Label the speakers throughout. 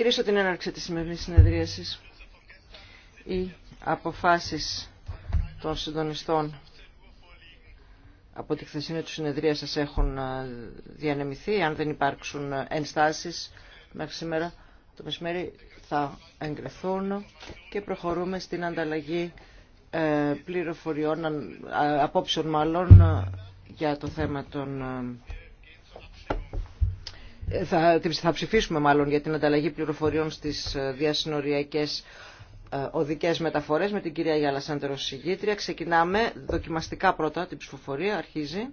Speaker 1: Κυρίσω την έναρξη της σημερινής συνεδρίασης. Οι αποφάσεις των συντονιστών από τη χθεσινή του συνεδρία σας έχουν διανεμηθεί. Αν δεν υπάρξουν ενστάσεις μέχρι σήμερα το μεσημέρι θα εγκρεθούν και προχωρούμε στην ανταλλαγή ε, πληροφοριών, απόψεων μάλλον, για το θέμα των θα, θα ψηφίσουμε μάλλον για την ανταλλαγή πληροφοριών στις ε, διασυνοριακές ε, οδικές μεταφορές με την κυρία Γιάννα Σάντερος Ξεκινάμε δοκιμαστικά πρώτα την ψηφοφορία. Αρχίζει.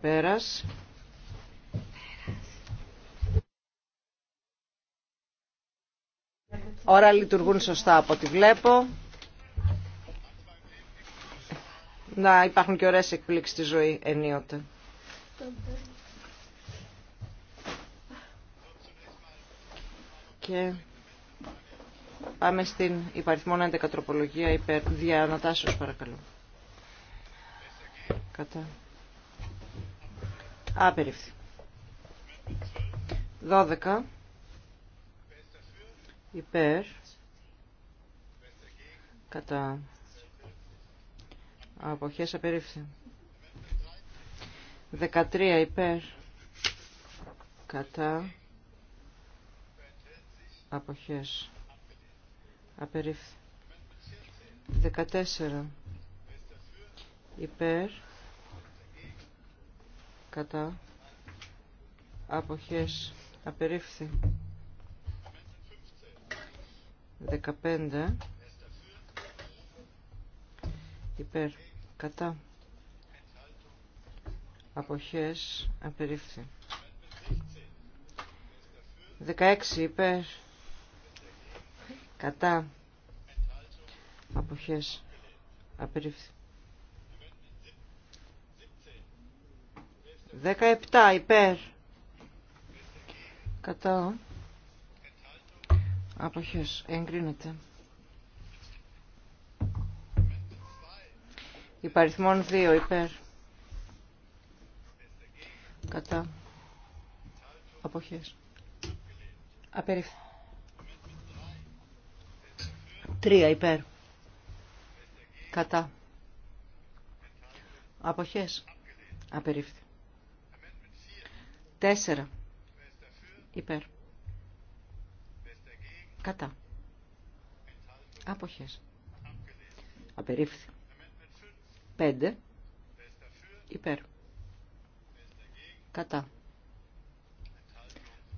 Speaker 1: Πέρας. Ώρα λειτουργούν σωστά από ό,τι βλέπω. να υπάρχουν και ωραίες εκπλήξεις στη ζωή ενίοτε. Και πάμε στην υπαριθμόν 11 τροπολογία υπέρ διανατάσεως παρακαλώ. Κατά. Απερίφθη. 12 υπέρ κατά Αποχές απερίφθη. 13 υπέρ. Κατά. Αποχές. Απερίφθη. 14 υπέρ. Κατά. Αποχές. Απερίφθη. 15 υπέρ κατά αποχές απερίφθη 16 υπέρ κατά αποχές απερίφθη 17 υπέρ κατά αποχές εγκρίνεται Υπαριθμών 2 υπέρ. Κατά. Αποχές. Απερίφθη. 3 υπέρ. Κατά. Αποχές. Απερίφθη. 4 υπέρ. Κατά. Αποχές. Απερίφθη. 5 υπέρ κατά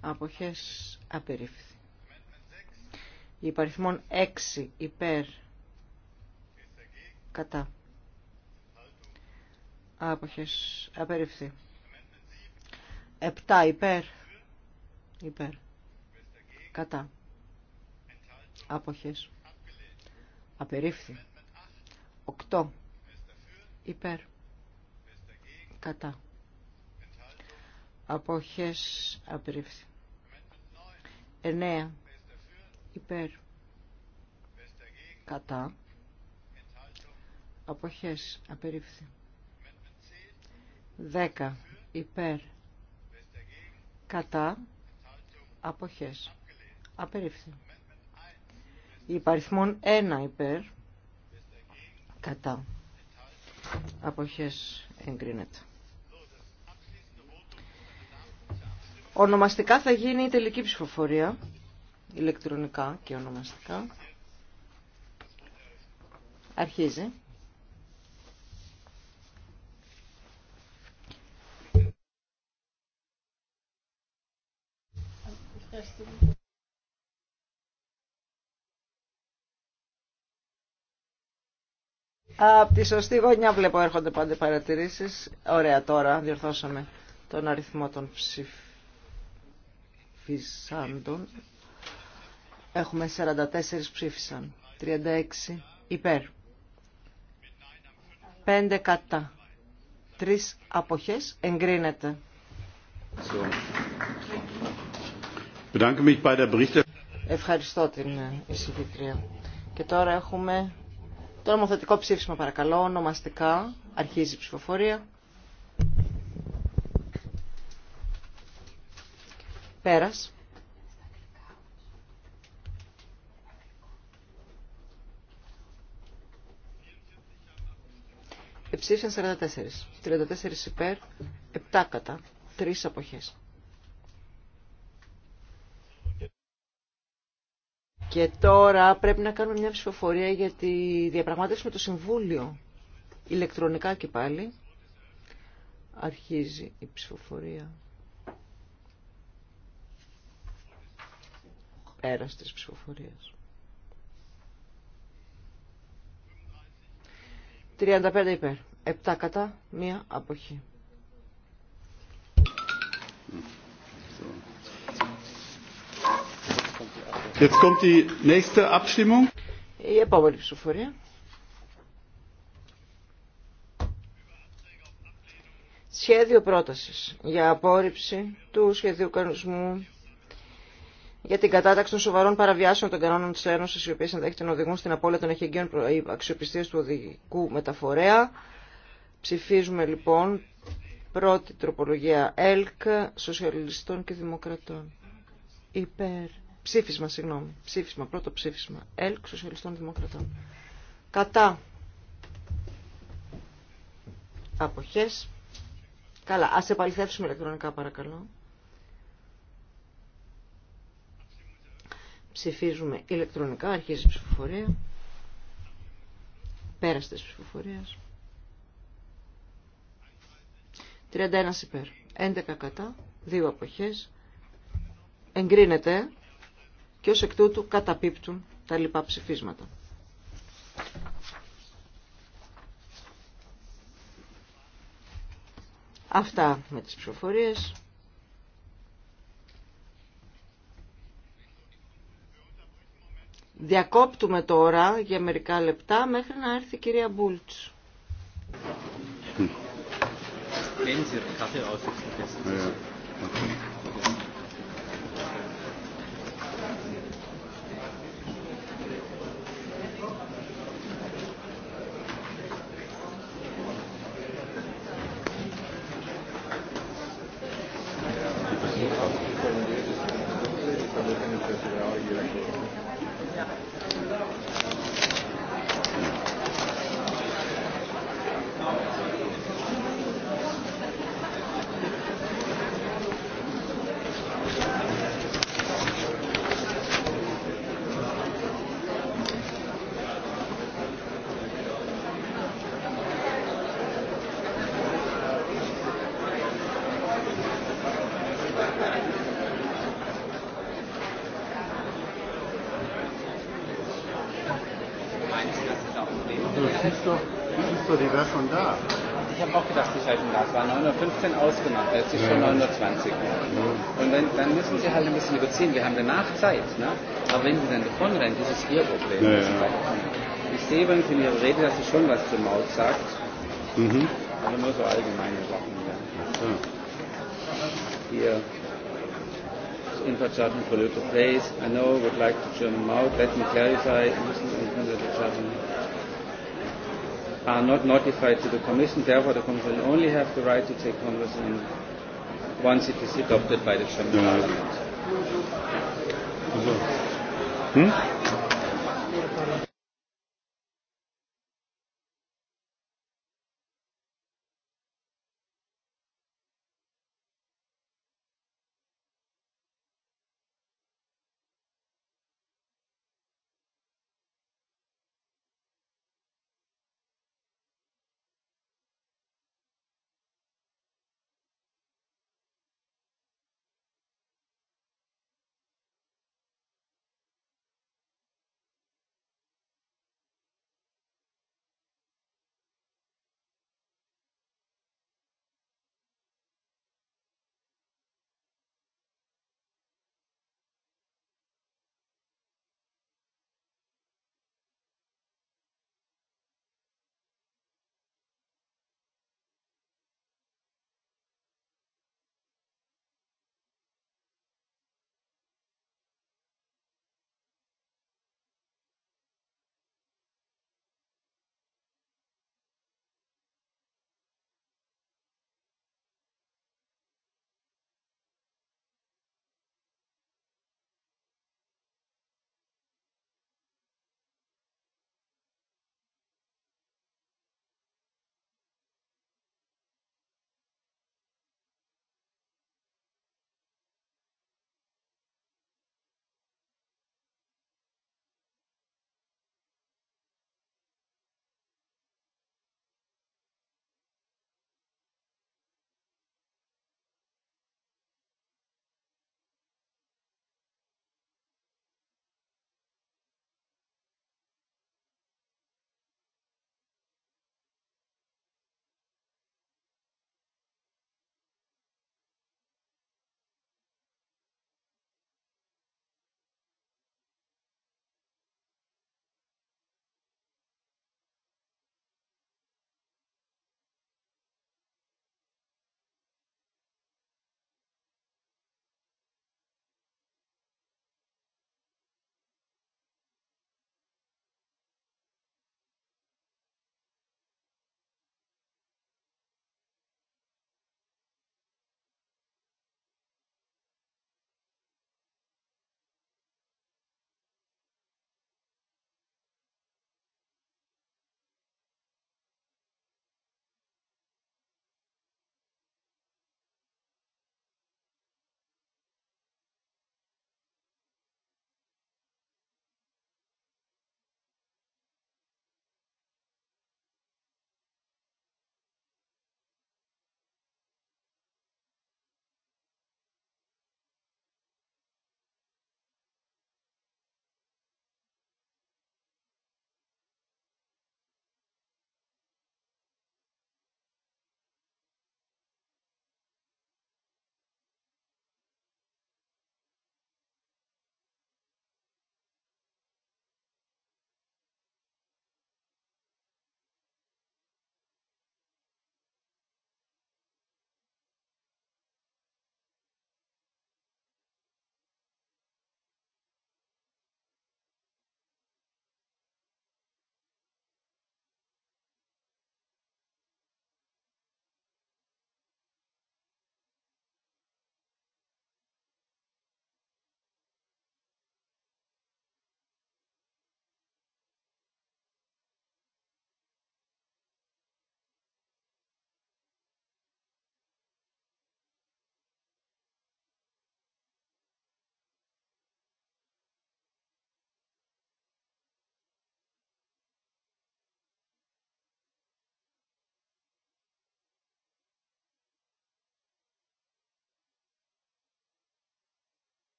Speaker 1: αποχές απερίφθη υπαριθμών 6 υπέρ κατά άποχες απερίφθη 7 υπέρ υπέρ κατά άποχες απερίφθη 8 υπέρ κατά αποχές απερίφθη 9 υπέρ κατά αποχές απερίφθη 10 υπέρ κατά αποχές απερίφθη υπαριθμών 1 υπέρ κατά Αποχές εγκρίνεται. Ονομαστικά θα γίνει η τελική ψηφοφορία, ηλεκτρονικά και ονομαστικά. Αρχίζει. Από τη σωστή γωνιά βλέπω έρχονται πάντα παρατηρήσεις. Ωραία τώρα, διορθώσαμε τον αριθμό των ψηφισάντων. Έχουμε 44 ψήφισαν, 36 υπέρ, 5 κατά, 3 αποχές, εγκρίνεται. Ευχαριστώ την εισηγητρία. Και τώρα έχουμε το νομοθετικό ψήφισμα παρακαλώ, ονομαστικά, αρχίζει η ψηφοφορία. Πέρας. Εψήφισαν 44. 34 υπέρ, 7 κατά, 3 αποχές. Και τώρα πρέπει να κάνουμε μια ψηφοφορία για τη με το Συμβούλιο. Ηλεκτρονικά και πάλι. Αρχίζει η ψηφοφορία. Πέρας της ψηφοφορίας. 35 υπέρ. 7 κατά, μία αποχή. Mm. Η επόμενη ψηφοφορία. Σχέδιο πρότασης για απόρριψη του σχεδίου κανονισμού για την κατάταξη των σοβαρών παραβιάσεων των κανόνων τη Ένωση, οι οποίε ενδέχεται να οδηγούν στην απώλεια των εχεγγύων αξιοπιστία του οδηγικού μεταφορέα. Ψηφίζουμε λοιπόν πρώτη τροπολογία ΕΛΚ, Σοσιαλιστών και Δημοκρατών. Υπέρ. Ψήφισμα, συγγνώμη. Ψήφισμα, πρώτο ψήφισμα. ΕΛΚ Σοσιαλιστών Δημοκρατών. Κατά. Αποχές. Καλά, ας επαληθεύσουμε ηλεκτρονικά παρακαλώ. Ψηφίζουμε ηλεκτρονικά, αρχίζει η ψηφοφορία. Πέραστη της ψηφοφορίας. 31 υπέρ, 11 κατά, 2 αποχές. Εγκρίνεται και ως εκ τούτου καταπίπτουν τα λοιπά ψηφίσματα. Αυτά με τις ψηφοφορίες. Διακόπτουμε τώρα για μερικά λεπτά μέχρι να έρθει η κυρία Μπούλτς.
Speaker 2: sehen, wir haben danach Zeit. Ne? Aber wenn Sie dann davon rennen, das ist Ihr Problem. Ja, ja. Ich sehe übrigens in Ihrer Rede, dass Sie schon was zur Maut sagt. Mhm. Aber nur so allgemeine Sachen. Ja. Hier. Infrastructure for little place. I know would like to German Maut. Let me clarify. Are not notified to the Commission. Therefore, the Commission only have the right to take Congress in once it is adopted by the German Parliament. Hm?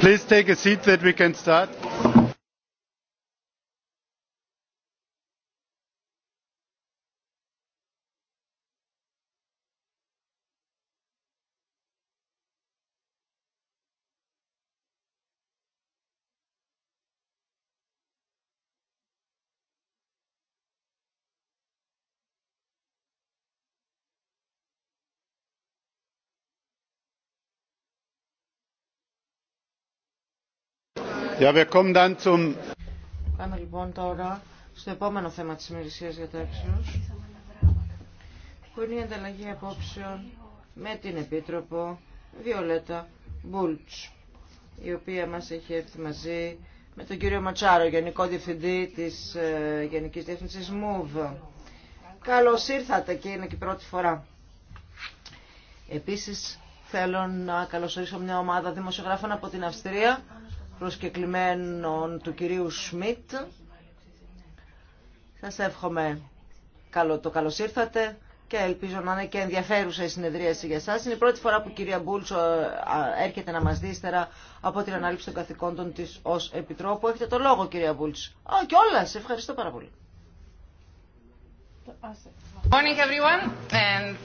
Speaker 2: Please take a seat that we can start. Πάμε
Speaker 1: λοιπόν τώρα στο επόμενο θέμα της ημερησίας διατάξεως που είναι η ανταλλαγή απόψεων με την Επίτροπο Βιολέτα Μπούλτς η οποία μας έχει έρθει μαζί με τον κύριο Ματσάρο, Γενικό Διευθυντή της ε, Γενικής Διεύθυνσης ΜΟΥΒ. Καλώς ήρθατε και είναι και η πρώτη φορά. Επίσης θέλω να καλωσορίσω μια ομάδα δημοσιογράφων από την Αυστρία προσκεκλημένων του κυρίου Σμιτ. Σας εύχομαι καλό, το καλώς ήρθατε και ελπίζω να είναι και ενδιαφέρουσα η συνεδρίαση για σας. Είναι η πρώτη φορά που η κυρία Μπούλτσο ε, έρχεται να μας δει ύστερα από την ανάληψη των καθηκόντων της ως Επιτρόπου. Έχετε το λόγο κυρία Μπούλτσο. Α, σε Ευχαριστώ πάρα πολύ.
Speaker 3: Morning everyone and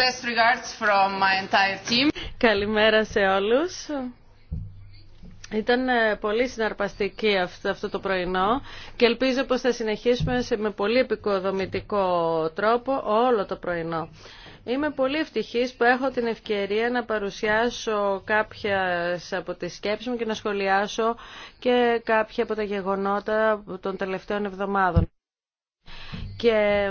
Speaker 1: best regards from my entire team.
Speaker 3: Καλημέρα σε όλους. Ήταν ε, πολύ συναρπαστική αυτό το πρωινό και ελπίζω πως θα συνεχίσουμε με πολύ επικοδομητικό τρόπο όλο το πρωινό. Είμαι πολύ ευτυχής που έχω την ευκαιρία να παρουσιάσω κάποια από τις σκέψεις μου και να σχολιάσω και κάποια από τα γεγονότα των τελευταίων εβδομάδων. Και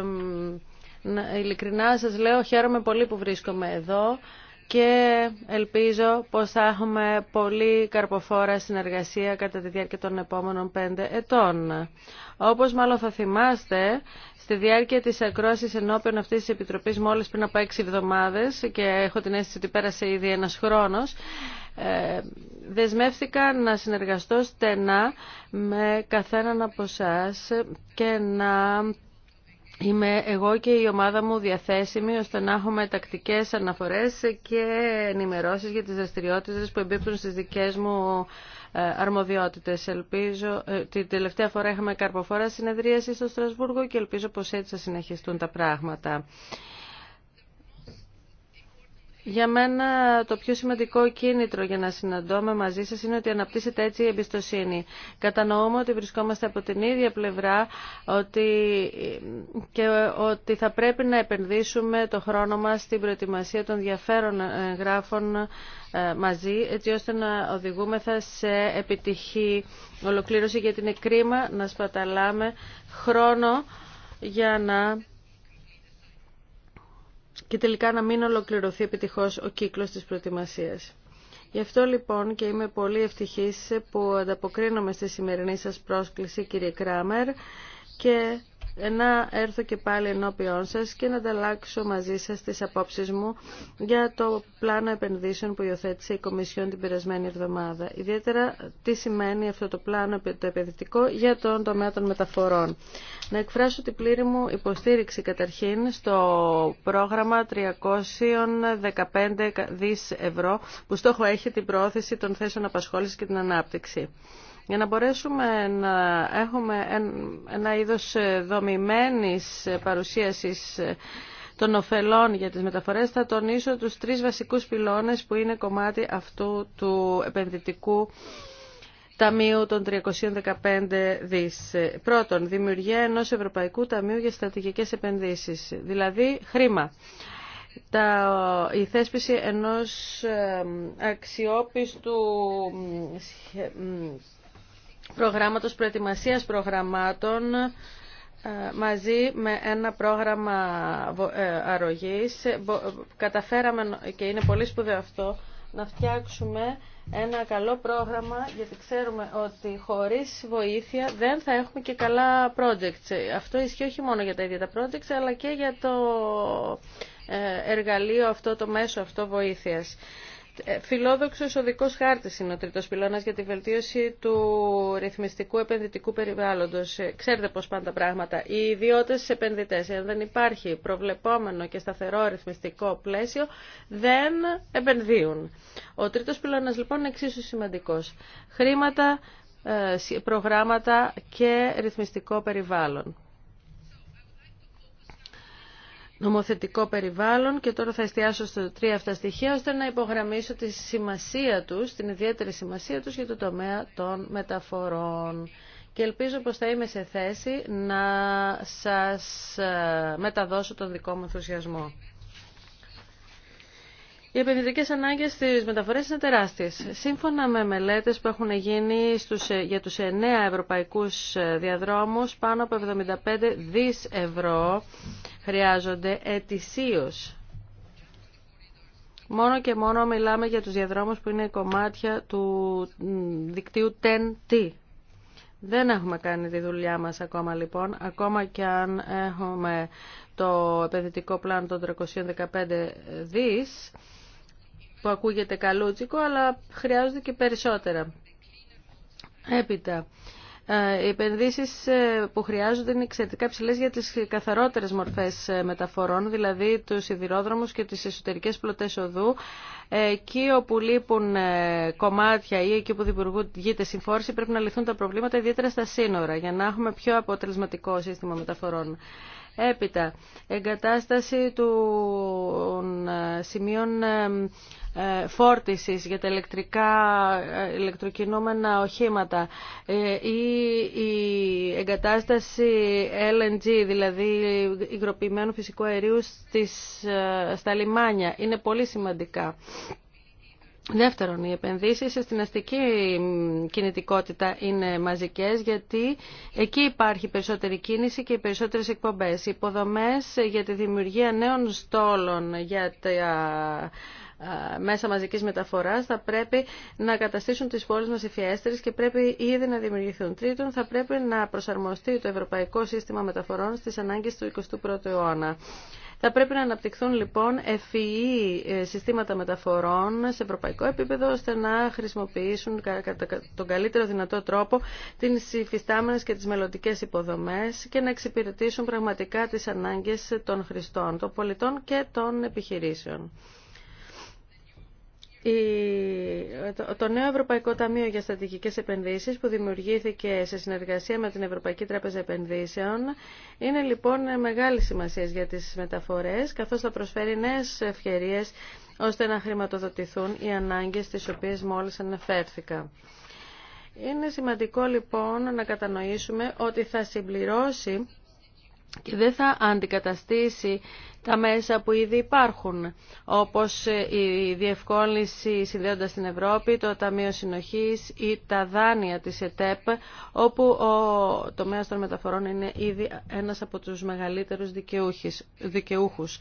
Speaker 3: ειλικρινά σας λέω χαίρομαι πολύ που βρίσκομαι εδώ και ελπίζω πως θα έχουμε πολύ καρποφόρα συνεργασία κατά τη διάρκεια των επόμενων πέντε ετών. Όπως μάλλον θα θυμάστε, στη διάρκεια της ακρόασης ενώπιον αυτής της Επιτροπής μόλις πριν από έξι εβδομάδες και έχω την αίσθηση ότι πέρασε ήδη ένας χρόνος, ε, δεσμεύτηκα να συνεργαστώ στενά με καθέναν από εσά και να Είμαι εγώ και η ομάδα μου διαθέσιμη ώστε να έχουμε τακτικές αναφορές και ενημερώσεις για τις δραστηριότητες που εμπίπτουν στις δικές μου ε, αρμοδιότητες. Ελπίζω, ε, την τελευταία φορά είχαμε καρποφόρα συνεδρίαση στο Στρασβούργο και ελπίζω πως έτσι θα συνεχιστούν τα πράγματα. Για μένα το πιο σημαντικό κίνητρο για να συναντώμε μαζί σας είναι ότι αναπτύσσεται έτσι η εμπιστοσύνη. Κατανοούμε ότι βρισκόμαστε από την ίδια πλευρά ότι... και ότι θα πρέπει να επενδύσουμε το χρόνο μας στην προετοιμασία των διαφέρων γράφων ε, μαζί έτσι ώστε να οδηγούμεθα σε επιτυχή ολοκλήρωση γιατί είναι κρίμα να σπαταλάμε χρόνο για να και τελικά να μην ολοκληρωθεί επιτυχώς ο κύκλος της προετοιμασίας. Γι' αυτό λοιπόν και είμαι πολύ ευτυχής που ανταποκρίνομαι στη σημερινή σας πρόσκληση κύριε Κράμερ και να έρθω και πάλι ενώπιόν σας και να ανταλλάξω μαζί σας τις απόψεις μου για το πλάνο επενδύσεων που υιοθέτησε η Κομισιόν την περασμένη εβδομάδα. Ιδιαίτερα τι σημαίνει αυτό το πλάνο το επενδυτικό για τον τομέα των μεταφορών. Να εκφράσω την πλήρη μου υποστήριξη καταρχήν στο πρόγραμμα 315 δις ευρώ που στόχο έχει την προώθηση των θέσεων απασχόλησης και την ανάπτυξη. Για να μπορέσουμε να έχουμε ένα είδος ε, δομημένης ε, παρουσίασης ε, των ωφελών για τις μεταφορές θα τονίσω τους τρεις βασικούς πυλώνες που είναι κομμάτι αυτού του επενδυτικού Ταμείου των 315 δις. Πρώτον, δημιουργία ενός Ευρωπαϊκού Ταμείου για Στρατηγικές Επενδύσεις, δηλαδή χρήμα. Τα, η θέσπιση ενός αξιόπιστου προγράμματος προετοιμασίας προγραμμάτων ε, μαζί με ένα πρόγραμμα ε, αρρωγής. Καταφέραμε, και είναι πολύ σπουδαίο αυτό, να φτιάξουμε ένα καλό πρόγραμμα, γιατί ξέρουμε ότι χωρίς βοήθεια δεν θα έχουμε και καλά projects. Αυτό ισχύει όχι μόνο για τα ίδια τα projects, αλλά και για το ε, εργαλείο αυτό, το μέσο αυτό βοήθειας. Ε, φιλόδοξος οδικός χάρτη είναι ο τρίτο πυλώνα για τη βελτίωση του ρυθμιστικού επενδυτικού περιβάλλοντος. Ε, ξέρετε πώς πάνε τα πράγματα. Οι ιδιώτε επενδυτέ, αν δεν υπάρχει προβλεπόμενο και σταθερό ρυθμιστικό πλαίσιο, δεν επενδύουν. Ο τρίτος πυλώνας λοιπόν είναι εξίσου σημαντικός. Χρήματα, ε, προγράμματα και ρυθμιστικό περιβάλλον νομοθετικό περιβάλλον και τώρα θα εστιάσω στο τρία αυτά στοιχεία ώστε να υπογραμμίσω τη σημασία τους, την ιδιαίτερη σημασία τους για το τομέα των μεταφορών. Και ελπίζω πως θα είμαι σε θέση να σας ε, μεταδώσω τον δικό μου ενθουσιασμό. Οι επενδυτικέ ανάγκε στι μεταφορέ είναι τεράστιε. Σύμφωνα με μελέτε που έχουν γίνει στους, για του 9 ευρωπαϊκού διαδρόμου, πάνω από 75 δι ευρώ χρειάζονται ετησίω. Μόνο και μόνο μιλάμε για τους διαδρόμους που είναι κομμάτια του δικτύου TEN-T. Δεν έχουμε κάνει τη δουλειά μας ακόμα λοιπόν, ακόμα και αν έχουμε το επενδυτικό πλάνο των 315 δις, που ακούγεται καλούτσικο, αλλά χρειάζονται και περισσότερα. Έπειτα, ε, οι επενδύσει ε, που χρειάζονται είναι εξαιρετικά ψηλές για τις καθαρότερες μορφές ε, μεταφορών, δηλαδή του σιδηρόδρομου και τι εσωτερικέ πλωτέ οδού, εκεί όπου λείπουν κομμάτια ή εκεί που δημιουργείται συμφόρηση πρέπει να λυθούν τα προβλήματα, ιδιαίτερα στα σύνορα, για να έχουμε πιο αποτελεσματικό σύστημα μεταφορών. Έπειτα, εγκατάσταση των ε, σημείων ε, ε, φόρτισης για τα ηλεκτρικά, ηλεκτροκινούμενα οχήματα ή η εγκατάσταση LNG, δηλαδή υγροποιημένου φυσικού αερίου στα λιμάνια. Είναι πολύ σημαντικά. Δεύτερον, οι επενδύσεις στην αστική κινητικότητα είναι μαζικές γιατί εκεί υπάρχει περισσότερη κίνηση και οι περισσότερες εκπομπές. Οι υποδομές για τη δημιουργία νέων στόλων για τα μέσα μαζικής μεταφοράς θα πρέπει να καταστήσουν τις πόλεις μας ευφιέστερες και πρέπει ήδη να δημιουργηθούν. Τρίτον, θα πρέπει να προσαρμοστεί το ευρωπαϊκό σύστημα μεταφορών στις ανάγκες του 21ου αιώνα. Θα πρέπει να αναπτυχθούν λοιπόν e e, ευφυή συστήματα μεταφορών σε ευρωπαϊκό επίπεδο ώστε να χρησιμοποιήσουν κατά τον καλύτερο δυνατό τρόπο τις υφιστάμενες και τις μελλοντικέ υποδομές και να εξυπηρετήσουν πραγματικά τις ανάγκες των χρηστών, των πολιτών και των επιχειρήσεων. Το νέο Ευρωπαϊκό Ταμείο για Στατικικές Επενδύσεις που δημιουργήθηκε σε συνεργασία με την Ευρωπαϊκή Τράπεζα Επενδύσεων είναι λοιπόν μεγάλη σημασία για τις μεταφορές καθώς θα προσφέρει νέες ευκαιρίες ώστε να χρηματοδοτηθούν οι ανάγκες τις οποίες μόλις αναφέρθηκα. Είναι σημαντικό λοιπόν να κατανοήσουμε ότι θα συμπληρώσει και δεν θα αντικαταστήσει τα μέσα που ήδη υπάρχουν, όπως η διευκόλυνση συνδέοντας την Ευρώπη, το Ταμείο Συνοχής ή τα δάνεια της ΕΤΕΠ, όπου το τομέας των μεταφορών είναι ήδη ένας από τους μεγαλύτερους δικαιούχους.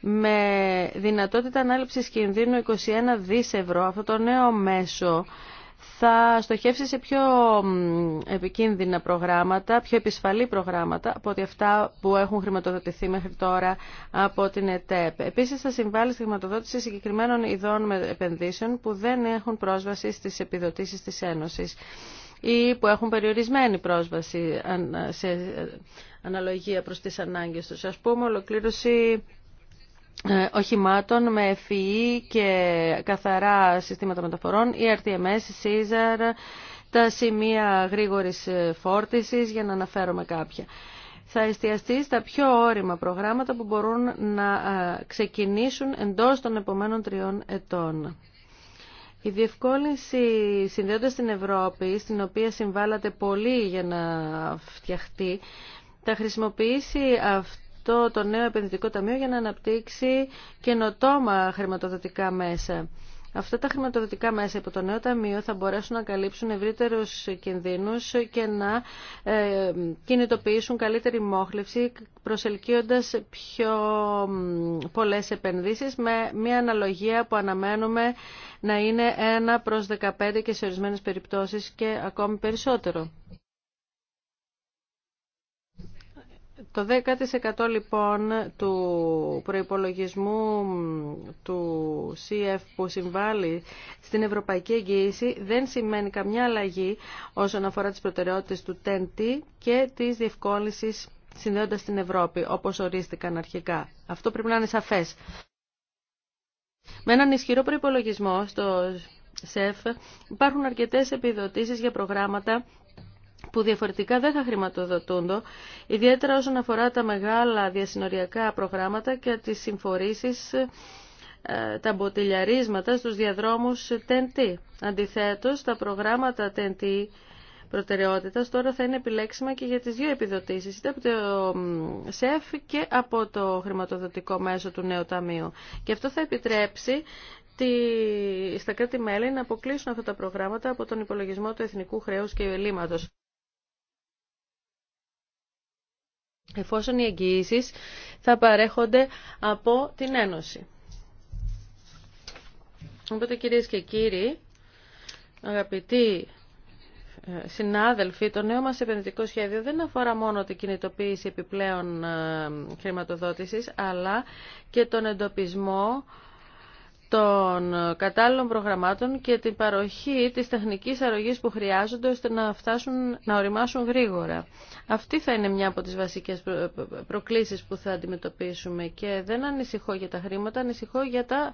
Speaker 3: Με δυνατότητα ανάληψης κινδύνου 21 δις ευρώ, αυτό το νέο μέσο θα στοχεύσει σε πιο επικίνδυνα προγράμματα, πιο επισφαλή προγράμματα από ότι αυτά που έχουν χρηματοδοτηθεί μέχρι τώρα από την ΕΤΕΠ. Επίσης θα συμβάλλει στη χρηματοδότηση συγκεκριμένων ειδών επενδύσεων που δεν έχουν πρόσβαση στις επιδοτήσεις της Ένωσης ή που έχουν περιορισμένη πρόσβαση ε, σε ε, αναλογία προς τις ανάγκες τους. Ας πούμε, ολοκλήρωση ε, οχημάτων με FEE e και καθαρά συστήματα μεταφορών, η e RTMS, η Caesar, τα σημεία γρήγορης ε, φόρτισης, για να αναφέρομαι κάποια. Θα εστιαστεί στα πιο όρημα προγράμματα που μπορούν να ε, ξεκινήσουν εντός των επομένων τριών ετών. Η διευκόλυνση συνδέοντας την Ευρώπη, στην οποία συμβάλλατε πολύ για να φτιαχτεί, θα χρησιμοποιήσει το το νέο επενδυτικό ταμείο για να αναπτύξει καινοτόμα χρηματοδοτικά μέσα. Αυτά τα χρηματοδοτικά μέσα από το νέο ταμείο θα μπορέσουν να καλύψουν ευρύτερου κινδύνου και να ε, κινητοποιήσουν καλύτερη μόχλευση προσελκύοντας πιο πολλέ επενδύσεις με μια αναλογία που αναμένουμε να είναι 1 προς 15 και σε ορισμένε περιπτώσει και ακόμη περισσότερο. Το 10% λοιπόν του προϋπολογισμού του CF που συμβάλλει στην ευρωπαϊκή εγγύηση δεν σημαίνει καμιά αλλαγή όσον αφορά τις προτεραιότητες του ΤΕΝΤΗ και της διευκόλυνσης συνδέοντας την Ευρώπη όπως ορίστηκαν αρχικά. Αυτό πρέπει να είναι σαφές. Με έναν ισχυρό προϋπολογισμό στο ΣΕΦ υπάρχουν αρκετές επιδοτήσεις για προγράμματα που διαφορετικά δεν θα χρηματοδοτούνται, ιδιαίτερα όσον αφορά τα μεγάλα διασυνοριακά προγράμματα και τις συμφορήσεις, ε, τα μποτιλιαρίσματα στους διαδρόμους TNT. Αντιθέτως, τα προγράμματα TNT προτεραιότητας τώρα θα είναι επιλέξιμα και για τις δύο επιδοτήσεις, είτε από το ΣΕΦ και από το χρηματοδοτικό μέσο του νέου ταμείου. Και αυτό θα επιτρέψει στα κράτη-μέλη να αποκλείσουν αυτά τα προγράμματα από τον υπολογισμό του εθνικού χρέους και ελλείμματος. εφόσον οι εγγυήσει θα παρέχονται από την Ένωση. Οπότε κυρίες και κύριοι, αγαπητοί ε, συνάδελφοι, το νέο μας επενδυτικό σχέδιο δεν αφορά μόνο την κινητοποίηση επιπλέον ε, χρηματοδότησης, αλλά και τον εντοπισμό των κατάλληλων προγραμμάτων και την παροχή της τεχνικής αρρωγής που χρειάζονται ώστε να, φτάσουν, να οριμάσουν γρήγορα. Αυτή θα είναι μια από τις βασικές προκλήσεις που θα αντιμετωπίσουμε και δεν ανησυχώ για τα χρήματα, ανησυχώ για τα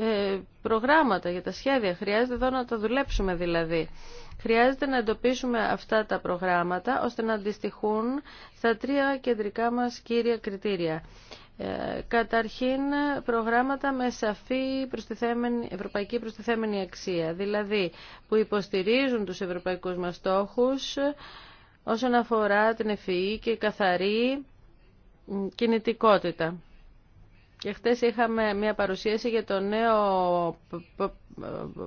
Speaker 3: ε, προγράμματα, για τα σχέδια. Χρειάζεται εδώ να τα δουλέψουμε δηλαδή. Χρειάζεται να εντοπίσουμε αυτά τα προγράμματα ώστε να αντιστοιχούν στα τρία κεντρικά μας κύρια κριτήρια. Ε, καταρχήν, προγράμματα με σαφή προστιθέμενη, ευρωπαϊκή προστιθέμενη αξία, δηλαδή που υποστηρίζουν τους ευρωπαϊκούς μας στόχους ε, όσον αφορά την ευφυή και καθαρή κινητικότητα. Και χτες είχαμε μια παρουσίαση για το νέο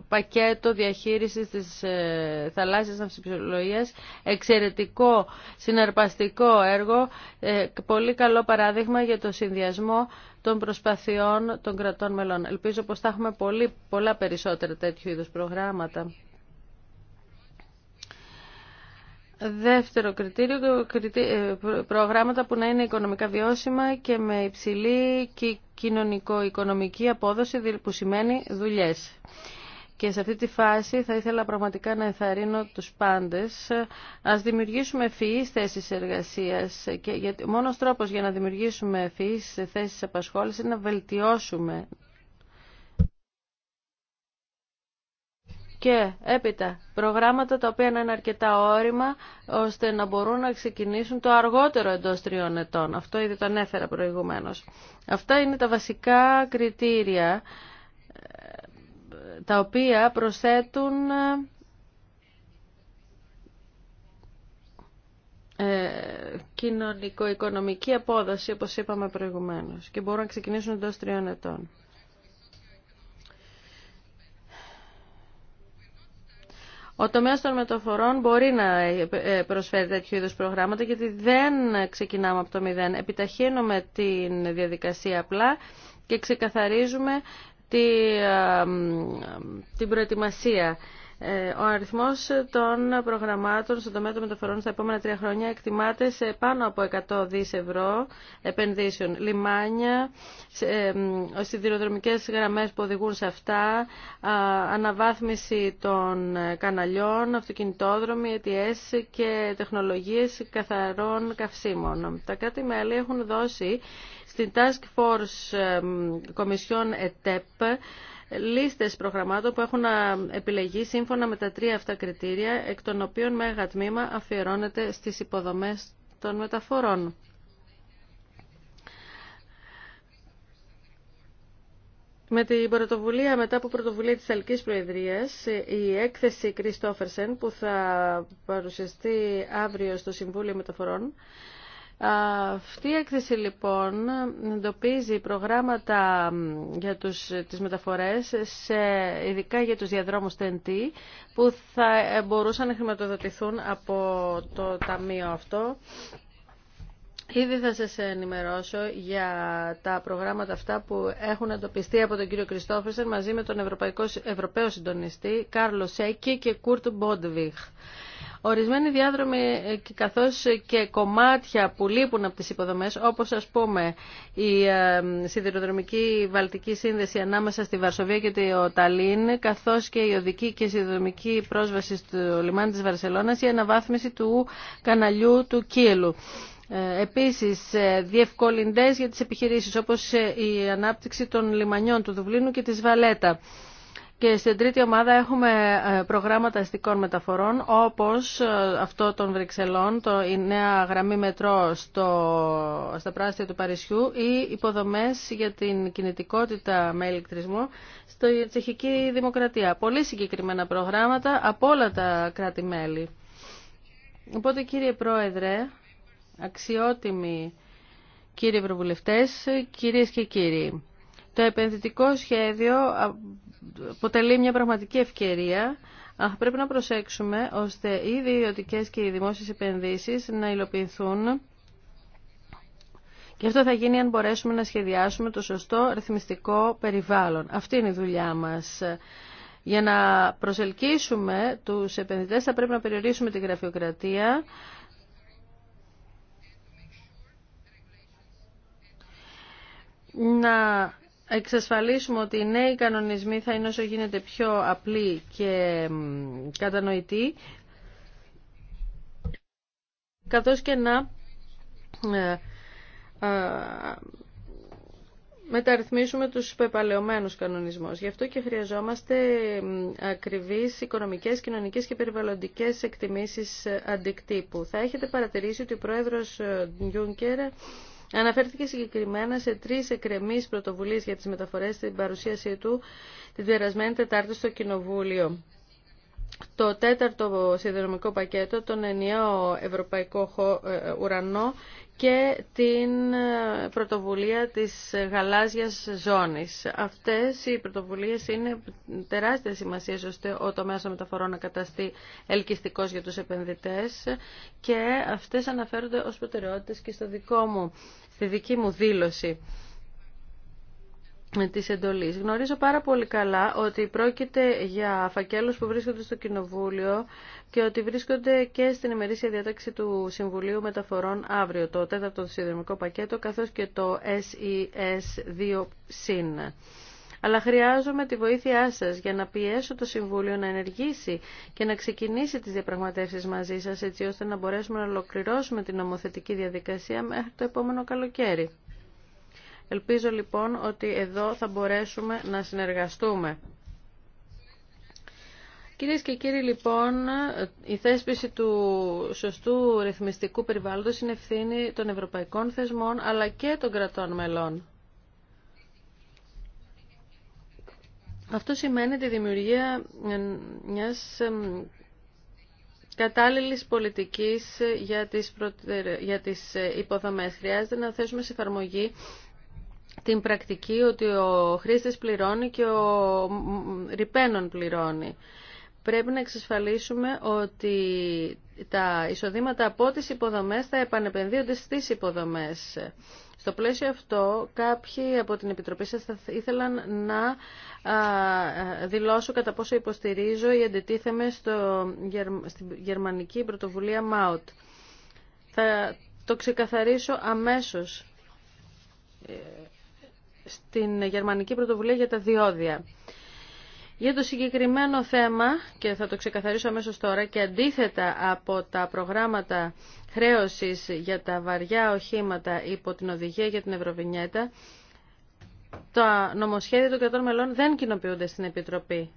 Speaker 3: πακέτο διαχείρισης της ε, θαλάσσιας ναυσιπλοείας. Εξαιρετικό, συναρπαστικό έργο, ε, πολύ καλό παράδειγμα για το συνδυασμό των προσπαθειών των κρατών μελών. Ελπίζω πως θα έχουμε πολύ, πολλά περισσότερα τέτοιου είδους προγράμματα. Δεύτερο κριτήριο, ε, προγράμματα που να είναι οικονομικά βιώσιμα και με υψηλή κοινωνικο-οικονομική απόδοση που σημαίνει δουλειές. Και σε αυτή τη φάση θα ήθελα πραγματικά να ενθαρρύνω τους πάντες. Ας δημιουργήσουμε ευφυείς θέσεις εργασίας. Και γιατί, μόνος τρόπος για να δημιουργήσουμε ευφυείς θέσεις απασχόλησης είναι να βελτιώσουμε και έπειτα προγράμματα τα οποία να είναι αρκετά όρημα ώστε να μπορούν να ξεκινήσουν το αργότερο εντός τριών ετών. Αυτό ήδη το ανέφερα προηγουμένως. Αυτά είναι τα βασικά κριτήρια ε, τα οποία προσθέτουν ε, κοινωνικο-οικονομική απόδοση όπως είπαμε προηγουμένως και μπορούν να ξεκινήσουν εντός τριών ετών. Ο τομέα των μεταφορών μπορεί να ε, ε, προσφέρει τέτοιου είδου προγράμματα γιατί δεν ξεκινάμε από το μηδέν. Επιταχύνουμε την διαδικασία απλά και ξεκαθαρίζουμε ε, την προετοιμασία. Ε, ο αριθμό των προγραμμάτων στον τομέα των μεταφορών στα επόμενα τρία χρόνια εκτιμάται σε πάνω από 100 δι ευρώ επενδύσεων. Λιμάνια, σιδηροδρομικέ γραμμές που οδηγούν σε αυτά, αναβάθμιση των καναλιών, αυτοκινητόδρομοι, αιτιές ε και τεχνολογίες καθαρών καυσίμων. Τα κράτη-μέλη έχουν δώσει στην Task Force Κομισιόν ΕΤΕΠ λίστες προγραμμάτων που έχουν επιλεγεί σύμφωνα με τα τρία αυτά κριτήρια, εκ των οποίων μέγα τμήμα αφιερώνεται στις υποδομές των μεταφορών. Με την πρωτοβουλία, μετά από πρωτοβουλία της Αλκής Προεδρίας, η έκθεση Κριστόφερσεν που θα παρουσιαστεί αύριο στο Συμβούλιο Μεταφορών αυτή η έκθεση λοιπόν εντοπίζει προγράμματα για τους, τις μεταφορές, σε, ειδικά για τους διαδρόμους TNT, που θα μπορούσαν να χρηματοδοτηθούν από το ταμείο αυτό. Ήδη θα σας ενημερώσω για τα προγράμματα αυτά που έχουν εντοπιστεί από τον κύριο Κριστόφερσεν μαζί με τον Ευρωπαϊκό, Ευρωπαίο Συντονιστή Κάρλο Σέκη και Κούρτ Μπόντβιχ. Ορισμένοι διάδρομοι ε, καθώς ε, και κομμάτια που λείπουν από τις υποδομές, όπως ας πούμε η ε, σιδηροδρομική βαλτική σύνδεση ανάμεσα στη Βαρσοβία και το Ταλίν, καθώς και η οδική και σιδηροδρομική πρόσβαση στο λιμάνι της Βαρσελόνας η αναβάθμιση του καναλιού του Κίελου. Επίσης, διευκολυντές για τις επιχειρήσεις, όπως η ανάπτυξη των λιμανιών του Δουβλίνου και της Βαλέτα. Και στην τρίτη ομάδα έχουμε ε, προγράμματα αστικών μεταφορών, όπως ε, αυτό των Βρυξελών, το, η νέα γραμμή μετρό στο, στα πράσινα του Παρισιού ή υποδομές για την κινητικότητα με ηλεκτρισμό στο Τσεχική Δημοκρατία. Πολύ συγκεκριμένα προγράμματα από όλα τα κράτη-μέλη. Οπότε κύριε Πρόεδρε, αξιότιμοι κύριοι Ευρωβουλευτές, κυρίες και κύριοι, το επενδυτικό σχέδιο αποτελεί μια πραγματική ευκαιρία. Πρέπει να προσέξουμε ώστε οι ιδιωτικέ και οι δημόσιες επενδύσεις να υλοποιηθούν και αυτό θα γίνει αν μπορέσουμε να σχεδιάσουμε το σωστό ρυθμιστικό περιβάλλον. Αυτή είναι η δουλειά μας. Για να προσελκύσουμε τους επενδυτές θα πρέπει να περιορίσουμε τη γραφειοκρατία να εξασφαλίσουμε ότι οι νέοι κανονισμοί θα είναι όσο γίνεται πιο απλοί και κατανοητοί, καθώς και να ε, ε, μεταρρυθμίσουμε τους πεπαλαιωμένους κανονισμούς. Γι' αυτό και χρειαζόμαστε ακριβείς οικονομικές, κοινωνικές και περιβαλλοντικές εκτιμήσεις ε, αντικτύπου. Θα έχετε παρατηρήσει ότι ο πρόεδρος Γιούνκερ Αναφέρθηκε συγκεκριμένα σε τρει εκκρεμεί πρωτοβουλίε για τι μεταφορέ στην παρουσίασή του την περασμένη Τετάρτη στο Κοινοβούλιο. Το τέταρτο σιδηρομικό πακέτο, τον ενιαίο ευρωπαϊκό ε, ε, ουρανό και την ε, πρωτοβουλία της γαλάζιας ζώνης. Αυτές οι πρωτοβουλίες είναι τεράστια σημασία ώστε ο τομέας των μεταφορών να καταστεί ελκυστικός για τους επενδυτές και αυτές αναφέρονται ως προτεραιότητες και στο δικό μου τη δική μου δήλωση της εντολής. Γνωρίζω πάρα πολύ καλά ότι πρόκειται για φακέλους που βρίσκονται στο Κοινοβούλιο και ότι βρίσκονται και στην ημερήσια διάταξη του Συμβουλίου Μεταφορών αύριο, το τέταρτο συνδρομικό πακέτο, καθώς και το SES 2 sin αλλά χρειάζομαι τη βοήθειά σας για να πιέσω το Συμβούλιο να ενεργήσει και να ξεκινήσει τις διαπραγματεύσεις μαζί σα, έτσι ώστε να μπορέσουμε να ολοκληρώσουμε την νομοθετική διαδικασία μέχρι το επόμενο καλοκαίρι. Ελπίζω λοιπόν ότι εδώ θα μπορέσουμε να συνεργαστούμε. Κυρίε και κύριοι, λοιπόν, η θέσπιση του σωστού ρυθμιστικού περιβάλλοντος είναι ευθύνη των ευρωπαϊκών θεσμών αλλά και των κρατών μελών. Αυτό σημαίνει τη δημιουργία μιας κατάλληλης πολιτικής για τις, για τις ε, υποδομές. Χρειάζεται να θέσουμε σε εφαρμογή την πρακτική ότι ο χρήστης πληρώνει και ο ρηπαίνων πληρώνει. Πρέπει να εξασφαλίσουμε ότι τα εισοδήματα από τις υποδομές θα επανεπενδύονται στις υποδομές. Στο πλαίσιο αυτό, κάποιοι από την Επιτροπή σας θα ήθελαν να δηλώσω κατά πόσο υποστηρίζω ή αντιτίθεμαι στο, στην γερμανική πρωτοβουλία ΜΑΟΤ. Θα το ξεκαθαρίσω αμέσως ε, στην γερμανική πρωτοβουλία για τα διόδια. Για το συγκεκριμένο θέμα, και θα το ξεκαθαρίσω αμέσω τώρα, και αντίθετα από τα προγράμματα χρέωσης για τα βαριά οχήματα υπό την οδηγία για την Ευρωβινιέτα, τα νομοσχέδια των κρατών μελών δεν κοινοποιούνται στην Επιτροπή.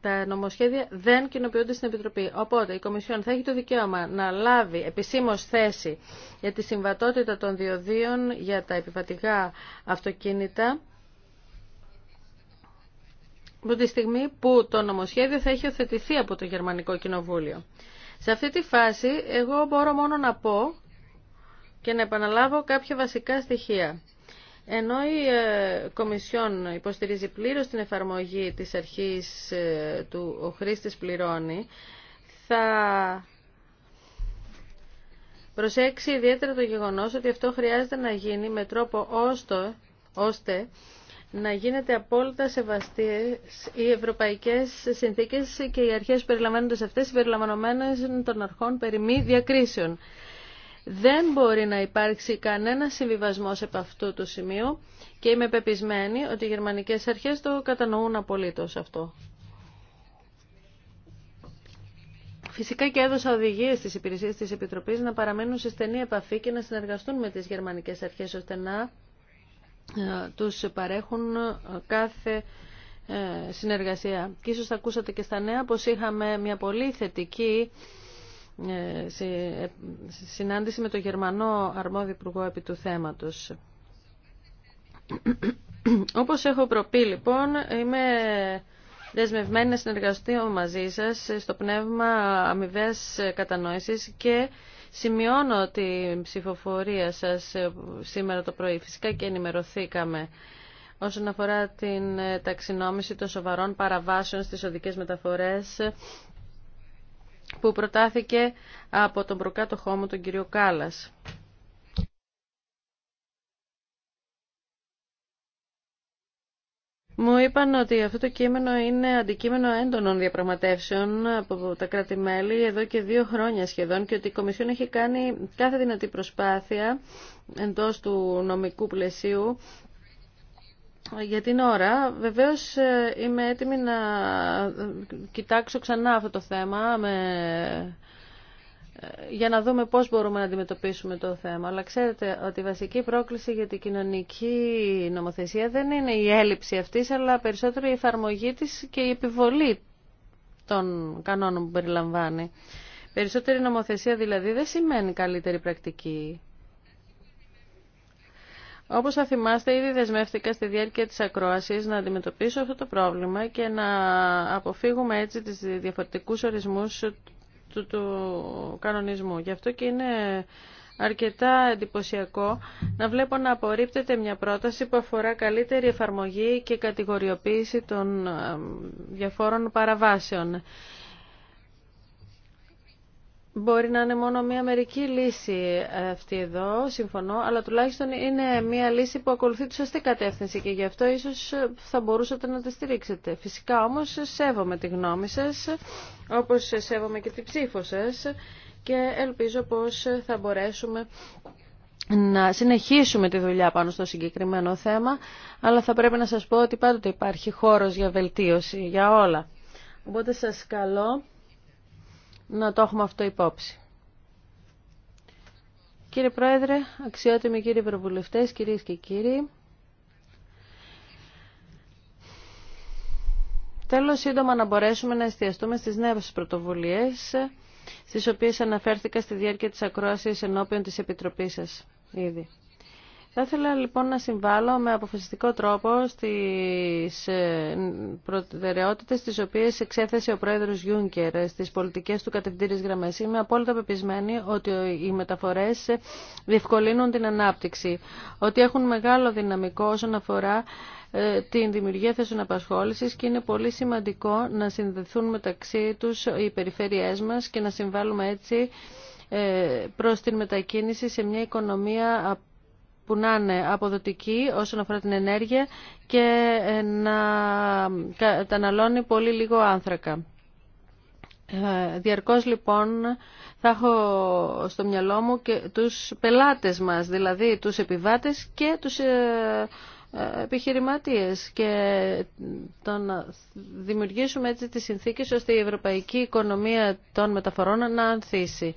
Speaker 3: Τα, νομοσχέδια δεν κοινοποιούνται στην Επιτροπή. Οπότε η Κομισιόν θα έχει το δικαίωμα να λάβει επισήμω θέση για τη συμβατότητα των διοδίων για τα επιβατικά αυτοκίνητα από τη στιγμή που το νομοσχέδιο θα έχει οθετηθεί από το Γερμανικό Κοινοβούλιο. Σε αυτή τη φάση εγώ μπορώ μόνο να πω και να επαναλάβω κάποια βασικά στοιχεία. Ενώ η ε, Κομισιόν υποστηρίζει πλήρως την εφαρμογή της αρχής ε, του «Ο χρήστης πληρώνει», θα προσέξει ιδιαίτερα το γεγονός ότι αυτό χρειάζεται να γίνει με τρόπο ώστε να γίνεται απόλυτα σεβαστές οι ευρωπαϊκές συνθήκες και οι αρχές που περιλαμβάνονται σε αυτές των αρχών περί μη διακρίσεων. Δεν μπορεί να υπάρξει κανένα συμβιβασμό από αυτού του σημείου και είμαι πεπισμένη ότι οι γερμανικές αρχές το κατανοούν απολύτως αυτό. Φυσικά και έδωσα οδηγίες στις υπηρεσίες της Επιτροπής να παραμείνουν σε στενή επαφή και να συνεργαστούν με τις γερμανικές αρχές ώστε να ε, τους παρέχουν ε, κάθε ε, συνεργασία. Και ίσως θα ακούσατε και στα νέα πως είχαμε μια πολύ θετική συνάντηση με το Γερμανό Αρμόδιο Υπουργό επί του θέματος. Όπως έχω προπεί λοιπόν, είμαι δεσμευμένη να συνεργαστώ μαζί σας στο πνεύμα αμοιβές κατανόησης και Σημειώνω την ψηφοφορία σας ε, σήμερα το πρωί. Φυσικά και ενημερωθήκαμε όσον αφορά την ε, ταξινόμηση των σοβαρών παραβάσεων στις οδικές μεταφορές που προτάθηκε από τον προκάτοχό μου τον κύριο Κάλλας. Μου είπαν ότι αυτό το κείμενο είναι αντικείμενο έντονων διαπραγματεύσεων από τα κράτη-μέλη εδώ και δύο χρόνια σχεδόν και ότι η Κομισιόν έχει κάνει κάθε δυνατή προσπάθεια εντός του νομικού πλαισίου για την ώρα. Βεβαίως ε, είμαι έτοιμη να κοιτάξω ξανά αυτό το θέμα με για να δούμε πώς μπορούμε να αντιμετωπίσουμε το θέμα. Αλλά ξέρετε ότι η βασική πρόκληση για την κοινωνική νομοθεσία δεν είναι η έλλειψη αυτής, αλλά περισσότερο η εφαρμογή της και η επιβολή των κανόνων που περιλαμβάνει. Περισσότερη νομοθεσία δηλαδή δεν σημαίνει καλύτερη πρακτική. Όπως θα θυμάστε, ήδη δεσμεύτηκα στη διάρκεια της ακρόασης να αντιμετωπίσω αυτό το πρόβλημα και να αποφύγουμε έτσι τις διαφορετικούς ορισμούς του, του κανονισμού. Γι' αυτό και είναι αρκετά εντυπωσιακό να βλέπω να απορρίπτεται μια πρόταση που αφορά καλύτερη εφαρμογή και κατηγοριοποίηση των ε, διαφόρων παραβάσεων. Μπορεί να είναι μόνο μια μερική λύση αυτή εδώ, συμφωνώ, αλλά τουλάχιστον είναι μια λύση που ακολουθεί τη σωστή κατεύθυνση και γι' αυτό ίσως θα μπορούσατε να τη στηρίξετε. Φυσικά όμως σέβομαι τη γνώμη σας, όπως σέβομαι και τη ψήφο σας και ελπίζω πως θα μπορέσουμε να συνεχίσουμε τη δουλειά πάνω στο συγκεκριμένο θέμα, αλλά θα πρέπει να σας πω ότι πάντοτε υπάρχει χώρος για βελτίωση, για όλα. Οπότε σας καλώ να το έχουμε αυτό υπόψη. Κύριε Πρόεδρε, αξιότιμοι κύριοι Ευρωβουλευτές, κυρίες και κύριοι, Θέλω σύντομα να μπορέσουμε να εστιαστούμε στις νέες πρωτοβουλίες στις οποίες αναφέρθηκα στη διάρκεια της ακρόασης ενώπιον της Επιτροπής σας ήδη. Θα ήθελα λοιπόν να συμβάλλω με αποφασιστικό τρόπο στις ε, προτεραιότητες τις οποίες εξέθεσε ο πρόεδρος Γιούνκερ στις πολιτικές του κατευθυντήρης γραμμές. Είμαι απόλυτα πεπισμένη ότι οι μεταφορές διευκολύνουν την ανάπτυξη, ότι έχουν μεγάλο δυναμικό όσον αφορά ε, την δημιουργία θέσεων απασχόληση και είναι πολύ σημαντικό να συνδεθούν μεταξύ τους οι περιφέρειές μας και να συμβάλλουμε έτσι ε, προς την μετακίνηση σε μια οικονομία που να είναι αποδοτική όσον αφορά την ενέργεια και ε, να καταναλώνει πολύ λίγο άνθρακα. Ε, διαρκώς λοιπόν θα έχω στο μυαλό μου και τους πελάτες μας, δηλαδή τους επιβάτες και τους ε, επιχειρηματίες και το να δημιουργήσουμε έτσι τις συνθήκες ώστε η ευρωπαϊκή οικονομία των μεταφορών να ανθίσει.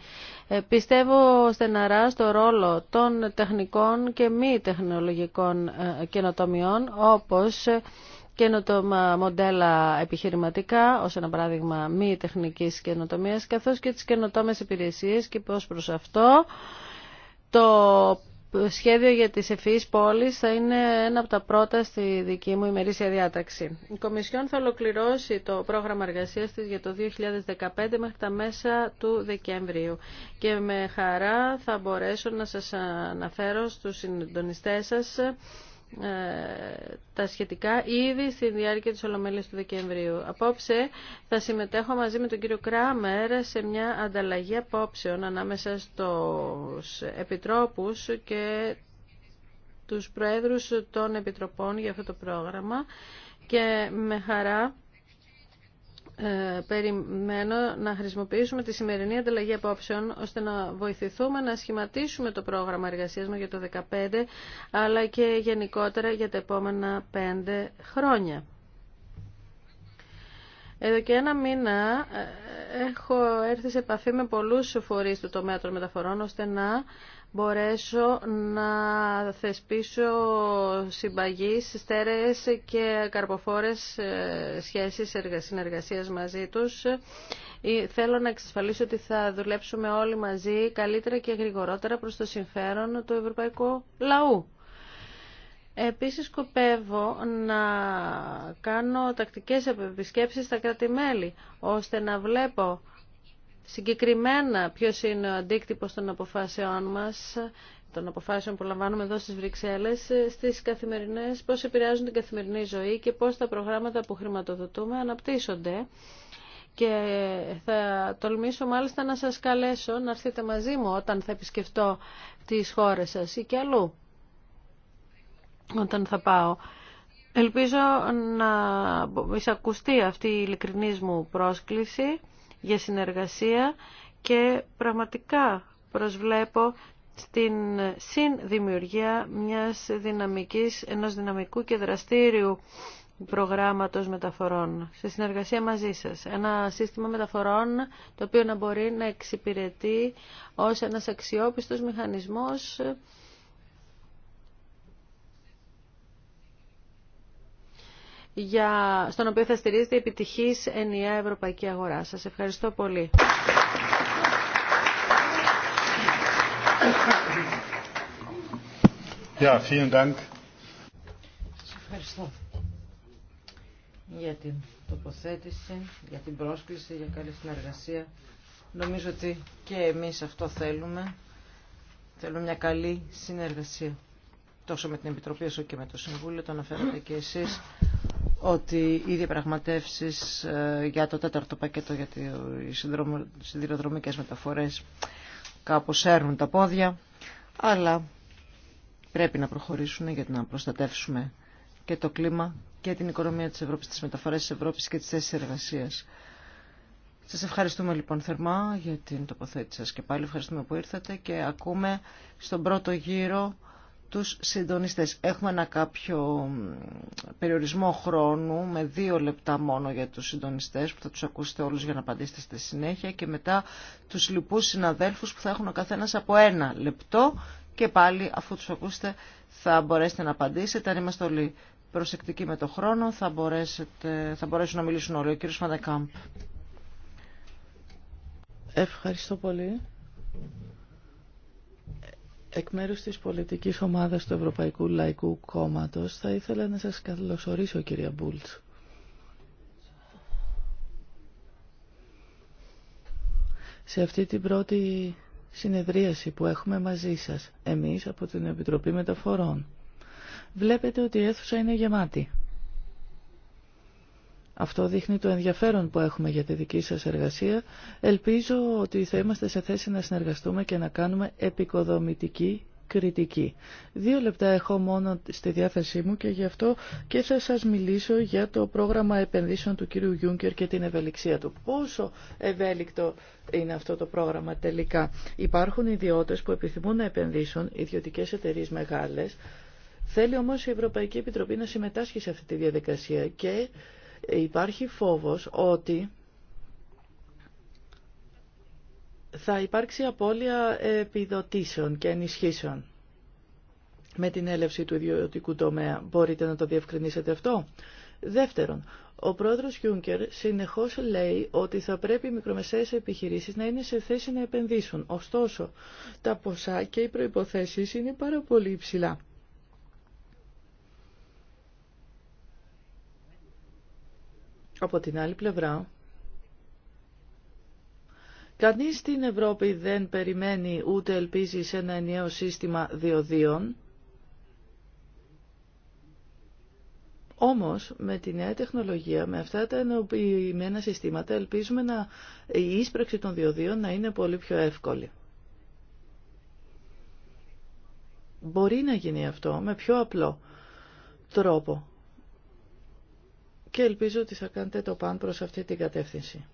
Speaker 3: Ε, πιστεύω στεναρά στο ρόλο των τεχνικών και μη τεχνολογικών ε, καινοτομιών όπως καινοτόμα μοντέλα επιχειρηματικά, ως ένα παράδειγμα μη τεχνικής καινοτομίας, καθώς και τις καινοτόμες υπηρεσίες και πώς προς αυτό το σχέδιο για τις ευφυείς πόλεις θα είναι ένα από τα πρώτα στη δική μου ημερήσια διάταξη. Η Κομισιόν θα ολοκληρώσει το πρόγραμμα εργασίας της για το 2015 μέχρι τα μέσα του Δεκεμβρίου και με χαρά θα μπορέσω να σας αναφέρω στους συντονιστές σας ε, τα σχετικά ήδη στη διάρκεια της Ολομέλειας του Δεκεμβρίου. Απόψε θα συμμετέχω μαζί με τον κύριο Κράμερ σε μια ανταλλαγή απόψεων ανάμεσα στους επιτρόπους και τους προέδρους των επιτροπών για αυτό το πρόγραμμα και με χαρά ε, περιμένω να χρησιμοποιήσουμε τη σημερινή ανταλλαγή απόψεων ώστε να βοηθηθούμε να σχηματίσουμε το πρόγραμμα εργασίας μας για το 2015 αλλά και γενικότερα για τα επόμενα πέντε χρόνια. Εδώ και ένα μήνα ε, έχω έρθει σε επαφή με πολλούς φορείς του τομέα των μεταφορών ώστε να μπορέσω να θεσπίσω συμπαγείς, στέρεες και καρποφόρες ε, σχέσεις συνεργασίας μαζί τους. Ε, θέλω να εξασφαλίσω ότι θα δουλέψουμε όλοι μαζί καλύτερα και γρηγορότερα προς το συμφέρον του ευρωπαϊκού λαού. Επίσης σκοπεύω να κάνω τακτικές επισκέψεις στα κράτη-μέλη, ώστε να βλέπω συγκεκριμένα ποιος είναι ο αντίκτυπος των αποφάσεών μας, των αποφάσεων που λαμβάνουμε εδώ στις Βρυξέλλες, στις καθημερινές, πώς επηρεάζουν την καθημερινή ζωή και πώς τα προγράμματα που χρηματοδοτούμε αναπτύσσονται. Και θα τολμήσω μάλιστα να σας καλέσω να έρθετε μαζί μου όταν θα επισκεφτώ τις χώρες σας ή και αλλού όταν θα πάω. Ελπίζω να εισακουστεί αυτή η ειλικρινής μου πρόσκληση για συνεργασία και πραγματικά προσβλέπω στην συνδημιουργία μιας δυναμικής, ενός δυναμικού και δραστήριου προγράμματος μεταφορών, σε συνεργασία μαζί σας. Ένα σύστημα μεταφορών το οποίο να μπορεί να εξυπηρετεί ως ένας αξιόπιστος μηχανισμός για, στον οποίο θα στηρίζεται επιτυχής ενιαία ευρωπαϊκή αγορά. Σας ευχαριστώ πολύ.
Speaker 2: Ja,
Speaker 1: ευχαριστώ για την τοποθέτηση, για την πρόσκληση, για καλή συνεργασία. Νομίζω ότι και εμείς αυτό θέλουμε. Θέλουμε μια καλή συνεργασία. Τόσο με την Επιτροπή όσο και με το Συμβούλιο, το αναφέρατε και εσείς ότι οι διαπραγματεύσει ε, για το τέταρτο πακέτο για οι σιδηροδρομικές μεταφορές κάπως έρνουν τα πόδια, αλλά πρέπει να προχωρήσουν για να προστατεύσουμε και το κλίμα και την οικονομία της Ευρώπης, τις μεταφορές της Ευρώπης και τις θέσεις εργασία. Σας ευχαριστούμε λοιπόν θερμά για την τοποθέτηση σας και πάλι ευχαριστούμε που ήρθατε και ακούμε στον πρώτο γύρο τους συντονιστές. Έχουμε ένα κάποιο περιορισμό χρόνου με δύο λεπτά μόνο για τους συντονιστές που θα τους ακούσετε όλους για να απαντήσετε στη συνέχεια και μετά τους λοιπούς συναδέλφους που θα έχουν ο καθένας από ένα λεπτό και πάλι αφού τους ακούσετε θα μπορέσετε να απαντήσετε. Αν είμαστε όλοι προσεκτικοί με το χρόνο θα, μπορέσετε, θα μπορέσουν να μιλήσουν όλοι. Ο κύριος Φαντακάμπ.
Speaker 2: Ευχαριστώ πολύ. Εκ μέρους της πολιτικής ομάδας του Ευρωπαϊκού Λαϊκού Κόμματος θα ήθελα να σας καλωσορίσω κυρία Μπούλτς. Σε αυτή την πρώτη συνεδρίαση που έχουμε μαζί σας, εμείς από την Επιτροπή Μεταφορών. Βλέπετε ότι η αίθουσα είναι γεμάτη. Αυτό δείχνει το ενδιαφέρον που έχουμε για τη δική σας εργασία. Ελπίζω ότι θα είμαστε σε θέση να συνεργαστούμε και να κάνουμε επικοδομητική κριτική. Δύο λεπτά έχω μόνο στη διάθεσή μου και γι' αυτό και θα σας μιλήσω για το πρόγραμμα επενδύσεων του κύριου Γιούγκερ και την ευελιξία του. Πόσο ευέλικτο είναι αυτό το πρόγραμμα τελικά. Υπάρχουν ιδιώτες που επιθυμούν να επενδύσουν, ιδιωτικές εταιρείες μεγάλες. Θέλει όμως η Ευρωπαϊκή Επιτροπή να συμμετάσχει σε αυτή τη διαδικασία και Υπάρχει φόβος ότι θα υπάρξει απώλεια επιδοτήσεων και ενισχύσεων με την έλευση του ιδιωτικού τομέα. Μπορείτε να το διευκρινίσετε αυτό. Δεύτερον, ο πρόεδρος Γιούνκερ συνεχώς λέει ότι θα πρέπει οι μικρομεσαίες επιχειρήσεις να είναι σε θέση να επενδύσουν. Ωστόσο, τα ποσά και οι προϋποθέσεις είναι πάρα πολύ υψηλά. Από την άλλη πλευρά, κανείς στην Ευρώπη δεν περιμένει ούτε ελπίζει σε ένα ενιαίο σύστημα διοδίων. Όμως, με τη νέα τεχνολογία, με αυτά τα ενοποιημένα συστήματα, ελπίζουμε να, η ίσπραξη των διοδίων να είναι πολύ πιο εύκολη. Μπορεί να γίνει αυτό με πιο απλό τρόπο και ελπίζω ότι θα κάνετε το παν προς αυτή την κατεύθυνση.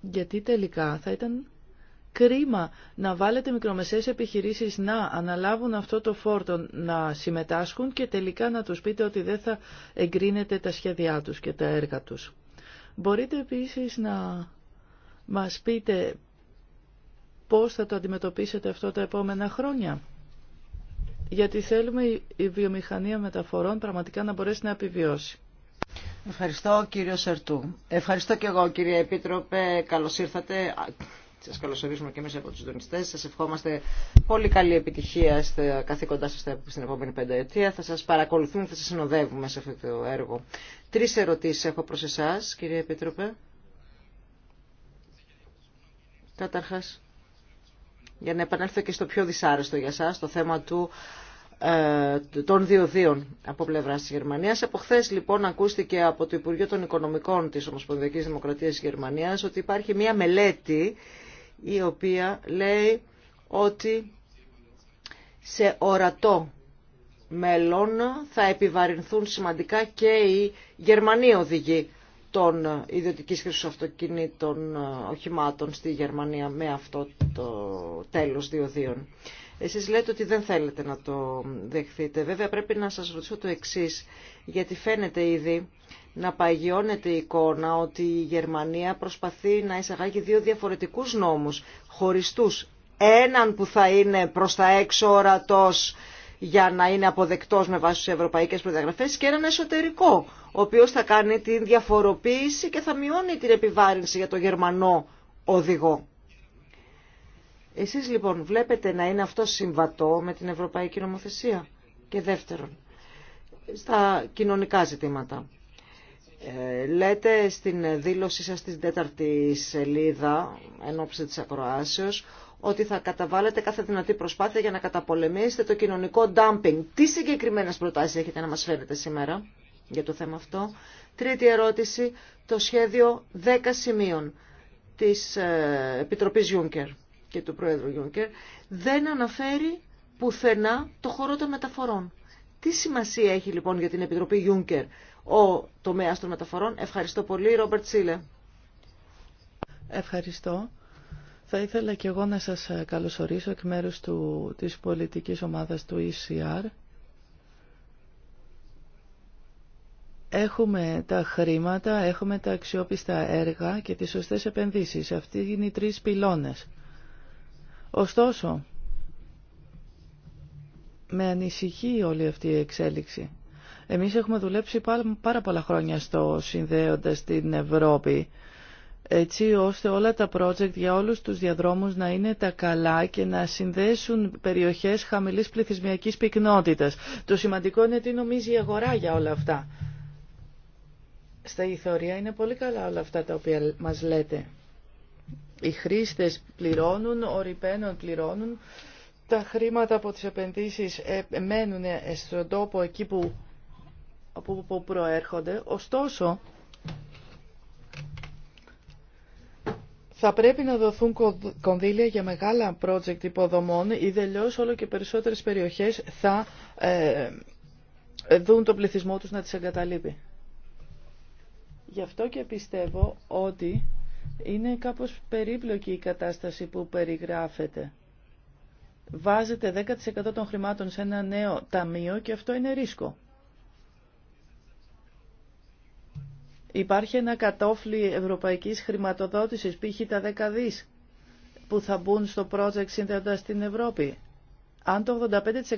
Speaker 2: Γιατί τελικά θα ήταν κρίμα να βάλετε μικρομεσαίες επιχειρήσεις να αναλάβουν αυτό το φόρτο, να συμμετάσχουν και τελικά να τους πείτε ότι δεν θα εγκρίνετε τα σχέδιά τους και τα έργα τους. Μπορείτε επίσης να μας πείτε πώς θα το αντιμετωπίσετε αυτό τα επόμενα χρόνια γιατί θέλουμε η βιομηχανία μεταφορών πραγματικά να μπορέσει να επιβιώσει. Ευχαριστώ κύριο Σερτού.
Speaker 1: Ευχαριστώ και εγώ κύριε Επίτροπε. Καλώς ήρθατε. Σας καλωσορίζουμε και εμείς από τους δονηστές. Σας ευχόμαστε πολύ καλή επιτυχία στα καθήκοντά σας στην επόμενη πενταετία. Θα σας παρακολουθούμε, θα σας συνοδεύουμε σε αυτό το έργο. Τρεις ερωτήσεις έχω προς εσάς κύριε Επίτροπε. Καταρχάς για να επανέλθω και στο πιο δυσάρεστο για σας, το θέμα του, ε, των διοδίων από πλευρά τη Γερμανία. Από χθε λοιπόν ακούστηκε από το Υπουργείο των Οικονομικών της Ομοσπονδιακής Δημοκρατίας της Γερμανία ότι υπάρχει μία μελέτη η οποία λέει ότι σε ορατό μέλλον θα επιβαρυνθούν σημαντικά και οι Γερμανοί οδηγοί των ιδιωτικής χρήσης αυτοκινήτων ε, οχημάτων στη Γερμανία με αυτό το τέλος διοδίων. Εσείς λέτε ότι δεν θέλετε να το δεχθείτε. Βέβαια πρέπει να σας ρωτήσω το εξής, γιατί φαίνεται ήδη να παγιώνεται η εικόνα ότι η Γερμανία προσπαθεί να εισαγάγει δύο διαφορετικούς νόμους, χωριστούς. Έναν που θα είναι προς τα έξω ορατός, για να είναι αποδεκτός με βάση τις ευρωπαϊκές προδιαγραφές και ένα εσωτερικό, ο οποίος θα κάνει την διαφοροποίηση και θα μειώνει την επιβάρυνση για το γερμανό οδηγό. Εσείς λοιπόν βλέπετε να είναι αυτό συμβατό με την ευρωπαϊκή νομοθεσία. Και δεύτερον, στα κοινωνικά ζητήματα. Ε, λέτε στην δήλωσή σας της τέταρτη σελίδα, εν της ακροάσεως, ότι θα καταβάλλετε κάθε δυνατή προσπάθεια για να καταπολεμήσετε το κοινωνικό dumping. Τι συγκεκριμένε προτάσει έχετε να μας φέρετε σήμερα για το θέμα αυτό. Τρίτη ερώτηση, το σχέδιο 10 σημείων της ε, Επιτροπής Juncker και του Πρόεδρου Juncker δεν αναφέρει πουθενά το χώρο των μεταφορών. Τι σημασία έχει λοιπόν για την Επιτροπή Juncker ο τομέα των μεταφορών. Ευχαριστώ πολύ, Ρόμπερτ Σίλε.
Speaker 2: Ευχαριστώ. Θα ήθελα και εγώ να σας ε, καλωσορίσω εκ μέρους του, της πολιτικής ομάδας του ECR. Έχουμε τα χρήματα, έχουμε τα αξιόπιστα έργα και τις σωστές επενδύσεις. Αυτοί είναι οι τρεις πυλώνες. Ωστόσο, με ανησυχεί όλη αυτή η εξέλιξη. Εμείς έχουμε δουλέψει πάρα πολλά χρόνια στο συνδέοντας την Ευρώπη έτσι ώστε όλα τα project για όλους τους διαδρόμους να είναι τα καλά και να συνδέσουν περιοχές χαμηλής πληθυσμιακής πυκνότητας. Το σημαντικό είναι τι νομίζει η αγορά για όλα αυτά. Στα ηθορία είναι πολύ καλά όλα αυτά τα οποία μας λέτε. Οι χρήστες πληρώνουν, ο πληρώνουν, τα χρήματα από τις επενδύσεις ε, μένουν στον τόπο εκεί που, που προέρχονται. Ωστόσο, Θα πρέπει να δοθούν κονδύλια για μεγάλα project υποδομών, δελειώς όλο και περισσότερες περιοχές θα ε, δουν τον πληθυσμό τους να τις εγκαταλείπει. Γι' αυτό και πιστεύω ότι είναι κάπως περίπλοκη η κατάσταση που περιγράφεται. Βάζετε 10% των χρημάτων σε ένα νέο ταμείο και αυτό είναι ρίσκο. Υπάρχει ένα κατόφλι ευρωπαϊκής χρηματοδότησης, π.χ. τα 10 που θα μπουν στο project συνδέοντας την Ευρώπη. Αν το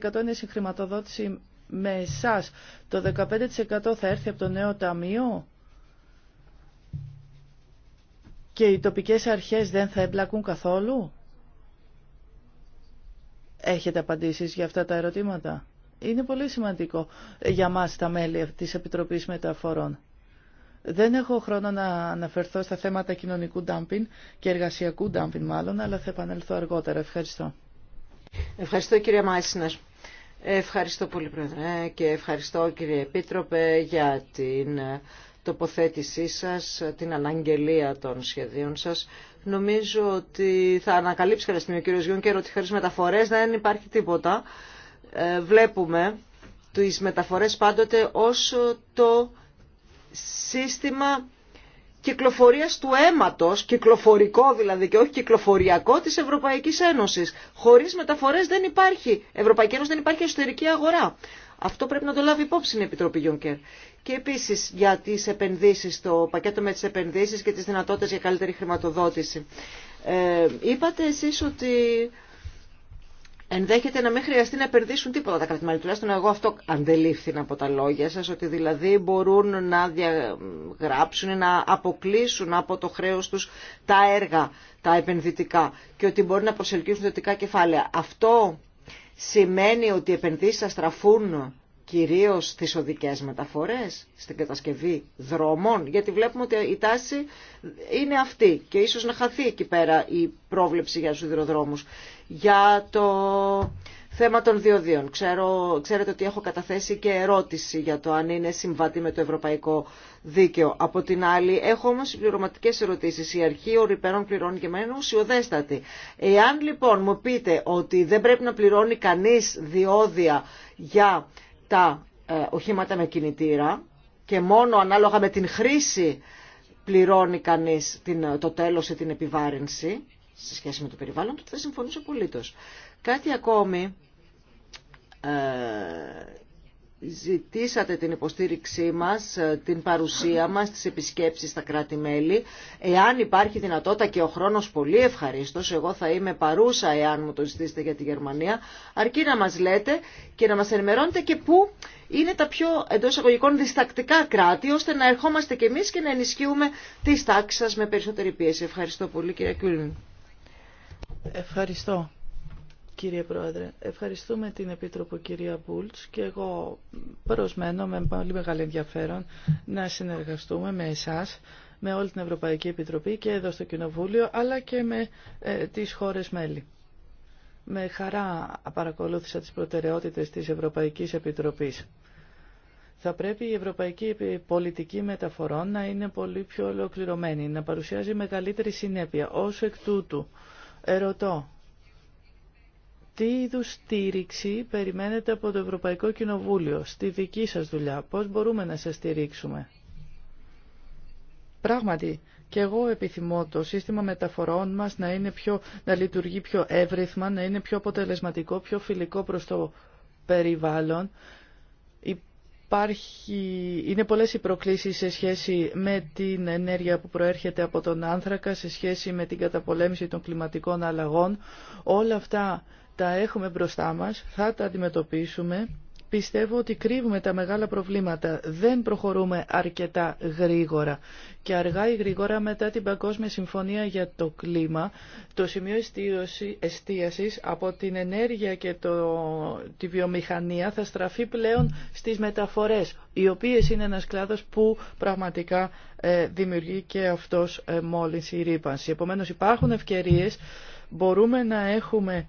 Speaker 2: 85% είναι συγχρηματοδότηση με εσά, το 15% θα έρθει από το νέο ταμείο και οι τοπικές αρχές δεν θα εμπλακούν καθόλου. Έχετε απαντήσεις για αυτά τα ερωτήματα. Είναι πολύ σημαντικό για μας τα μέλη της Επιτροπής Μεταφορών. Δεν έχω χρόνο να αναφερθώ στα θέματα κοινωνικού ντάμπιν και εργασιακού ντάμπιν μάλλον, αλλά θα επανέλθω αργότερα. Ευχαριστώ.
Speaker 1: Ευχαριστώ κύριε Μάισνερ. Ευχαριστώ πολύ Πρόεδρε και ευχαριστώ κύριε Επίτροπε για την τοποθέτησή σας, την αναγγελία των σχεδίων σας. Νομίζω ότι θα ανακαλύψει κατά στιγμή ο κύριος Γιούνκερ ότι χωρίς μεταφορές δεν υπάρχει τίποτα. Ε, βλέπουμε τις μεταφορές πάντοτε όσο το σύστημα κυκλοφορίας του αίματος, κυκλοφορικό δηλαδή και όχι κυκλοφοριακό της Ευρωπαϊκής Ένωσης. Χωρίς μεταφορές δεν υπάρχει. Ευρωπαϊκή Ένωση δεν υπάρχει εσωτερική αγορά. Αυτό πρέπει να το λάβει υπόψη η Επιτροπή Γιονκέρ. Και επίσης για τις επενδύσεις, το πακέτο με τις επενδύσεις και τις δυνατότητες για καλύτερη χρηματοδότηση. Ε, είπατε εσείς ότι ενδέχεται να μην χρειαστεί να επενδύσουν τίποτα τα κρατημέλη. Τουλάχιστον εγώ αυτό αντελήφθηνα από τα λόγια σα, ότι δηλαδή μπορούν να διαγράψουν, να αποκλείσουν από το χρέο του τα έργα, τα επενδυτικά και ότι μπορεί να προσελκύσουν θετικά κεφάλαια. Αυτό σημαίνει ότι οι επενδύσει θα στραφούν κυρίω στις οδικέ μεταφορέ στην κατασκευή δρόμων, γιατί βλέπουμε ότι η τάση είναι αυτή και ίσω να χαθεί εκεί πέρα η πρόβλεψη για του υδροδρόμους για το θέμα των διοδίων. Ξέρω, ξέρετε ότι έχω καταθέσει και ερώτηση για το αν είναι συμβατή με το ευρωπαϊκό δίκαιο. Από την άλλη, έχω όμως πληρωματικές ερωτήσεις. Η αρχή ο ρηπαίνων πληρώνει και μένα ουσιοδέστατη. Εάν λοιπόν μου πείτε ότι δεν πρέπει να πληρώνει κανείς διόδια για τα ε, οχήματα με κινητήρα και μόνο ανάλογα με την χρήση πληρώνει κανείς το τέλος ή την επιβάρυνση, σε σχέση με το περιβάλλον, του, θα συμφωνήσω απολύτω. Κάτι ακόμη, ε, ζητήσατε την υποστήριξή μας, ε, την παρουσία μας, τις επισκέψεις στα κράτη-μέλη. Εάν υπάρχει δυνατότητα και ο χρόνος πολύ ευχαριστώ. εγώ θα είμαι παρούσα εάν μου το ζητήσετε για τη Γερμανία, αρκεί να μας λέτε και να μας ενημερώνετε και πού είναι τα πιο εντό εγωγικών διστακτικά κράτη, ώστε να ερχόμαστε και εμείς και να ενισχύουμε τις τάξεις σας με περισσότερη πίεση. Ευχαριστώ πολύ κύριε Κούλιν.
Speaker 2: Ευχαριστώ κύριε Πρόεδρε. Ευχαριστούμε την Επίτροπο κυρία Μπούλτς και εγώ προσμένω με πολύ μεγάλο ενδιαφέρον να συνεργαστούμε με εσάς, με όλη την Ευρωπαϊκή Επιτροπή και εδώ στο Κοινοβούλιο, αλλά και με ε, τις χώρες μέλη. Με χαρά παρακολούθησα τις προτεραιότητες της Ευρωπαϊκής Επιτροπής. Θα πρέπει η ευρωπαϊκή πολιτική μεταφορών να είναι πολύ πιο ολοκληρωμένη, να παρουσιάζει μεγαλύτερη συνέπεια. Όσο εκ τούτου, Ερωτώ, τι είδου στήριξη περιμένετε από το Ευρωπαϊκό Κοινοβούλιο στη δική σας δουλειά, πώς μπορούμε να σας στηρίξουμε. Πράγματι, και εγώ επιθυμώ το σύστημα μεταφορών μας να, είναι πιο, να λειτουργεί πιο εύρυθμα, να είναι πιο αποτελεσματικό, πιο φιλικό προς το περιβάλλον υπάρχει, είναι πολλές οι προκλήσεις σε σχέση με την ενέργεια που προέρχεται από τον άνθρακα, σε σχέση με την καταπολέμηση των κλιματικών αλλαγών. Όλα αυτά τα έχουμε μπροστά μας, θα τα αντιμετωπίσουμε πιστεύω ότι κρύβουμε τα μεγάλα προβλήματα. Δεν προχωρούμε αρκετά γρήγορα. Και αργά ή γρήγορα μετά την Παγκόσμια Συμφωνία για το Κλίμα, το σημείο εστίασης από την ενέργεια και το, τη βιομηχανία θα στραφεί πλέον στις μεταφορές, οι οποίες είναι ένας κλάδος που πραγματικά ε, δημιουργεί και αυτός ε, μόλις η ρήπανση. Επομένως υπάρχουν ευκαιρίες, μπορούμε να έχουμε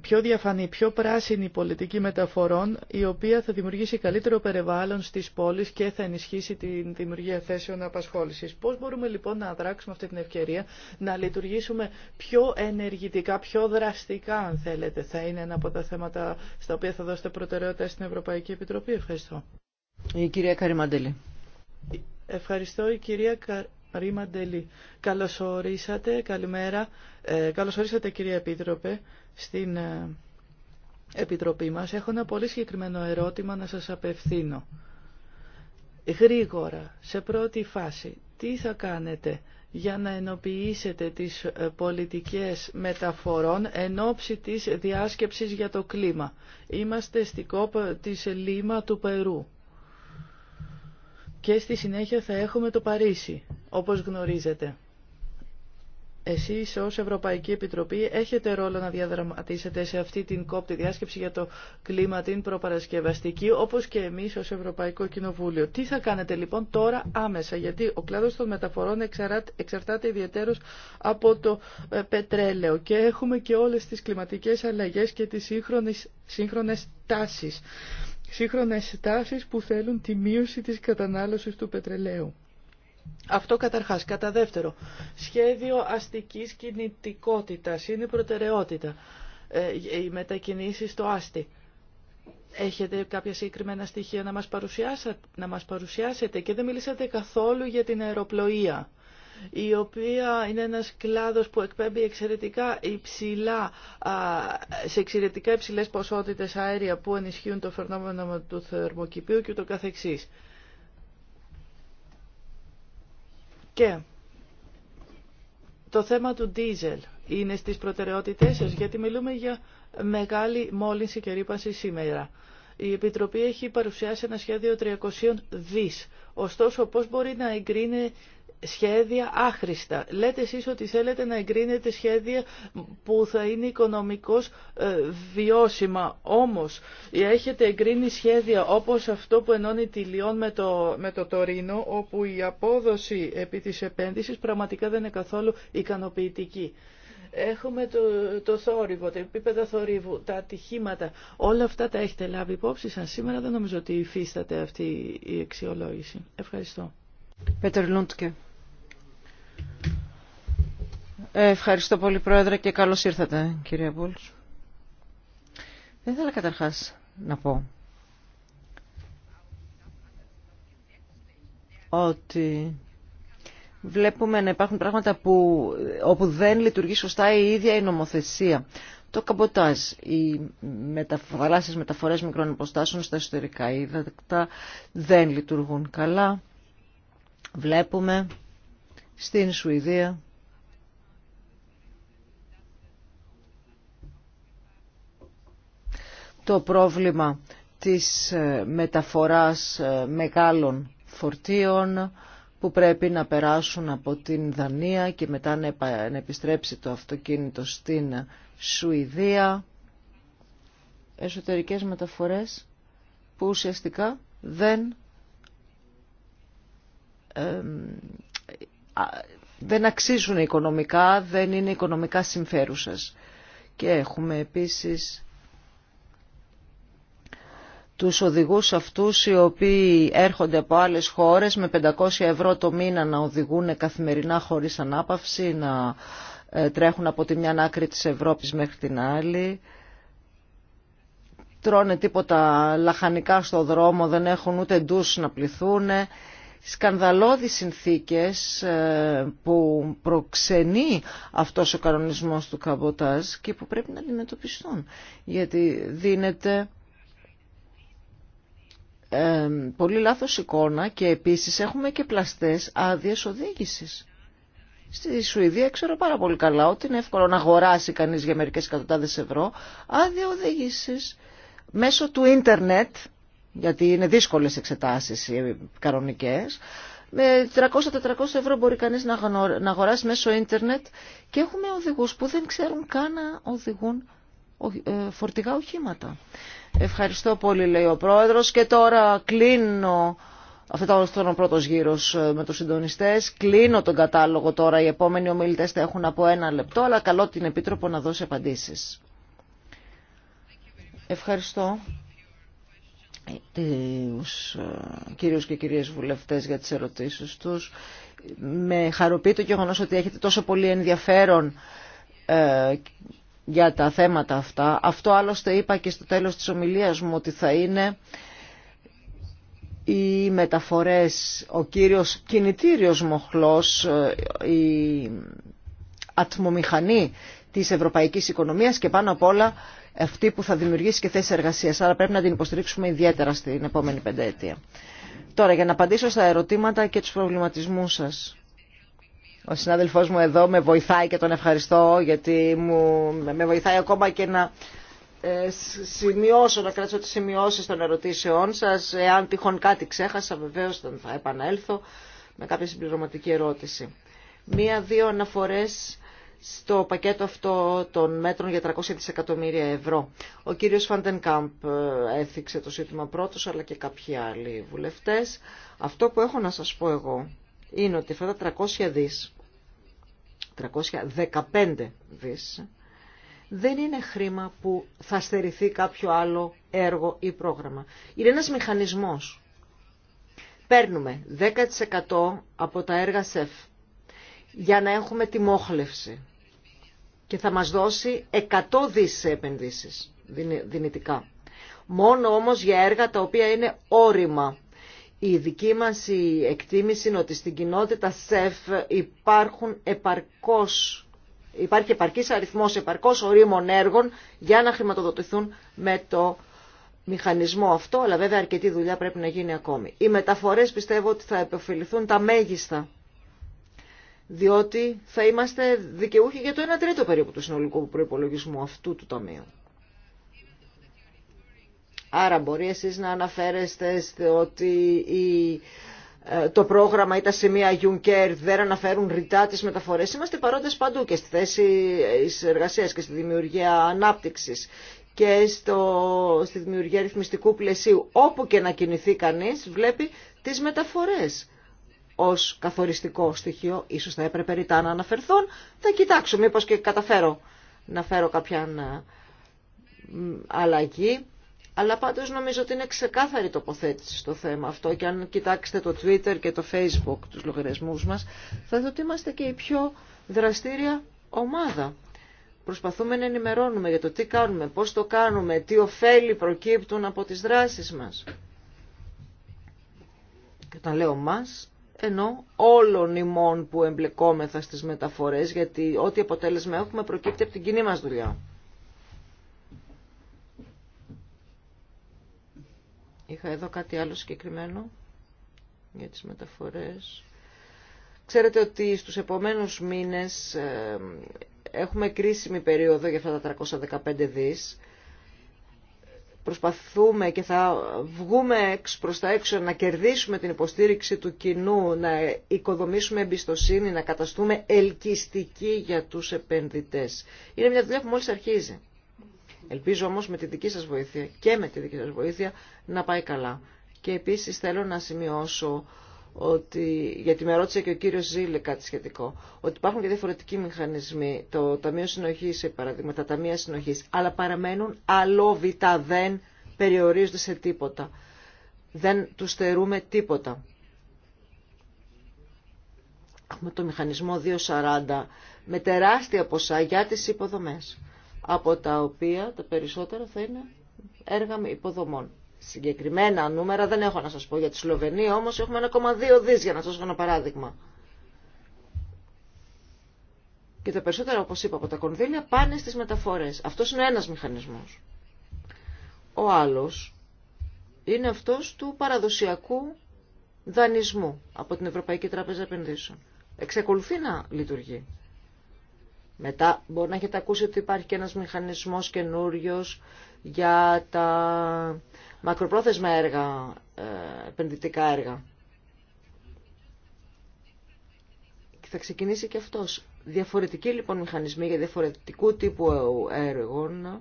Speaker 2: πιο διαφανή, πιο πράσινη πολιτική μεταφορών, η οποία θα δημιουργήσει καλύτερο περιβάλλον στις πόλεις και θα ενισχύσει τη δημιουργία θέσεων απασχόλησης. Πώς μπορούμε λοιπόν να δράξουμε αυτή την ευκαιρία, να λειτουργήσουμε πιο ενεργητικά, πιο δραστικά αν θέλετε. Θα είναι ένα από τα θέματα στα οποία θα δώσετε προτεραιότητα στην Ευρωπαϊκή Επιτροπή. Ευχαριστώ. Η κυρία Καρυμαντελή. Ευχαριστώ η κυρία Κα... Καλωσορίσατε, καλημέρα. Ε, ορίσατε κυρία Επίτροπε στην ε, Επιτροπή μας, έχω ένα πολύ συγκεκριμένο ερώτημα να σας απευθύνω. Γρήγορα, σε πρώτη φάση, τι θα κάνετε για να ενοποιήσετε τις ε, πολιτικές μεταφορών εν ώψη της διάσκεψης για το κλίμα. Είμαστε στην κόπ της Λίμα του Περού. Και στη συνέχεια θα έχουμε το Παρίσι, όπως γνωρίζετε. Εσείς ως Ευρωπαϊκή Επιτροπή έχετε ρόλο να διαδραματίσετε σε αυτή την κόπτη διάσκεψη για το κλίμα την προπαρασκευαστική, όπως και εμείς ως Ευρωπαϊκό Κοινοβούλιο. Τι θα κάνετε λοιπόν τώρα άμεσα, γιατί ο κλάδος των μεταφορών εξαρτάται ιδιαίτερως από το ε, πετρέλαιο και έχουμε και όλες τις κλιματικές αλλαγές και τις σύγχρονες, σύγχρονες τάσεις που θέλουν τη μείωση της κατανάλωσης του πετρελαίου. Αυτό καταρχάς. Κατά δεύτερο, σχέδιο αστικής κινητικότητας είναι προτεραιότητα. Ε, οι μετακινήσεις στο άστι. Έχετε κάποια συγκεκριμένα στοιχεία να μας, παρουσιάσετε, να μας και δεν μιλήσατε καθόλου για την αεροπλοεία η οποία είναι ένας κλάδος που εκπέμπει εξαιρετικά υψηλά, σε εξαιρετικά υψηλές ποσότητες αέρια που ενισχύουν το φαινόμενο του θερμοκηπίου και το καθεξής. Και το θέμα του ντίζελ είναι στις προτεραιότητές σας, γιατί μιλούμε για μεγάλη μόλυνση και ρήπανση σήμερα. Η Επιτροπή έχει παρουσιάσει ένα σχέδιο 300 δις. Ωστόσο, πώς μπορεί να εγκρίνει σχέδια άχρηστα. Λέτε εσείς ότι θέλετε να εγκρίνετε σχέδια που θα είναι οικονομικώς ε, βιώσιμα. Όμως, έχετε εγκρίνει σχέδια όπως αυτό που ενώνει τη Λιόν με το, με το Τωρίνο, όπου η απόδοση επί της επένδυσης πραγματικά δεν είναι καθόλου ικανοποιητική. Έχουμε το, το θόρυβο, τα επίπεδα θορύβου, τα ατυχήματα. Όλα αυτά τα έχετε λάβει υπόψη σας. Σήμερα δεν νομίζω ότι υφίσταται αυτή η αξιολόγηση. Ευχαριστώ.
Speaker 1: Ευχαριστώ πολύ Πρόεδρε και καλώς ήρθατε κυρία Μπούλς. Δεν ήθελα καταρχάς να πω ότι βλέπουμε να υπάρχουν πράγματα που, όπου δεν λειτουργεί σωστά η ίδια η νομοθεσία. Το καμποτάζ, οι μεταφράσεις, μεταφορές μικρών υποστάσεων στα εσωτερικά ύδατα δεν λειτουργούν καλά. Βλέπουμε στην Σουηδία το πρόβλημα της ε, μεταφοράς ε, μεγάλων φορτίων που πρέπει να περάσουν από την Δανία και μετά να επιστρέψει το αυτοκίνητο στην Σουηδία. Εσωτερικές μεταφορές που ουσιαστικά δεν, δεν αξίζουν οικονομικά, δεν είναι οικονομικά συμφέρουσες. Και έχουμε επίσης τους οδηγούς αυτούς οι οποίοι έρχονται από άλλες χώρες με 500 ευρώ το μήνα να οδηγούν καθημερινά χωρίς ανάπαυση, να ε, τρέχουν από τη μια άκρη της Ευρώπης μέχρι την άλλη. Τρώνε τίποτα λαχανικά στο δρόμο, δεν έχουν ούτε ντους να πληθούν. Σκανδαλώδεις συνθήκες ε, που προξενεί αυτός ο κανονισμός του Καμποτάζ και που πρέπει να αντιμετωπιστούν. Γιατί δίνεται πολύ λάθος εικόνα και επίσης έχουμε και πλαστές άδειες οδήγησης. Στη Σουηδία ξέρω πάρα πολύ καλά ότι είναι εύκολο να αγοράσει κανείς για μερικές εκατοντάδες ευρώ άδεια οδήγησης μέσω του ίντερνετ, γιατί είναι δύσκολες εξετάσεις οι κανονικές, με 300-400 ευρώ μπορεί κανείς να αγοράσει μέσω ίντερνετ και έχουμε οδηγούς που δεν ξέρουν καν να οδηγούν ε, φορτηγά οχήματα. Ευχαριστώ πολύ, λέει ο πρόεδρο, Και τώρα κλείνω... Αυτό ήταν ο πρώτο γύρο ε, με του συντονιστέ. Κλείνω τον κατάλογο τώρα. Οι επόμενοι ομιλητέ θα έχουν από ένα λεπτό, αλλά καλώ την Επίτροπο να δώσει απαντήσει. Ευχαριστώ τους ε, κυρίους και κυρίες βουλευτές για τις ερωτήσεις τους. Με χαροποιεί το γεγονός ότι έχετε τόσο πολύ ενδιαφέρον ε, για τα θέματα αυτά. Αυτό άλλωστε είπα και στο τέλος της ομιλίας μου ότι θα είναι οι μεταφορές, ο κύριος κινητήριος μοχλός, ε, η ατμομηχανή της ευρωπαϊκής οικονομίας και πάνω απ' όλα αυτή που θα δημιουργήσει και θέσει εργασίας. Άρα πρέπει να την υποστηρίξουμε ιδιαίτερα στην επόμενη πενταετία. Τώρα για να απαντήσω στα ερωτήματα και τους προβληματισμούς σας. Ο συνάδελφός μου εδώ με βοηθάει και τον ευχαριστώ γιατί μου, με βοηθάει ακόμα και να ε, σημειώσω, να κρατήσω τις σημειώσεις των ερωτήσεών σας. Εάν τυχόν κάτι ξέχασα βεβαίως θα επανέλθω με κάποια συμπληρωματική ερώτηση. Μία-δύο αναφορές στο πακέτο αυτό των μέτρων για 300 δισεκατομμύρια ευρώ. Ο κύριος Κάμπ ε, έθιξε το σύντημα πρώτος, αλλά και κάποιοι άλλοι βουλευτές. Αυτό που έχω να σας πω εγώ είναι ότι αυτά τα 300 δις, 315 δις, δεν είναι χρήμα που θα στερηθεί κάποιο άλλο έργο ή πρόγραμμα. Είναι ένας μηχανισμός. Παίρνουμε 10% από τα έργα ΣΕΦ για να έχουμε τη μόχλευση και θα μας δώσει 100 δις σε επενδύσεις δυνητικά. Μόνο όμως για έργα τα οποία είναι όριμα η δική μας η εκτίμηση είναι ότι στην κοινότητα ΣΕΦ υπάρχουν επαρκώς, υπάρχει επαρκής αριθμός, επαρκώς ορίμων έργων για να χρηματοδοτηθούν με το μηχανισμό αυτό, αλλά βέβαια αρκετή δουλειά πρέπει να γίνει ακόμη. Οι μεταφορές πιστεύω ότι θα επωφεληθούν τα μέγιστα, διότι θα είμαστε δικαιούχοι για το 1 τρίτο περίπου του συνολικού προϋπολογισμού αυτού του ταμείου. Άρα μπορεί εσείς να αναφέρεστε ότι η ε, το πρόγραμμα ή τα σημεία Juncker δεν αναφέρουν ρητά τις μεταφορές. Είμαστε παρόντες παντού και στη θέση εργασίας και στη δημιουργία ανάπτυξης και στο, στη δημιουργία ρυθμιστικού πλαισίου. Όπου και να κινηθεί κανείς βλέπει τις μεταφορές ως καθοριστικό στοιχείο. Ίσως θα έπρεπε ρητά να αναφερθούν. Θα κοιτάξω μήπως και καταφέρω να φέρω κάποια ε, αλλαγή. Αλλά πάντως νομίζω ότι είναι ξεκάθαρη τοποθέτηση στο θέμα αυτό και αν κοιτάξετε το Twitter και το Facebook, τους λογαριασμούς μας, θα δείτε ότι είμαστε και η πιο δραστήρια ομάδα. Προσπαθούμε να ενημερώνουμε για το τι κάνουμε, πώς το κάνουμε, τι ωφέλη προκύπτουν από τις δράσεις μας. Και όταν λέω μας, ενώ όλων ημών που εμπλεκόμεθα στις μεταφορές, γιατί ό,τι αποτέλεσμα έχουμε προκύπτει από την κοινή μας δουλειά. Είχα εδώ κάτι άλλο συγκεκριμένο για τις μεταφορές. Ξέρετε ότι στους επόμενους μήνες ε, έχουμε κρίσιμη περίοδο για αυτά τα 315 δις. Προσπαθούμε και θα βγούμε εξ προς τα έξω να κερδίσουμε την υποστήριξη του κοινού, να οικοδομήσουμε εμπιστοσύνη, να καταστούμε ελκυστικοί για τους επενδυτές. Είναι μια δουλειά που μόλις αρχίζει. Ελπίζω όμως με τη δική σας βοήθεια και με τη δική σας βοήθεια να πάει καλά. Και επίσης θέλω να σημειώσω ότι, γιατί με ρώτησε και ο κύριος Ζήλε κάτι σχετικό, ότι υπάρχουν και διαφορετικοί μηχανισμοί, το Ταμείο Συνοχής, παράδειγμα, τα Ταμεία Συνοχής, αλλά παραμένουν αλόβητα, δεν περιορίζονται σε τίποτα. Δεν τους στερούμε τίποτα. Έχουμε το μηχανισμό 240 με τεράστια ποσά για τις υποδομές από τα οποία τα περισσότερα θα είναι έργα υποδομών. Συγκεκριμένα νούμερα δεν έχω να σας πω για τη Σλοβενία, όμως έχουμε 1,2 δις για να σας δώσω ένα παράδειγμα. Και τα περισσότερα, όπως είπα, από τα κονδύλια πάνε στις μεταφορές. Αυτός είναι ένας μηχανισμός. Ο άλλος είναι αυτός του παραδοσιακού δανεισμού από την Ευρωπαϊκή Τράπεζα Επενδύσεων. Εξακολουθεί να λειτουργεί. Μετά μπορεί να έχετε ακούσει ότι υπάρχει και ένας μηχανισμός καινούριο για τα μακροπρόθεσμα έργα, ε, επενδυτικά έργα. Και θα ξεκινήσει και αυτός. Διαφορετικοί λοιπόν μηχανισμοί για διαφορετικού τύπου έργων,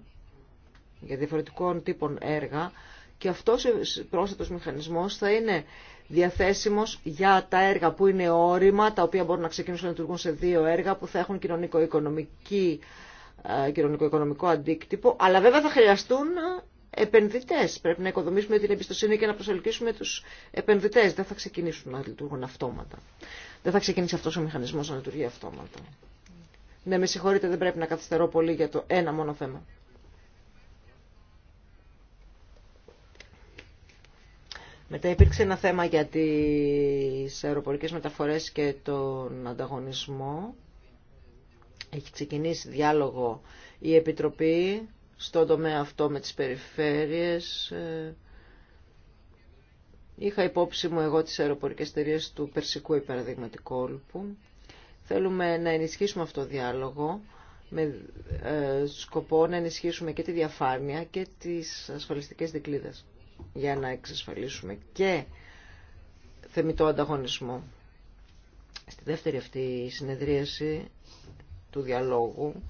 Speaker 1: για διαφορετικών τύπων έργα και αυτός ο πρόσθετος μηχανισμός θα είναι διαθέσιμος για τα έργα που είναι όριμα, τα οποία μπορούν να ξεκινήσουν να λειτουργούν σε δύο έργα που θα έχουν κοινωνικο-οικονομικό ε, αντίκτυπο, αλλά βέβαια θα χρειαστούν ε, επενδυτές. Πρέπει να οικοδομήσουμε την εμπιστοσύνη και να προσελκύσουμε τους επενδυτές. Δεν θα ξεκινήσουν να λειτουργούν αυτόματα. Δεν θα ξεκινήσει αυτός ο μηχανισμός να λειτουργεί αυτόματα. Ναι, με συγχωρείτε, δεν πρέπει να καθυστερώ πολύ για το ένα μόνο θέμα. Μετά υπήρξε ένα θέμα για τις αεροπορικές μεταφορές και τον ανταγωνισμό. Έχει ξεκινήσει διάλογο η Επιτροπή στον τομέα αυτό με τις περιφέρειες. Είχα υπόψη μου εγώ τις αεροπορικές εταιρείε του Περσικού υπεραδειγματικού Όλπου. Θέλουμε να ενισχύσουμε αυτό το διάλογο με ε, σκοπό να ενισχύσουμε και τη διαφάνεια και τις ασφαλιστικές δικλίδες για να εξασφαλίσουμε και θεμητό ανταγωνισμό. Στη δεύτερη αυτή συνεδρίαση του διαλόγου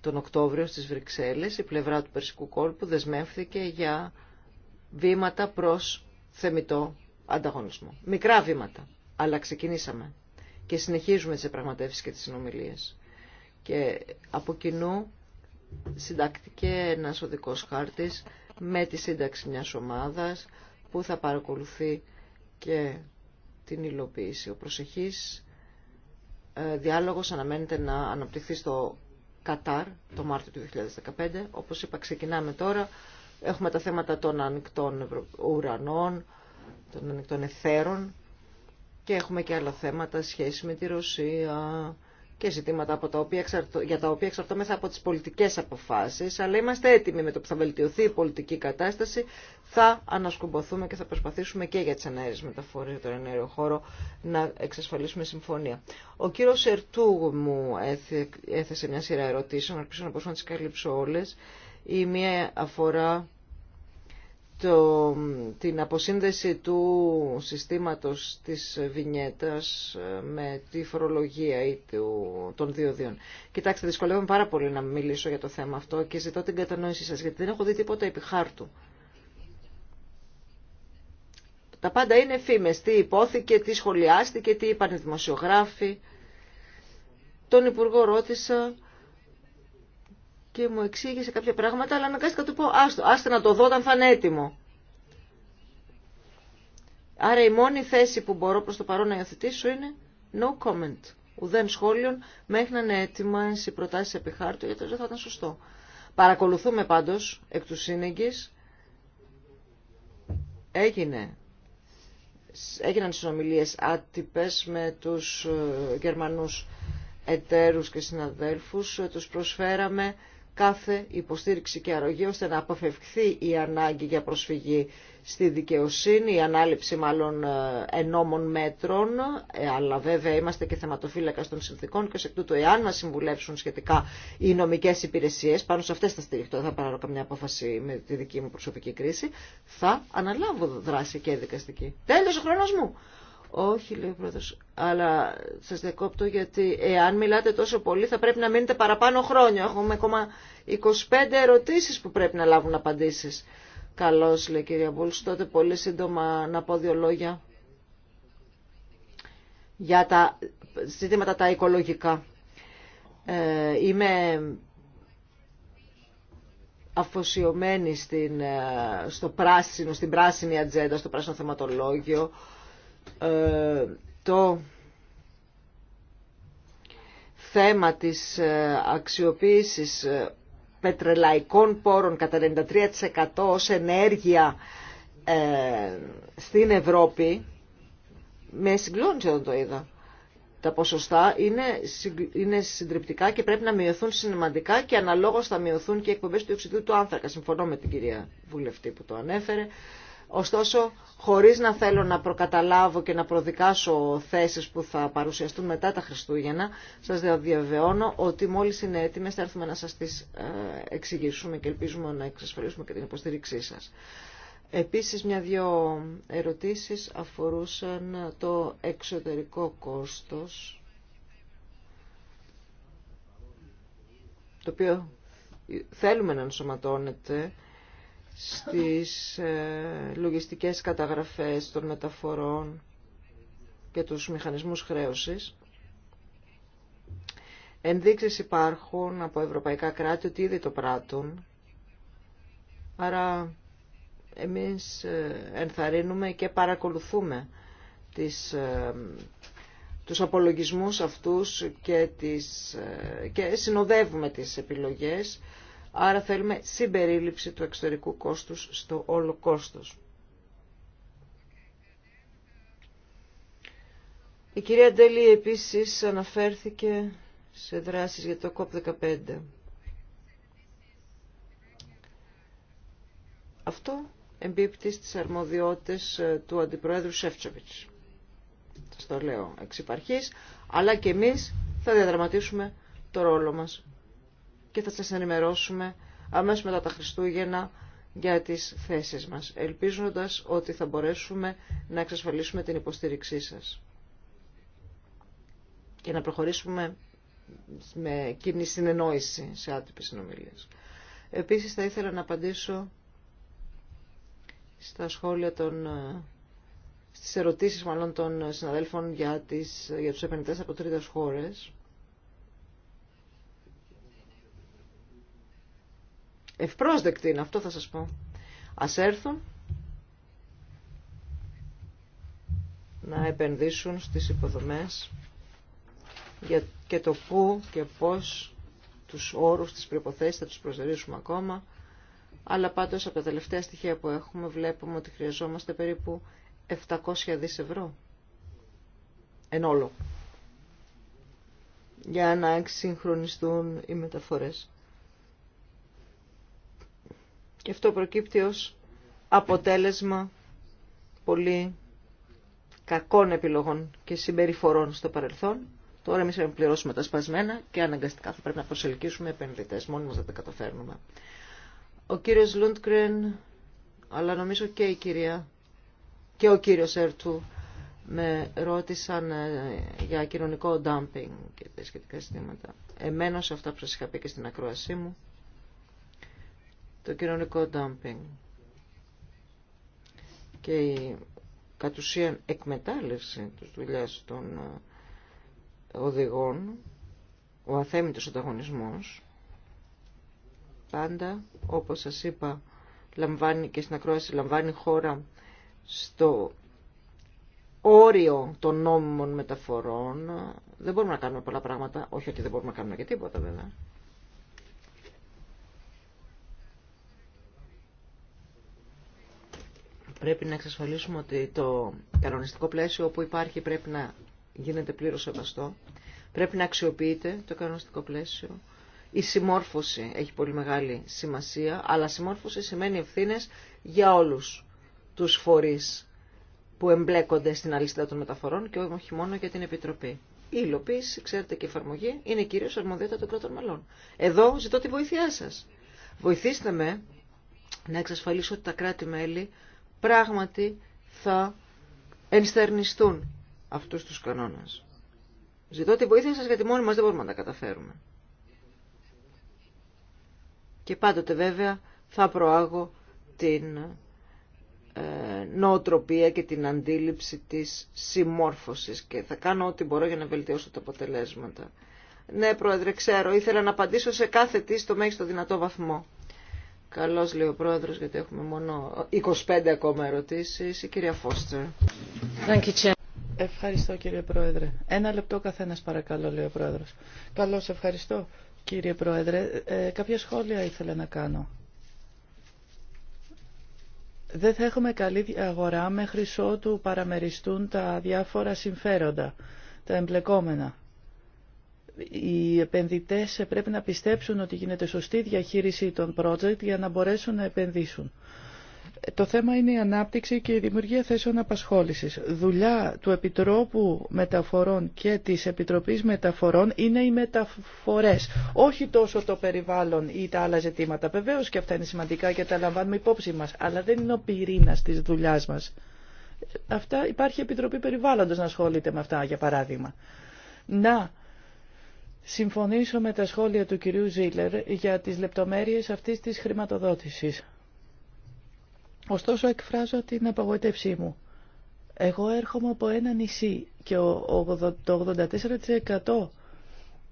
Speaker 1: τον Οκτώβριο στις Βρυξέλλες η πλευρά του Περσικού κόλπου δεσμεύθηκε για βήματα προς θεμητό ανταγωνισμό. Μικρά βήματα, αλλά ξεκινήσαμε και συνεχίζουμε τις επραγματεύσεις και τις συνομιλίες. Και από κοινού συντάκτηκε ένας οδικός χάρτης με τη σύνταξη μιας ομάδας που θα παρακολουθεί και την υλοποίηση. Ο προσεχής ε, διάλογος αναμένεται να αναπτυχθεί στο Κατάρ το Μάρτιο του 2015. Όπως είπα ξεκινάμε τώρα. Έχουμε τα θέματα των ανοιχτών ουρανών, των ανοιχτών εθέρων και έχουμε και άλλα θέματα σχέση με τη Ρωσία, και ζητήματα από τα οποία εξαρτώ, για τα οποία εξαρτώμεθα από τις πολιτικές αποφάσεις, αλλά είμαστε έτοιμοι με το που θα βελτιωθεί η πολιτική κατάσταση, θα ανασκουμποθούμε και θα προσπαθήσουμε και για τις ενέργειες μεταφορές για τον ενέργειο χώρο να εξασφαλίσουμε συμφωνία. Ο κύριος Ερτού μου έθεσε μια σειρά ερωτήσεων, ελπίζω να μπορούσα να τις καλύψω όλες. Η μία αφορά το, την αποσύνδεση του συστήματος της βινιέτας ε, με τη φορολογία ή του, των διοδίων. Κοιτάξτε, δυσκολεύομαι πάρα πολύ να μιλήσω για το θέμα αυτό και ζητώ την κατανόησή σας, γιατί δεν έχω δει τίποτα επί χάρτου. Τα πάντα είναι φήμες, τι υπόθηκε, τι σχολιάστηκε, τι είπαν οι δημοσιογράφοι. Τον Υπουργό ρώτησα και μου εξήγησε κάποια πράγματα, αλλά αναγκάστηκα να του πω άστο, άστε να το δω όταν θα είναι έτοιμο. Άρα η μόνη θέση που μπορώ προς το παρόν να υιοθετήσω είναι no comment, ουδέν σχόλιον, μέχρι να είναι έτοιμα οι προτάσεις επί χάρτου, γιατί δεν θα ήταν σωστό. Παρακολουθούμε πάντως εκ του σύνεγγης. Έγινε. Έγιναν συνομιλίες άτυπες με τους ε, Γερμανούς εταίρους και συναδέλφους. Ε, τους προσφέραμε κάθε υποστήριξη και αρρωγή ώστε να αποφευχθεί η ανάγκη για προσφυγή στη δικαιοσύνη, η ανάληψη μάλλον ε, ενόμων μέτρων, ε, αλλά βέβαια είμαστε και θεματοφύλακα των συνθήκων και ως εκ τούτου εάν μας συμβουλεύσουν σχετικά οι νομικές υπηρεσίες, πάνω σε αυτές θα στηριχτώ, θα πάρω καμιά απόφαση με τη δική μου προσωπική κρίση, θα αναλάβω δράση και δικαστική. Τέλος ο χρόνος μου! Όχι, λέει ο πρόεδρο. αλλά σας διακόπτω γιατί εάν μιλάτε τόσο πολύ θα πρέπει να μείνετε παραπάνω χρόνια. Έχουμε ακόμα 25 ερωτήσεις που πρέπει να λάβουν απαντήσεις. Καλώς, λέει κυρία Μπούλ. τότε πολύ σύντομα να πω δύο λόγια για τα ζητήματα τα οικολογικά. Ε, είμαι αφοσιωμένη στην, ε, στο πράσινο, στην πράσινη ατζέντα, στο πράσινο θεματολόγιο. Ε, το θέμα της ε, αξιοποίησης ε, πετρελαϊκών πόρων κατά 93% ως ενέργεια στην Ευρώπη με συγκλώνησε όταν το είδα. Τα ποσοστά είναι, συντριπτικά και πρέπει να μειωθούν σημαντικά και αναλόγως θα μειωθούν και οι εκπομπές του οξυδιού του άνθρακα. Συμφωνώ με την κυρία Βουλευτή που το ανέφερε. Ωστόσο, χωρίς να θέλω να προκαταλάβω και να προδικάσω θέσεις που θα παρουσιαστούν μετά τα Χριστούγεννα, σας διαβεβαιώνω ότι μόλις είναι έτοιμες θα έρθουμε να σας τις ε, εξηγήσουμε και ελπίζουμε να εξασφαλίσουμε και την υποστήριξή σας. Επίσης, μια-δυο ερωτήσεις αφορούσαν το εξωτερικό κόστος, το οποίο θέλουμε να ενσωματώνεται στις ε, λογιστικές καταγραφές των μεταφορών και τους μηχανισμούς χρέωσης. Ενδείξεις υπάρχουν από ευρωπαϊκά κράτη ότι ήδη το πράττουν. Άρα εμείς ε, ενθαρρύνουμε και παρακολουθούμε τις, ε, τους απολογισμούς αυτούς και, τις, και συνοδεύουμε τις επιλογές Άρα θέλουμε συμπερίληψη του εξωτερικού κόστους στο όλο κόστος. Η κυρία Ντέλη επίσης αναφέρθηκε σε δράσεις για το COP15. Αυτό εμπίπτει στις αρμοδιότητες ε, του Αντιπρόεδρου Σεφτσοβιτς. Σας το λέω εξ αλλά και εμείς θα διαδραματίσουμε το ρόλο μας και θα σας ενημερώσουμε αμέσως μετά τα Χριστούγεννα για τις θέσεις μας, ελπίζοντας ότι θα μπορέσουμε να εξασφαλίσουμε την υποστήριξή σας και να προχωρήσουμε με κοινή συνεννόηση σε άτυπες συνομιλίες. Επίσης θα ήθελα να απαντήσω στα σχόλια των στις ερωτήσεις μάλλον των συναδέλφων για, τις, για τους επενδυτές από τρίτες χώρες. Ευπρόσδεκτη είναι, αυτό θα σας πω. Ας έρθουν να επενδύσουν στις υποδομές για και το πού και πώς τους όρους, τις προϋποθέσεις θα τους προσδιορίσουμε ακόμα. Αλλά πάντως από τα τελευταία στοιχεία που έχουμε βλέπουμε ότι χρειαζόμαστε περίπου 700 δις ευρώ εν όλο για να εξυγχρονιστούν οι μεταφορές. Και αυτό προκύπτει ως αποτέλεσμα πολύ κακών επιλογών και συμπεριφορών στο παρελθόν. Τώρα εμείς πρέπει να πληρώσουμε τα σπασμένα και αναγκαστικά θα πρέπει να προσελκύσουμε επενδυτές. Μόνοι μας δεν τα καταφέρνουμε. Ο κύριος Λούντκρεν, αλλά νομίζω και η κυρία και ο κύριος Ερτού με ρώτησαν ε, για κοινωνικό ντάμπινγκ και τα σχετικά συστήματα. Εμένα σε αυτά που σας είχα πει και στην ακρόασή μου το κοινωνικό ντάμπινγκ και η κατ' ουσίαν εκμετάλλευση της δουλειάς των ε, οδηγών, ο αθέμητος ανταγωνισμός, πάντα, όπως σας είπα, λαμβάνει και στην ακρόαση λαμβάνει χώρα στο όριο των νόμιμων μεταφορών. Δεν μπορούμε να κάνουμε πολλά πράγματα, όχι ότι δεν μπορούμε να κάνουμε και τίποτα βέβαια. Πρέπει να εξασφαλίσουμε ότι το κανονιστικό πλαίσιο όπου υπάρχει πρέπει να γίνεται πλήρως σεβαστό. Πρέπει να αξιοποιείται το κανονιστικό πλαίσιο. Η συμμόρφωση έχει πολύ μεγάλη σημασία, αλλά συμμόρφωση σημαίνει ευθύνε για όλους τους φορείς που εμπλέκονται στην αλυσίδα των μεταφορών και όχι μόνο για την Επιτροπή. Η υλοποίηση, ξέρετε και η εφαρμογή, είναι κυρίως αρμοδιότητα των κρατών μελών. Εδώ ζητώ τη βοήθειά σας. Βοηθήστε με να εξασφαλίσω ότι τα κράτη-μέλη πράγματι θα ενστερνιστούν αυτούς τους κανόνες. Ζητώ τη βοήθεια σας γιατί μόνοι μας δεν μπορούμε να τα καταφέρουμε. Και πάντοτε βέβαια θα προάγω την ε, νοοτροπία και την αντίληψη της συμμόρφωσης και θα κάνω ό,τι μπορώ για να βελτιώσω τα αποτελέσματα. Ναι, Πρόεδρε, ξέρω, ήθελα να απαντήσω σε κάθε τι στο μέγιστο δυνατό βαθμό. Καλώς λέει ο πρόεδρος γιατί έχουμε μόνο 25 ακόμα ερωτήσεις. Η
Speaker 2: κυρία Φώστερ. Ευχαριστώ κύριε πρόεδρε. Ένα λεπτό καθένας παρακαλώ λέει ο πρόεδρος. Καλώς ευχαριστώ κύριε πρόεδρε. Ε, κάποια σχόλια ήθελα να κάνω. Δεν θα έχουμε καλή αγορά μέχρι ότου παραμεριστούν τα διάφορα συμφέροντα, τα εμπλεκόμενα οι επενδυτές πρέπει να πιστέψουν ότι γίνεται σωστή διαχείριση των project για να μπορέσουν να επενδύσουν. Το θέμα είναι η ανάπτυξη και η δημιουργία θέσεων απασχόλησης. Δουλειά του Επιτρόπου Μεταφορών και της Επιτροπής Μεταφορών είναι οι μεταφορές, όχι τόσο το περιβάλλον ή τα άλλα ζητήματα. Βεβαίω και αυτά είναι σημαντικά και τα λαμβάνουμε υπόψη μας, αλλά δεν είναι ο πυρήνα της δουλειά μας. Αυτά υπάρχει Επιτροπή Περιβάλλοντος να ασχολείται με αυτά, για παράδειγμα. Να συμφωνήσω με τα σχόλια του κυρίου Ζήλερ για τις λεπτομέρειες αυτής της χρηματοδότησης. Ωστόσο εκφράζω την απογοήτευσή μου. Εγώ έρχομαι από ένα νησί και το 84%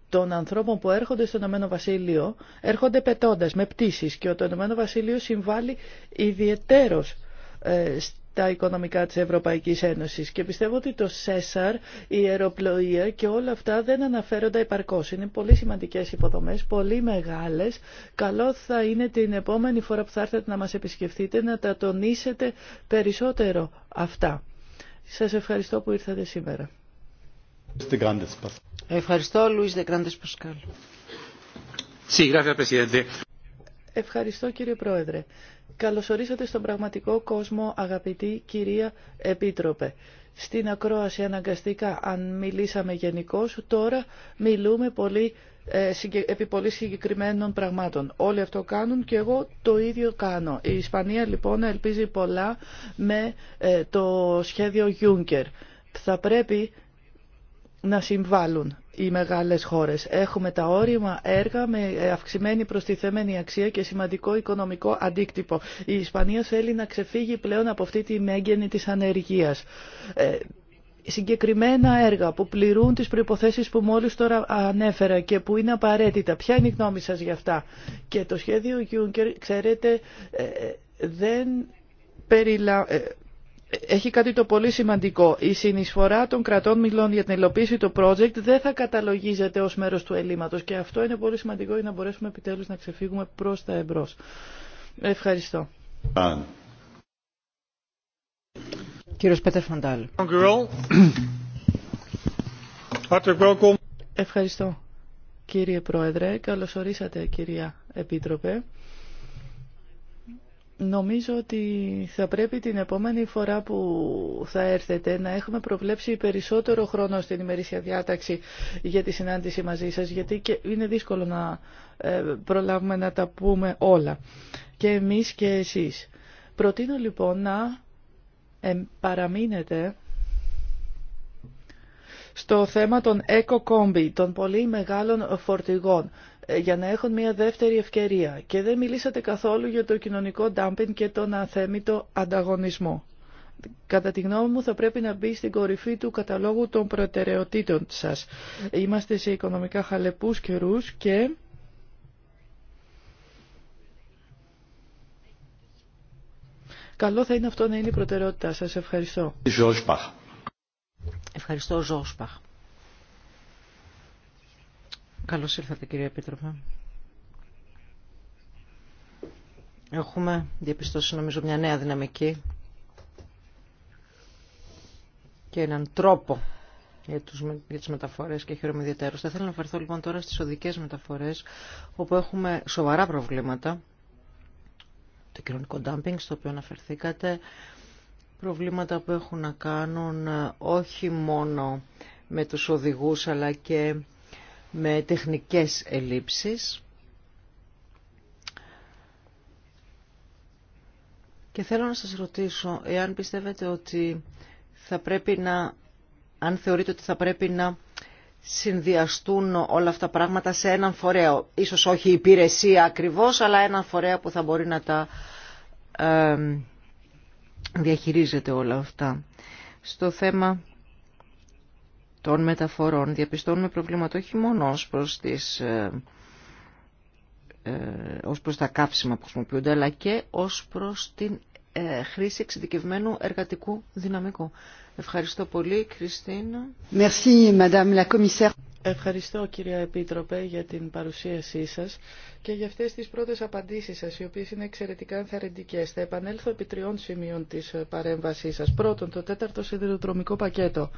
Speaker 2: των ανθρώπων που έρχονται στο Ηνωμένο Βασίλειο έρχονται πετώντας με πτήσεις και το Ηνωμένο Βασίλειο συμβάλλει ιδιαιτέρως ε, τα οικονομικά της Ευρωπαϊκής Ένωσης. Και πιστεύω ότι το ΣΕΣΑΡ, η αεροπλοεία και όλα αυτά δεν αναφέρονται επαρκώς. Είναι πολύ σημαντικές υποδομές, πολύ μεγάλες. Καλό θα είναι την επόμενη φορά που θα έρθετε να μας επισκεφτείτε να τα τονίσετε περισσότερο αυτά. Σας ευχαριστώ που ήρθατε σήμερα. Ευχαριστώ, Λουίς Δεκράντες Πασκάλ. Ευχαριστώ κύριε Πρόεδρε. Καλωσορίσατε στον πραγματικό κόσμο, αγαπητή κυρία Επίτροπε. Στην ακρόαση αναγκαστικά, αν μιλήσαμε γενικώ, τώρα μιλούμε πολύ, ε, επί πολύ συγκεκριμένων πραγμάτων. Όλοι αυτό κάνουν και εγώ το ίδιο κάνω. Η Ισπανία λοιπόν ελπίζει πολλά με ε, το σχέδιο Juncker. Θα πρέπει να συμβάλλουν οι μεγάλες χώρες. Έχουμε τα όρημα έργα με αυξημένη προστιθέμενη αξία και σημαντικό οικονομικό αντίκτυπο. Η Ισπανία θέλει να ξεφύγει πλέον από αυτή τη μέγενη της ανεργίας ε, συγκεκριμένα έργα που πληρούν τις προϋποθέσεις που μόλις τώρα ανέφερα και που είναι απαραίτητα. Ποια είναι η γνώμη σας για αυτά. Και το σχέδιο Juncker, ξέρετε, ε, ε, δεν περιλαμβάνει έχει κάτι το πολύ σημαντικό. Η συνεισφορά των κρατών μιλών για την υλοποίηση του project δεν θα καταλογίζεται ως μέρος του ελλείμματος και αυτό είναι πολύ σημαντικό για να μπορέσουμε επιτέλους να ξεφύγουμε προς τα εμπρός. Ευχαριστώ. Κύριος Πέτερ Φαντάλ. Ευχαριστώ κύριε Πρόεδρε. Καλώς ορίσατε κυρία Επίτροπε. Νομίζω ότι θα πρέπει την επόμενη φορά που θα έρθετε να έχουμε προβλέψει περισσότερο χρόνο στην ημερήσια διάταξη για τη συνάντηση μαζί σας, γιατί και είναι δύσκολο να ε, προλάβουμε να τα πούμε όλα, και εμείς και εσείς. Προτείνω λοιπόν να παραμείνετε στο θέμα των eco των πολύ μεγάλων φορτηγών για να έχουν μια δεύτερη ευκαιρία. Και δεν μιλήσατε καθόλου για το κοινωνικό ντάμπινγκ και τον αθέμητο ανταγωνισμό. Κατά τη γνώμη μου θα πρέπει να μπει στην κορυφή του καταλόγου των προτεραιοτήτων σας. Είμαστε σε οικονομικά χαλεπούς καιρούς και... Καλό θα είναι αυτό να είναι η προτεραιότητά σας. Ευχαριστώ. Ευχαριστώ, Ζώσπαχ.
Speaker 1: Καλώς ήρθατε κύριε Επίτροπε. Έχουμε διαπιστώσει νομίζω μια νέα δυναμική και έναν τρόπο για, τους, για τις μεταφορές και χαίρομαι ιδιαίτερως. Θα ήθελα να φερθώ λοιπόν τώρα στις οδικές μεταφορές όπου έχουμε σοβαρά προβλήματα το κοινωνικό ντάμπινγκ στο οποίο αναφερθήκατε προβλήματα που έχουν να κάνουν ε, όχι μόνο με τους οδηγούς αλλά και με τεχνικές ελλείψεις και θέλω να σας ρωτήσω εάν πιστεύετε ότι θα πρέπει να, αν θεωρείτε ότι θα πρέπει να συνδυαστούν όλα αυτά τα πράγματα σε έναν φορέα, ίσως όχι υπηρεσία ακριβώς, αλλά έναν φορέα που θα μπορεί να τα διαχειρίζεται όλα αυτά. Στο θέμα των μεταφορών διαπιστώνουμε προβλήματα όχι μόνο ως προς, τις, ε, ε, ως προς τα κάψιμα που χρησιμοποιούνται αλλά και ως προς την ε, χρήση εξειδικευμένου εργατικού
Speaker 2: δυναμικού. Ευχαριστώ πολύ, Κριστίνα. Merci, Madame la Commissaire. Ευχαριστώ κυρία Επίτροπε για την παρουσίασή σας και για αυτές τις πρώτες απαντήσεις σας, οι οποίες είναι εξαιρετικά ενθαρρυντικές. Θα επανέλθω επί τριών σημείων της παρέμβασής σας. Πρώτον, το τέταρτο σιδηροδρομικό πακέτο.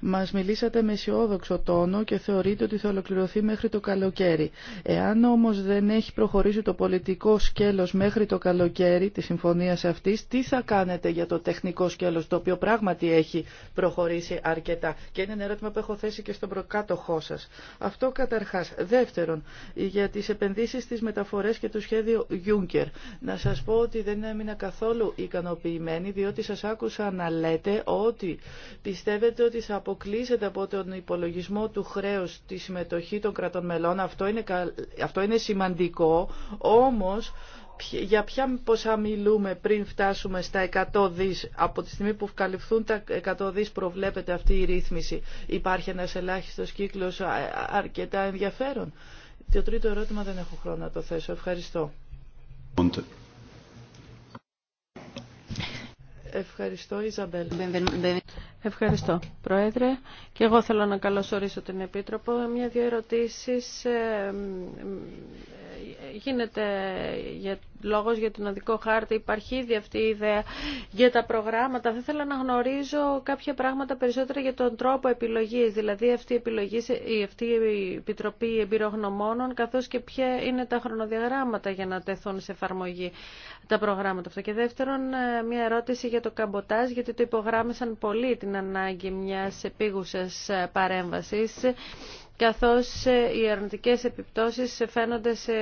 Speaker 2: Μας μιλήσατε με αισιόδοξο τόνο και θεωρείτε ότι θα ολοκληρωθεί μέχρι το καλοκαίρι. Εάν όμως δεν έχει προχωρήσει το πολιτικό σκέλος μέχρι το καλοκαίρι της συμφωνίας αυτή, τι θα κάνετε για το τεχνικό σκέλος, το οποίο πράγματι έχει προχωρήσει αρκετά. Και είναι ένα ερώτημα που έχω θέσει και στον προκάτοχό αυτό καταρχάς. Δεύτερον, για τις επενδύσεις στις μεταφορές και το σχέδιο Juncker. Να σας πω ότι δεν έμεινα καθόλου ικανοποιημένη, διότι σας άκουσα να λέτε ότι πιστεύετε ότι θα αποκλείσετε από τον υπολογισμό του χρέους τη συμμετοχή των κρατών μελών. Αυτό είναι, αυτό είναι σημαντικό, όμως για ποια ποσά μιλούμε πριν φτάσουμε στα 100 δις, από τη στιγμή που καλυφθούν τα 100 δις προβλέπεται αυτή η ρύθμιση. Υπάρχει ένας ελάχιστος κύκλος αρκετά ενδιαφέρον. Το τρίτο ερώτημα δεν έχω χρόνο να το θέσω. Ευχαριστώ. Ευχαριστώ, Ιζαμπέλ.
Speaker 3: Ευχαριστώ, Πρόεδρε. Και εγώ θέλω να καλωσορίσω την Επίτροπο. Μια-δύο ερωτήσεις ε, γίνεται για, λόγος για τον οδικό χάρτη, υπάρχει ήδη αυτή η ιδέα για τα προγράμματα. Θα ήθελα να γνωρίζω κάποια πράγματα περισσότερα για τον τρόπο επιλογής, δηλαδή αυτή η, επιλογή, αυτή η Επιτροπή Εμπειρογνωμόνων, καθώς και ποια είναι τα χρονοδιαγράμματα για να τεθούν σε εφαρμογή τα προγράμματα αυτά. Και δεύτερον, ε, μια ερώτηση για το καμποτάζ, γιατί το υπογράμμισαν πολύ την ανάγκη μιας επίγουσας ε, παρέμβασης καθώς ε, οι αρνητικές επιπτώσεις φαίνονται σε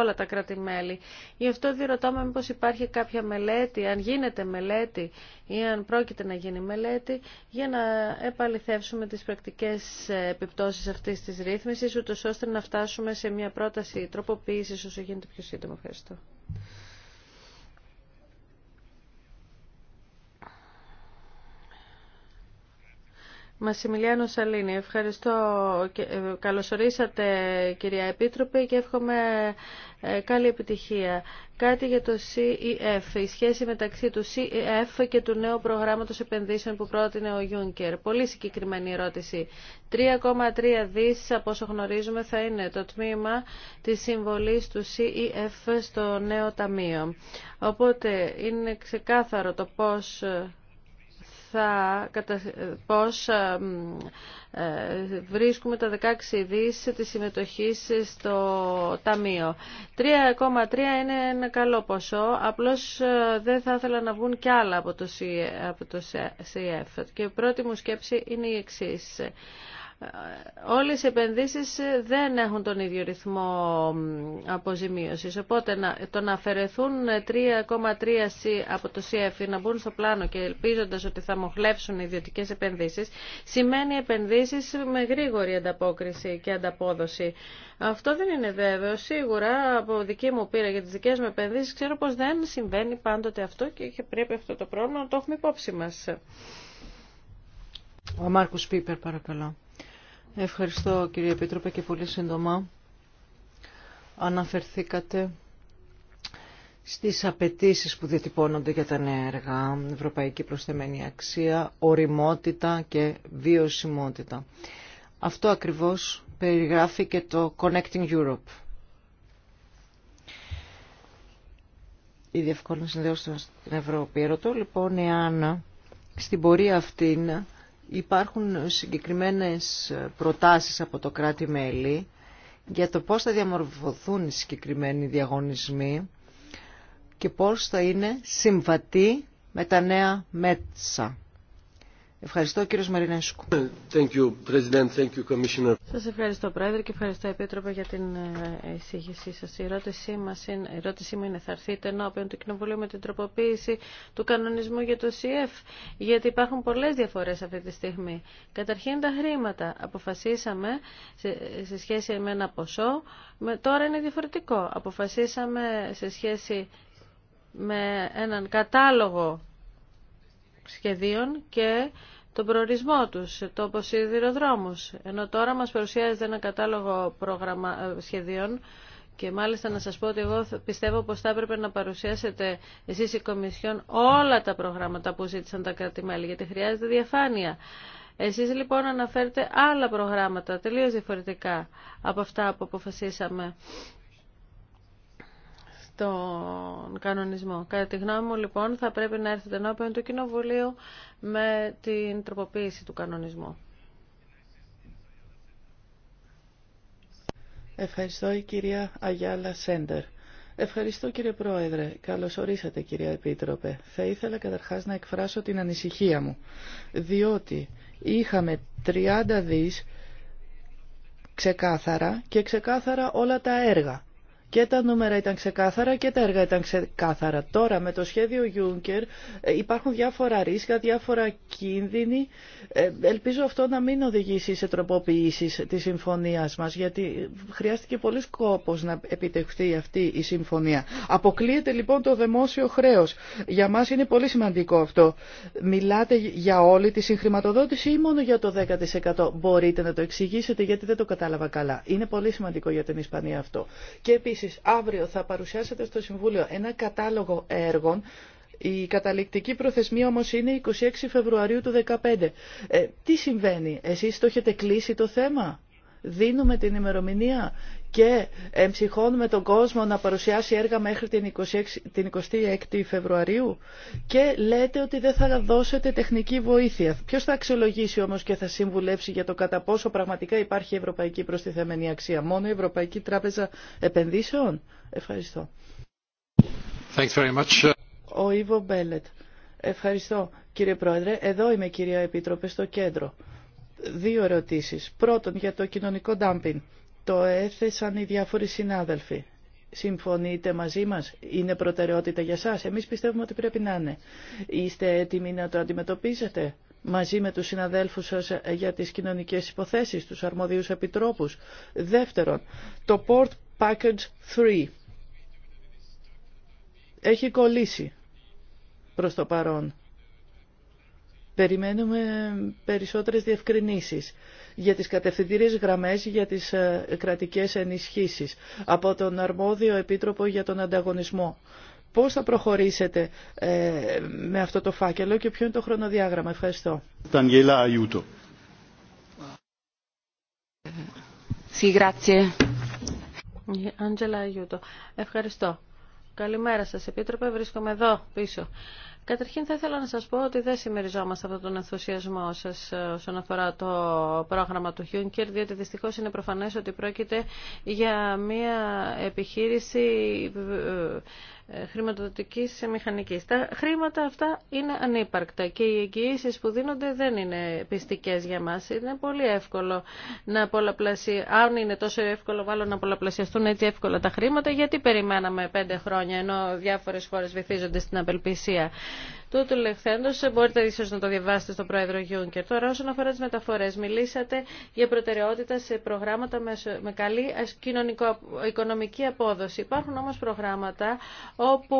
Speaker 3: όλα τα κράτη-μέλη. Γι' αυτό διερωτάμε μήπως υπάρχει κάποια μελέτη, αν γίνεται μελέτη ή αν πρόκειται να γίνει μελέτη, για να επαληθεύσουμε τις πρακτικές ε, επιπτώσεις αυτής της ρύθμισης, ούτως ώστε να φτάσουμε σε μια πρόταση τροποποίησης όσο γίνεται πιο σύντομα. Ευχαριστώ. Μασιμιλιάνο Σαλίνη, ευχαριστώ. Ε, καλωσορίσατε κυρία Επίτροπε και εύχομαι ε, καλή επιτυχία. Κάτι για το CEF, η σχέση μεταξύ του CEF και του νέου προγράμματος επενδύσεων που πρότεινε ο Juncker. Πολύ συγκεκριμένη ερώτηση. 3,3 δις, από όσο γνωρίζουμε, θα είναι το τμήμα της συμβολής του CEF στο νέο ταμείο. Οπότε είναι ξεκάθαρο το πώς θα, πώς ε, βρίσκουμε τα 16 δις της συμμετοχής στο Ταμείο. 3,3 είναι ένα καλό ποσό, απλώς ε, δεν θα ήθελα να βγουν κι άλλα από το, από Και η πρώτη μου σκέψη είναι η εξής όλες οι επενδύσεις δεν έχουν τον ίδιο ρυθμό αποζημίωσης. Οπότε το να αφαιρεθούν 3,3 από το ΣΥΕΦΗ να μπουν στο πλάνο και ελπίζοντας ότι θα μοχλεύσουν οι ιδιωτικές επενδύσεις, σημαίνει επενδύσεις με γρήγορη ανταπόκριση και ανταπόδοση. Αυτό δεν είναι βέβαιο. Σίγουρα από δική μου πείρα για τις δικές μου επενδύσεις ξέρω πως δεν συμβαίνει πάντοτε αυτό και πρέπει αυτό το πρόβλημα να το έχουμε υπόψη μας.
Speaker 1: Ο Μάρκος Πίπερ παρακαλώ. Ευχαριστώ κύριε Επίτροπε και πολύ σύντομα. Αναφερθήκατε στις απαιτήσει που διατυπώνονται για τα νέα έργα, ευρωπαϊκή προσθεμένη αξία, οριμότητα και βιωσιμότητα. Αυτό ακριβώς περιγράφει και το Connecting Europe. Η διευκόλυνση συνδέωση στην Ευρώπη. Ρωτώ λοιπόν εάν στην πορεία αυτήν υπάρχουν συγκεκριμένες προτάσεις από το κράτη-μέλη για το πώς θα διαμορφωθούν οι συγκεκριμένοι διαγωνισμοί και πώς θα είναι συμβατοί με τα νέα μέτσα. Ευχαριστώ κύριος Μαρινέσκου. Thank you, President. Thank you, Commissioner.
Speaker 3: Σας ευχαριστώ Πρόεδρε και ευχαριστώ Επίτροπε για την ε, εισήγησή σας. Η ερώτησή, μας είναι, ερώτησή μου είναι θα έρθείτε ενώπιον του Κοινοβουλίου με την τροποποίηση του κανονισμού για το ΣΥΕΦ γιατί υπάρχουν πολλές διαφορές αυτή τη στιγμή. Καταρχήν τα χρήματα αποφασίσαμε σε, σε σχέση με ένα ποσό, με, τώρα είναι διαφορετικό. Αποφασίσαμε σε σχέση με έναν κατάλογο σχεδίων και τον προορισμό τους, τόπο σιδηροδρόμους. Ενώ τώρα μας παρουσιάζεται ένα κατάλογο πρόγραμμα, ε, σχεδίων και μάλιστα να σας πω ότι εγώ πιστεύω πως θα έπρεπε να παρουσιάσετε εσείς η Κομισιόν όλα τα προγράμματα που ζήτησαν τα κράτη-μέλη, γιατί χρειάζεται διαφάνεια. Εσείς λοιπόν αναφέρετε άλλα προγράμματα, τελείως διαφορετικά από αυτά που αποφασίσαμε τον κανονισμό. Κατά τη γνώμη μου, λοιπόν, θα πρέπει να έρθετε ενώπιον του Κοινοβουλίου με την τροποποίηση του κανονισμού.
Speaker 2: Ευχαριστώ η κυρία Αγιάλα Σέντερ. Ευχαριστώ κύριε Πρόεδρε. Καλώς ορίσατε κυρία Επίτροπε. Θα ήθελα καταρχάς να εκφράσω την ανησυχία μου, διότι είχαμε 30 δις ξεκάθαρα και ξεκάθαρα όλα τα έργα και τα νούμερα ήταν ξεκάθαρα και τα έργα ήταν ξεκάθαρα. Τώρα με το σχέδιο Juncker ε, υπάρχουν διάφορα ρίσκα, διάφορα κίνδυνοι. Ε, ελπίζω αυτό να μην οδηγήσει σε τροποποιήσει τη συμφωνία μα, γιατί χρειάστηκε πολύ κόπος να επιτευχθεί αυτή η συμφωνία. Αποκλείεται λοιπόν το δημόσιο χρέο. Για μα είναι πολύ σημαντικό αυτό. Μιλάτε για όλη τη συγχρηματοδότηση ή μόνο για το 10%. Μπορείτε να το εξηγήσετε γιατί δεν το κατάλαβα καλά. Είναι πολύ σημαντικό για την Ισπανία αυτό. Και επίση αύριο θα παρουσιάσετε στο Συμβούλιο ένα κατάλογο έργων. Η καταληκτική προθεσμία όμως είναι 26 Φεβρουαρίου του 2015. Ε, τι συμβαίνει, εσείς το έχετε κλείσει το θέμα, δίνουμε την ημερομηνία και εμψυχώνουμε τον κόσμο να παρουσιάσει έργα μέχρι την, 26, η Φεβρουαρίου και λέτε ότι δεν θα δώσετε τεχνική βοήθεια. Ποιο θα αξιολογήσει όμω και θα συμβουλεύσει για το κατά πόσο πραγματικά υπάρχει ευρωπαϊκή προστιθέμενη αξία. Μόνο η Ευρωπαϊκή Τράπεζα Επενδύσεων. Ευχαριστώ. Ο Ιβο Μπέλετ. Ευχαριστώ κύριε Πρόεδρε. Εδώ είμαι κυρία Επίτροπε στο κέντρο. Δύο ερωτήσεις. Πρώτον για το κοινωνικό ντάμπινγκ. Το έθεσαν οι διάφοροι συνάδελφοι. Συμφωνείτε μαζί μας, είναι προτεραιότητα για σας. Εμείς πιστεύουμε ότι πρέπει να είναι. Είστε έτοιμοι να το αντιμετωπίζετε μαζί με τους συναδέλφους σας για τις κοινωνικές υποθέσεις, τους αρμοδίους επιτρόπους. Δεύτερον, το Port Package 3 έχει κολλήσει προς το παρόν. Περιμένουμε περισσότερες διευκρινήσεις για τις κατευθυντήριες γραμμές για τις ε, κρατικές ενισχύσεις από τον αρμόδιο Επίτροπο για τον Ανταγωνισμό. Πώς θα προχωρήσετε ε, με αυτό το φάκελο και ποιο είναι το χρονοδιάγραμμα. Ευχαριστώ.
Speaker 3: Ευχαριστώ. Καλημέρα σας, Επίτροπε. Βρίσκομαι εδώ πίσω. Καταρχήν θα ήθελα να σας πω ότι δεν συμμεριζόμαστε από τον ενθουσιασμό σας ε, όσον αφορά το πρόγραμμα του Juncker, διότι δυστυχώς είναι προφανές ότι πρόκειται για μια επιχείρηση ε, ε, χρηματοδοτικής μηχανικής. Τα χρήματα αυτά είναι ανύπαρκτα και οι εγγυήσει που δίνονται δεν είναι πιστικές για μας. Είναι πολύ εύκολο να πολλαπλασιαστούν. Αν είναι τόσο εύκολο βάλω να πολλαπλασιαστούν έτσι εύκολα τα χρήματα, γιατί περιμέναμε πέντε χρόνια ενώ διάφορες χώρες βυθίζονται στην απελπισία. Υπότιτλοι AUTHORWAVE Τούτου λεχθέντο. μπορείτε ίσω να το διαβάσετε στον Πρόεδρο Γιούνκερ. Τώρα όσον αφορά τι μεταφορέ, μιλήσατε για προτεραιότητα σε προγράμματα με καλή κοινωνικο-οικονομική απόδοση. Υπάρχουν όμω προγράμματα όπου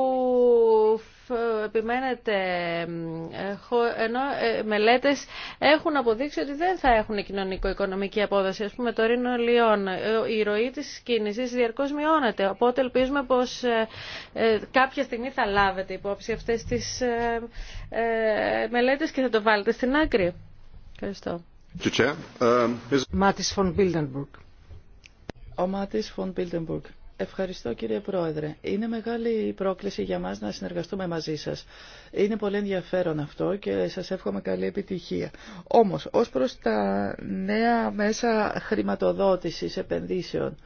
Speaker 3: επιμένετε, ε, ενώ ε, μελέτε έχουν αποδείξει ότι δεν θα έχουν κοινωνικο-οικονομική απόδοση. α πούμε το Ρήνο Λιών, ε, η ροή τη κίνηση διαρκώ μειώνεται, οπότε ελπίζουμε πω κάποια στιγμή θα λάβετε υπόψη αυτέ τι. Ε, μελέτες και θα το
Speaker 2: βάλετε στην άκρη. Ευχαριστώ. Ε, Μάτις Φον Μπιλτενμπούργκ. Ο Μάτις Φον Μπίλτεμπουργκ. Ευχαριστώ κύριε Πρόεδρε. Είναι μεγάλη η πρόκληση για μας να συνεργαστούμε μαζί σας. Είναι πολύ ενδιαφέρον αυτό και σας εύχομαι καλή επιτυχία. Όμως, ως προς τα νέα μέσα χρηματοδότησης επενδύσεων,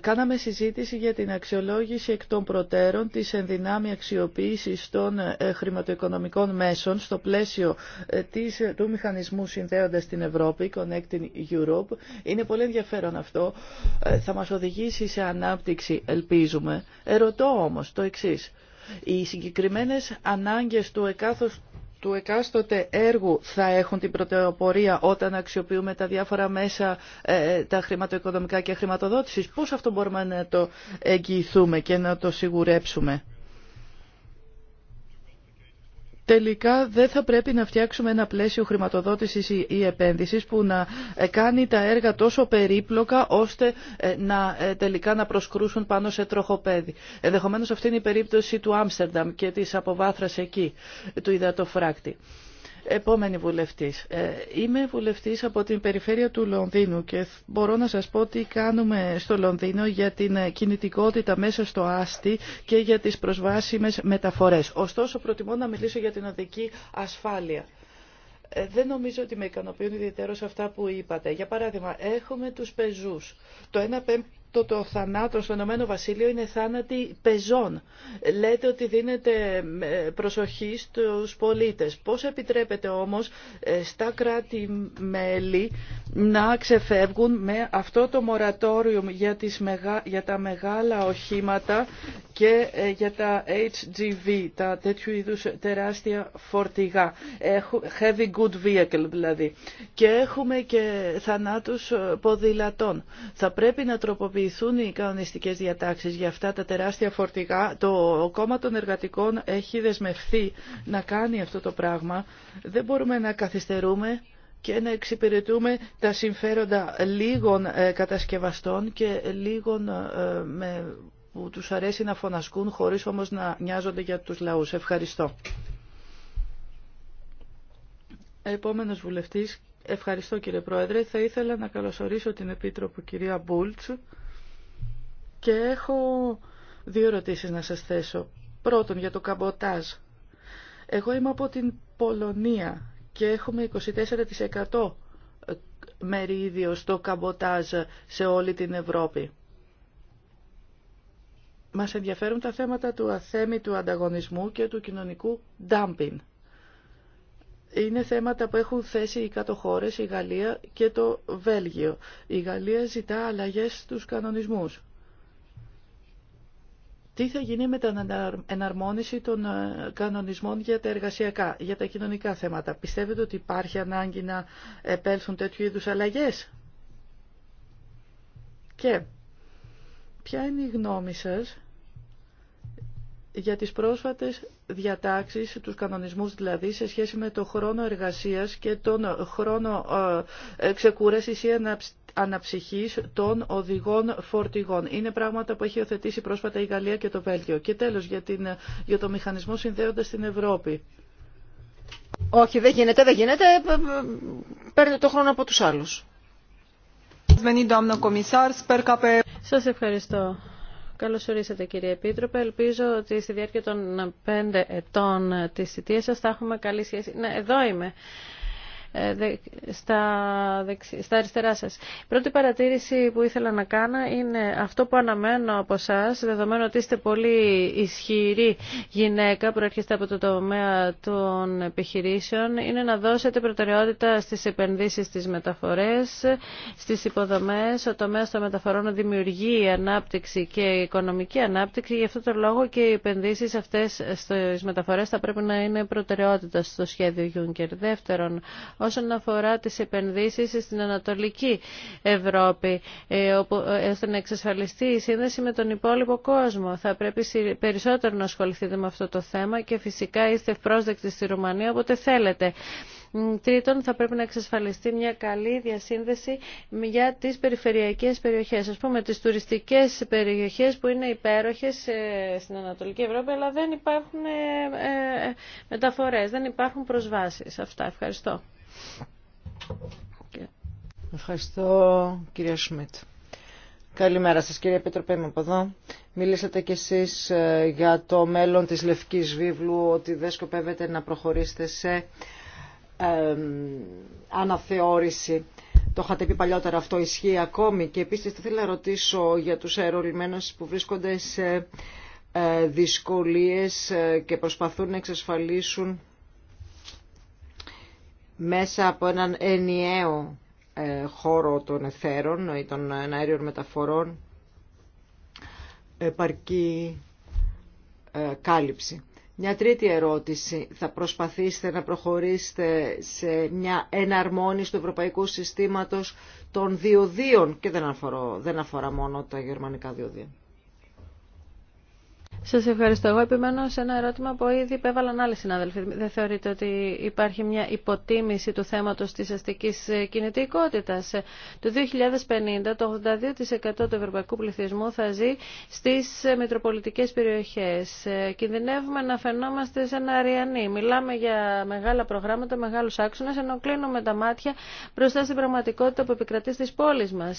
Speaker 2: Κάναμε συζήτηση για την αξιολόγηση εκ των προτέρων της ενδυνάμει αξιοποίησης των ε, χρηματοοικονομικών μέσων στο πλαίσιο ε, της, ε, του μηχανισμού συνδέοντας την Ευρώπη, Connecting Europe. Είναι πολύ ενδιαφέρον αυτό. Θα μας οδηγήσει σε ανάπτυξη, ελπίζουμε. Ερωτώ όμως το εξής. Οι συγκεκριμένες ανάγκες του εκάθος του εκάστοτε έργου θα έχουν την πρωτοπορία όταν αξιοποιούμε τα διάφορα μέσα, ε, τα χρηματοοικονομικά και χρηματοδότησης. Πώς αυτό μπορούμε να το εγγυηθούμε και να το σιγουρέψουμε τελικά δεν θα πρέπει να φτιάξουμε ένα πλαίσιο χρηματοδότησης ή επένδυσης που να ε, κάνει τα έργα τόσο περίπλοκα ώστε ε, να ε, τελικά να προσκρούσουν πάνω σε τροχοπέδι. Ενδεχομένως αυτή είναι η περίπτωση του Άμστερνταμ και της αποβάθρας εκεί του υδατοφράκτη. Επόμενη βουλευτής. Ε, είμαι βουλευτής από την περιφέρεια του Λονδίνου και μπορώ να σας πω τι κάνουμε στο Λονδίνο για την ε, κινητικότητα μέσα στο άστι και για τις προσβάσιμε μεταφορές. Ωστόσο προτιμώ να μιλήσω για την οδική ασφάλεια. Ε, δεν νομίζω ότι με ικανοποιούν ιδιαίτερω αυτά που είπατε. Για παράδειγμα, έχουμε του πεζού. Το 1 το το θανάτων στο Ηνωμένο Βασίλειο είναι θάνατοι πεζών. Λέτε ότι δίνετε ε, προσοχή στους πολίτες. Πώς επιτρέπετε όμως ε, στα κράτη-μέλη να ξεφεύγουν με αυτό το μορατόριο για, τις μεγα... για τα μεγάλα οχήματα και ε, για τα HGV, τα τέτοιου είδους τεράστια φορτηγά, heavy good vehicle δηλαδή. Και έχουμε και θανάτους ποδηλατών. Θα πρέπει να τροποποιηθούν οι κανονιστικές διατάξεις για αυτά τα τεράστια φορτηγά. Το κόμμα των εργατικών έχει δεσμευθεί να κάνει αυτό το πράγμα. Δεν μπορούμε να καθυστερούμε και να εξυπηρετούμε τα συμφέροντα λίγων ε, κατασκευαστών και λίγων ε, με που τους αρέσει να φωνασκούν χωρίς όμως να νοιάζονται για τους λαούς. Ευχαριστώ. Επόμενος βουλευτής, ευχαριστώ κύριε Πρόεδρε. Θα ήθελα να καλωσορίσω την Επίτροπο κυρία Μπούλτς και έχω δύο ερωτήσεις να σας θέσω. Πρώτον, για το καμποτάζ. Εγώ είμαι από την Πολωνία και έχουμε 24% μερίδιο στο καμποτάζ σε όλη την Ευρώπη. Μας ενδιαφέρουν τα θέματα του αθέμη του ανταγωνισμού και του κοινωνικού dumping. Είναι θέματα που έχουν θέσει οι κάτω χώρες, η Γαλλία και το Βέλγιο. Η Γαλλία ζητά αλλαγές στους κανονισμούς. Τι θα γίνει με την εναρμόνιση των ε, κανονισμών για τα εργασιακά, για τα κοινωνικά θέματα. Πιστεύετε ότι υπάρχει ανάγκη να επέλθουν τέτοιου είδους αλλαγές. Και ποια είναι η γνώμη σας για τις πρόσφατες διατάξεις, τους κανονισμούς δηλαδή, σε σχέση με το χρόνο εργασίας και τον χρόνο ε, ε, ξεκούρασης ή αναψυχής των οδηγών φορτηγών. Είναι πράγματα που έχει υιοθετήσει πρόσφατα η Γαλλία και το Βέλγιο. Και τέλος για, την, για το μηχανισμό συνδέοντας στην Ευρώπη.
Speaker 1: Όχι, δεν γίνεται, δεν γίνεται. Ε, ε, ε, παίρνετε το χρόνο από τους άλλους. Σας ευχαριστώ. Καλώς
Speaker 3: ορίσατε κύριε Επίτροπε. Ελπίζω ότι στη διάρκεια των πέντε ετών της θητείας σας θα έχουμε καλή σχέση. Ναι, εδώ είμαι. Ε, στα, στα αριστερά σας. Η πρώτη παρατήρηση που ήθελα να κάνω είναι αυτό που αναμένω από εσά, δεδομένου ότι είστε πολύ ισχυρή γυναίκα, προέρχεστε από το τομέα των επιχειρήσεων, είναι να δώσετε προτεραιότητα στις επενδύσεις στις μεταφορές, στις υποδομές. Ο τομέας των μεταφορών δημιουργεί ανάπτυξη και οικονομική ανάπτυξη. Γι' αυτό το λόγο και οι επενδύσεις αυτές στις μεταφορές θα πρέπει να είναι προτεραιότητα στο σχέδιο Juncker. Δεύτερον, όσον αφορά τις επενδύσεις στην Ανατολική Ευρώπη, ε, ε, ώστε να εξασφαλιστεί η σύνδεση με τον υπόλοιπο κόσμο. Θα πρέπει περισσότερο να ασχοληθείτε με αυτό το θέμα και φυσικά είστε ευπρόσδεκτοι στη Ρουμανία όποτε θέλετε. Τρίτον, θα πρέπει να εξασφαλιστεί μια καλή διασύνδεση για τις περιφερειακές περιοχές. Ας πούμε, τις τουριστικές περιοχές που είναι υπέροχες ε, στην Ανατολική Ευρώπη, αλλά δεν υπάρχουν μεταφορές, δεν υπάρχουν προσβάσεις. Αυτά. Ευχαριστώ.
Speaker 1: Ευχαριστώ κυρία Σμιτ. Καλημέρα σας κύριε Επίτροπε, είμαι εδώ. Μιλήσατε κι εσείς ε, για το μέλλον της Λευκής Βίβλου, ότι δεν σκοπεύετε να προχωρήσετε σε αναθεώρηση. Το είχατε πει παλιότερα αυτό, ισχύει ακόμη. Και επίσης θα ήθελα να ρωτήσω για τους αερολιμένους που βρίσκονται σε ε, δυσκολίες ε, και προσπαθούν να εξασφαλίσουν μέσα από έναν ενιαίο ε, χώρο των εθέρων ή των αέριων μεταφορών επαρκή ε, κάλυψη. Μια τρίτη ερώτηση. Θα προσπαθήσετε να προχωρήσετε σε μια εναρμόνιση του ευρωπαϊκού συστήματος των διοδίων και δεν δεν αφορά μόνο τα γερμανικά διοδία.
Speaker 3: Σα ευχαριστώ. Εγώ επιμένω σε ένα ερώτημα που ήδη υπέβαλαν άλλοι συνάδελφοι. Δεν θεωρείτε ότι υπάρχει μια υποτίμηση του θέματο τη αστική κινητικότητα. Το 2050 το 82% του ευρωπαϊκού πληθυσμού θα ζει στις μετροπολιτικές περιοχές. Κινδυνεύουμε να φαινόμαστε σαν αριανοί. Μιλάμε για μεγάλα προγράμματα, μεγάλου άξονες, ενώ κλείνουμε τα μάτια μπροστά στην πραγματικότητα που επικρατεί στι πόλει μα.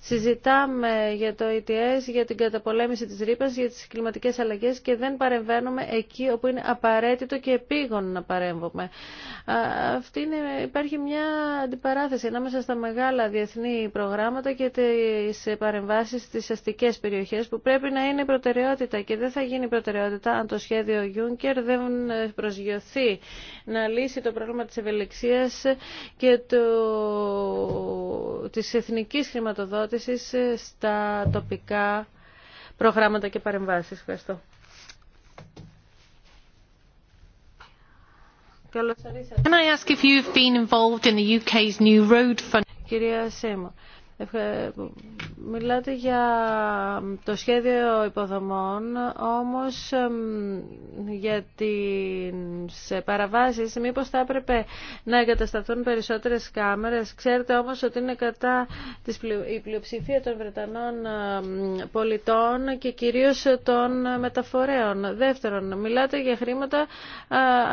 Speaker 3: Συζητάμε για το ETS, για την καταπολέμηση τη ρήπα, για τι κλιματικέ αλλαγές και δεν παρεμβαίνουμε εκεί όπου είναι απαραίτητο και επίγον να παρέμβουμε. Αυτή είναι, υπάρχει μια αντιπαράθεση ανάμεσα στα μεγάλα διεθνή προγράμματα και τις παρεμβάσεις στις αστικές περιοχές που πρέπει να είναι προτεραιότητα και δεν θα γίνει προτεραιότητα αν το σχέδιο Juncker δεν προσγειωθεί να λύσει το πρόβλημα της ευελιξίας και το, της εθνικής χρηματοδότησης στα τοπικά προγράμματα και παρεμβάσεις. Ευχαριστώ. Can I ask if you've been involved in the UK's new road fund? Κυρία Σέμα, Μιλάτε για το σχέδιο υποδομών, όμως για τις παραβάσεις μήπως θα έπρεπε να εγκατασταθούν περισσότερες κάμερες. Ξέρετε όμως ότι είναι κατά της, η πλειοψηφία των Βρετανών πολιτών και κυρίως των μεταφορέων. Δεύτερον, μιλάτε για χρήματα,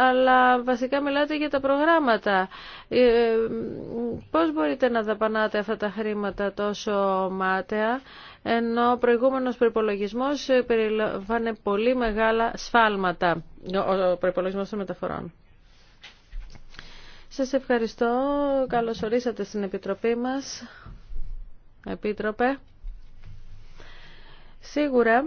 Speaker 3: αλλά βασικά μιλάτε για τα προγράμματα. Ε, πώς μπορείτε να δαπανάτε αυτά τα χρήματα πράγματα τόσο μάταια, ενώ ο προηγούμενος προϋπολογισμός περιλαμβάνε πολύ μεγάλα σφάλματα, ο προϋπολογισμός των μεταφορών. Σας ευχαριστώ. Καλώς ορίσατε στην Επιτροπή μας. Επίτροπε. Σίγουρα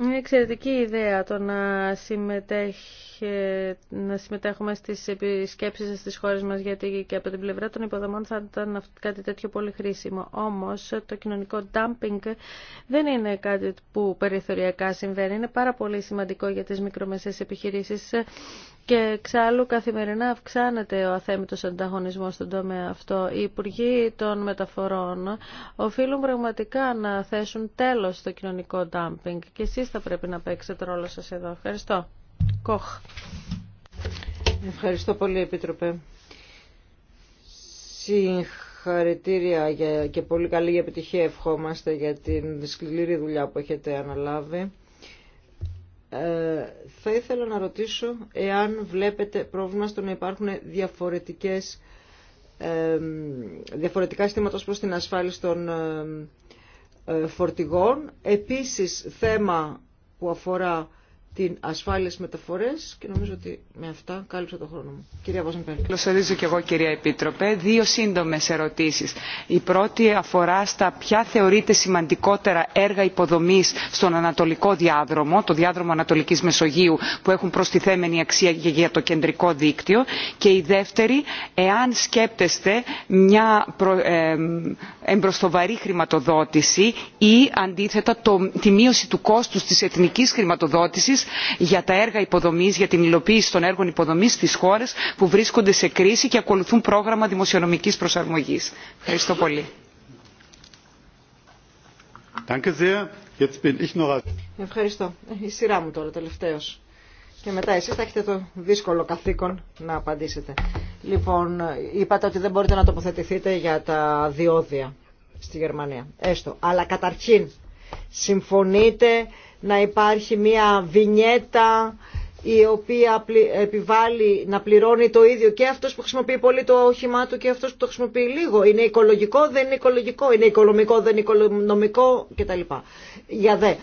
Speaker 3: είναι εξαιρετική ιδέα το να συμμετέχει και να συμμετέχουμε στις επισκέψεις σας στις χώρες μας γιατί και από την πλευρά των υποδομών θα ήταν κάτι τέτοιο πολύ χρήσιμο. Όμως το κοινωνικό dumping δεν είναι κάτι που περιθωριακά συμβαίνει. Είναι πάρα πολύ σημαντικό για τις μικρομεσαίες επιχειρήσεις και εξάλλου καθημερινά αυξάνεται ο αθέμητος ανταγωνισμός στον τομέα αυτό. Οι Υπουργοί των Μεταφορών οφείλουν πραγματικά να θέσουν τέλος στο κοινωνικό dumping και εσείς θα πρέπει να παίξετε ρόλο σα εδώ. Ευχαριστώ.
Speaker 1: Ευχαριστώ πολύ, Επίτροπε. Συγχαρητήρια για, και πολύ καλή επιτυχία ευχόμαστε για την σκληρή δουλειά που έχετε αναλάβει. Ε, θα ήθελα να ρωτήσω εάν βλέπετε πρόβλημα στο να υπάρχουν διαφορετικές, ε, διαφορετικά στήματα προς την ασφάλιση των ε, ε, φορτηγών. Επίσης θέμα που αφορά την ασφάλεια στις μεταφορές και νομίζω ότι με αυτά κάλυψα το χρόνο μου. Κυρία Βοζενπέλη. Καλωσορίζω και εγώ κυρία Επίτροπε. Δύο σύντομες ερωτήσεις. Η πρώτη αφορά στα ποια θεωρείται σημαντικότερα έργα υποδομής στον Ανατολικό Διάδρομο, το Διάδρομο Ανατολικής Μεσογείου που έχουν προστιθέμενη αξία για το κεντρικό δίκτυο. Και η δεύτερη, εάν σκέπτεστε μια προ, ε, εμπροστοβαρή χρηματοδότηση ή αντίθετα το, τη μείωση του κόστους της εθνικής χρηματοδότησης για τα έργα υποδομή, για την υλοποίηση των έργων υποδομή στι χώρε που βρίσκονται σε κρίση και ακολουθούν πρόγραμμα δημοσιονομική προσαρμογή. Ευχαριστώ πολύ. Ευχαριστώ. Η σειρά μου τώρα τελευταίος. Και μετά εσείς θα έχετε το δύσκολο καθήκον να απαντήσετε. Λοιπόν, είπατε ότι δεν μπορείτε να τοποθετηθείτε για τα διόδια στη Γερμανία. Έστω. Αλλά καταρχήν, συμφωνείτε να υπάρχει μια βινιέτα η οποία επιβάλλει να πληρώνει το ίδιο και αυτός που χρησιμοποιεί πολύ το όχημά του και αυτός που το χρησιμοποιεί λίγο. Είναι οικολογικό, δεν είναι οικολογικό, είναι οικονομικό, δεν είναι οικονομικό κτλ. Για δε,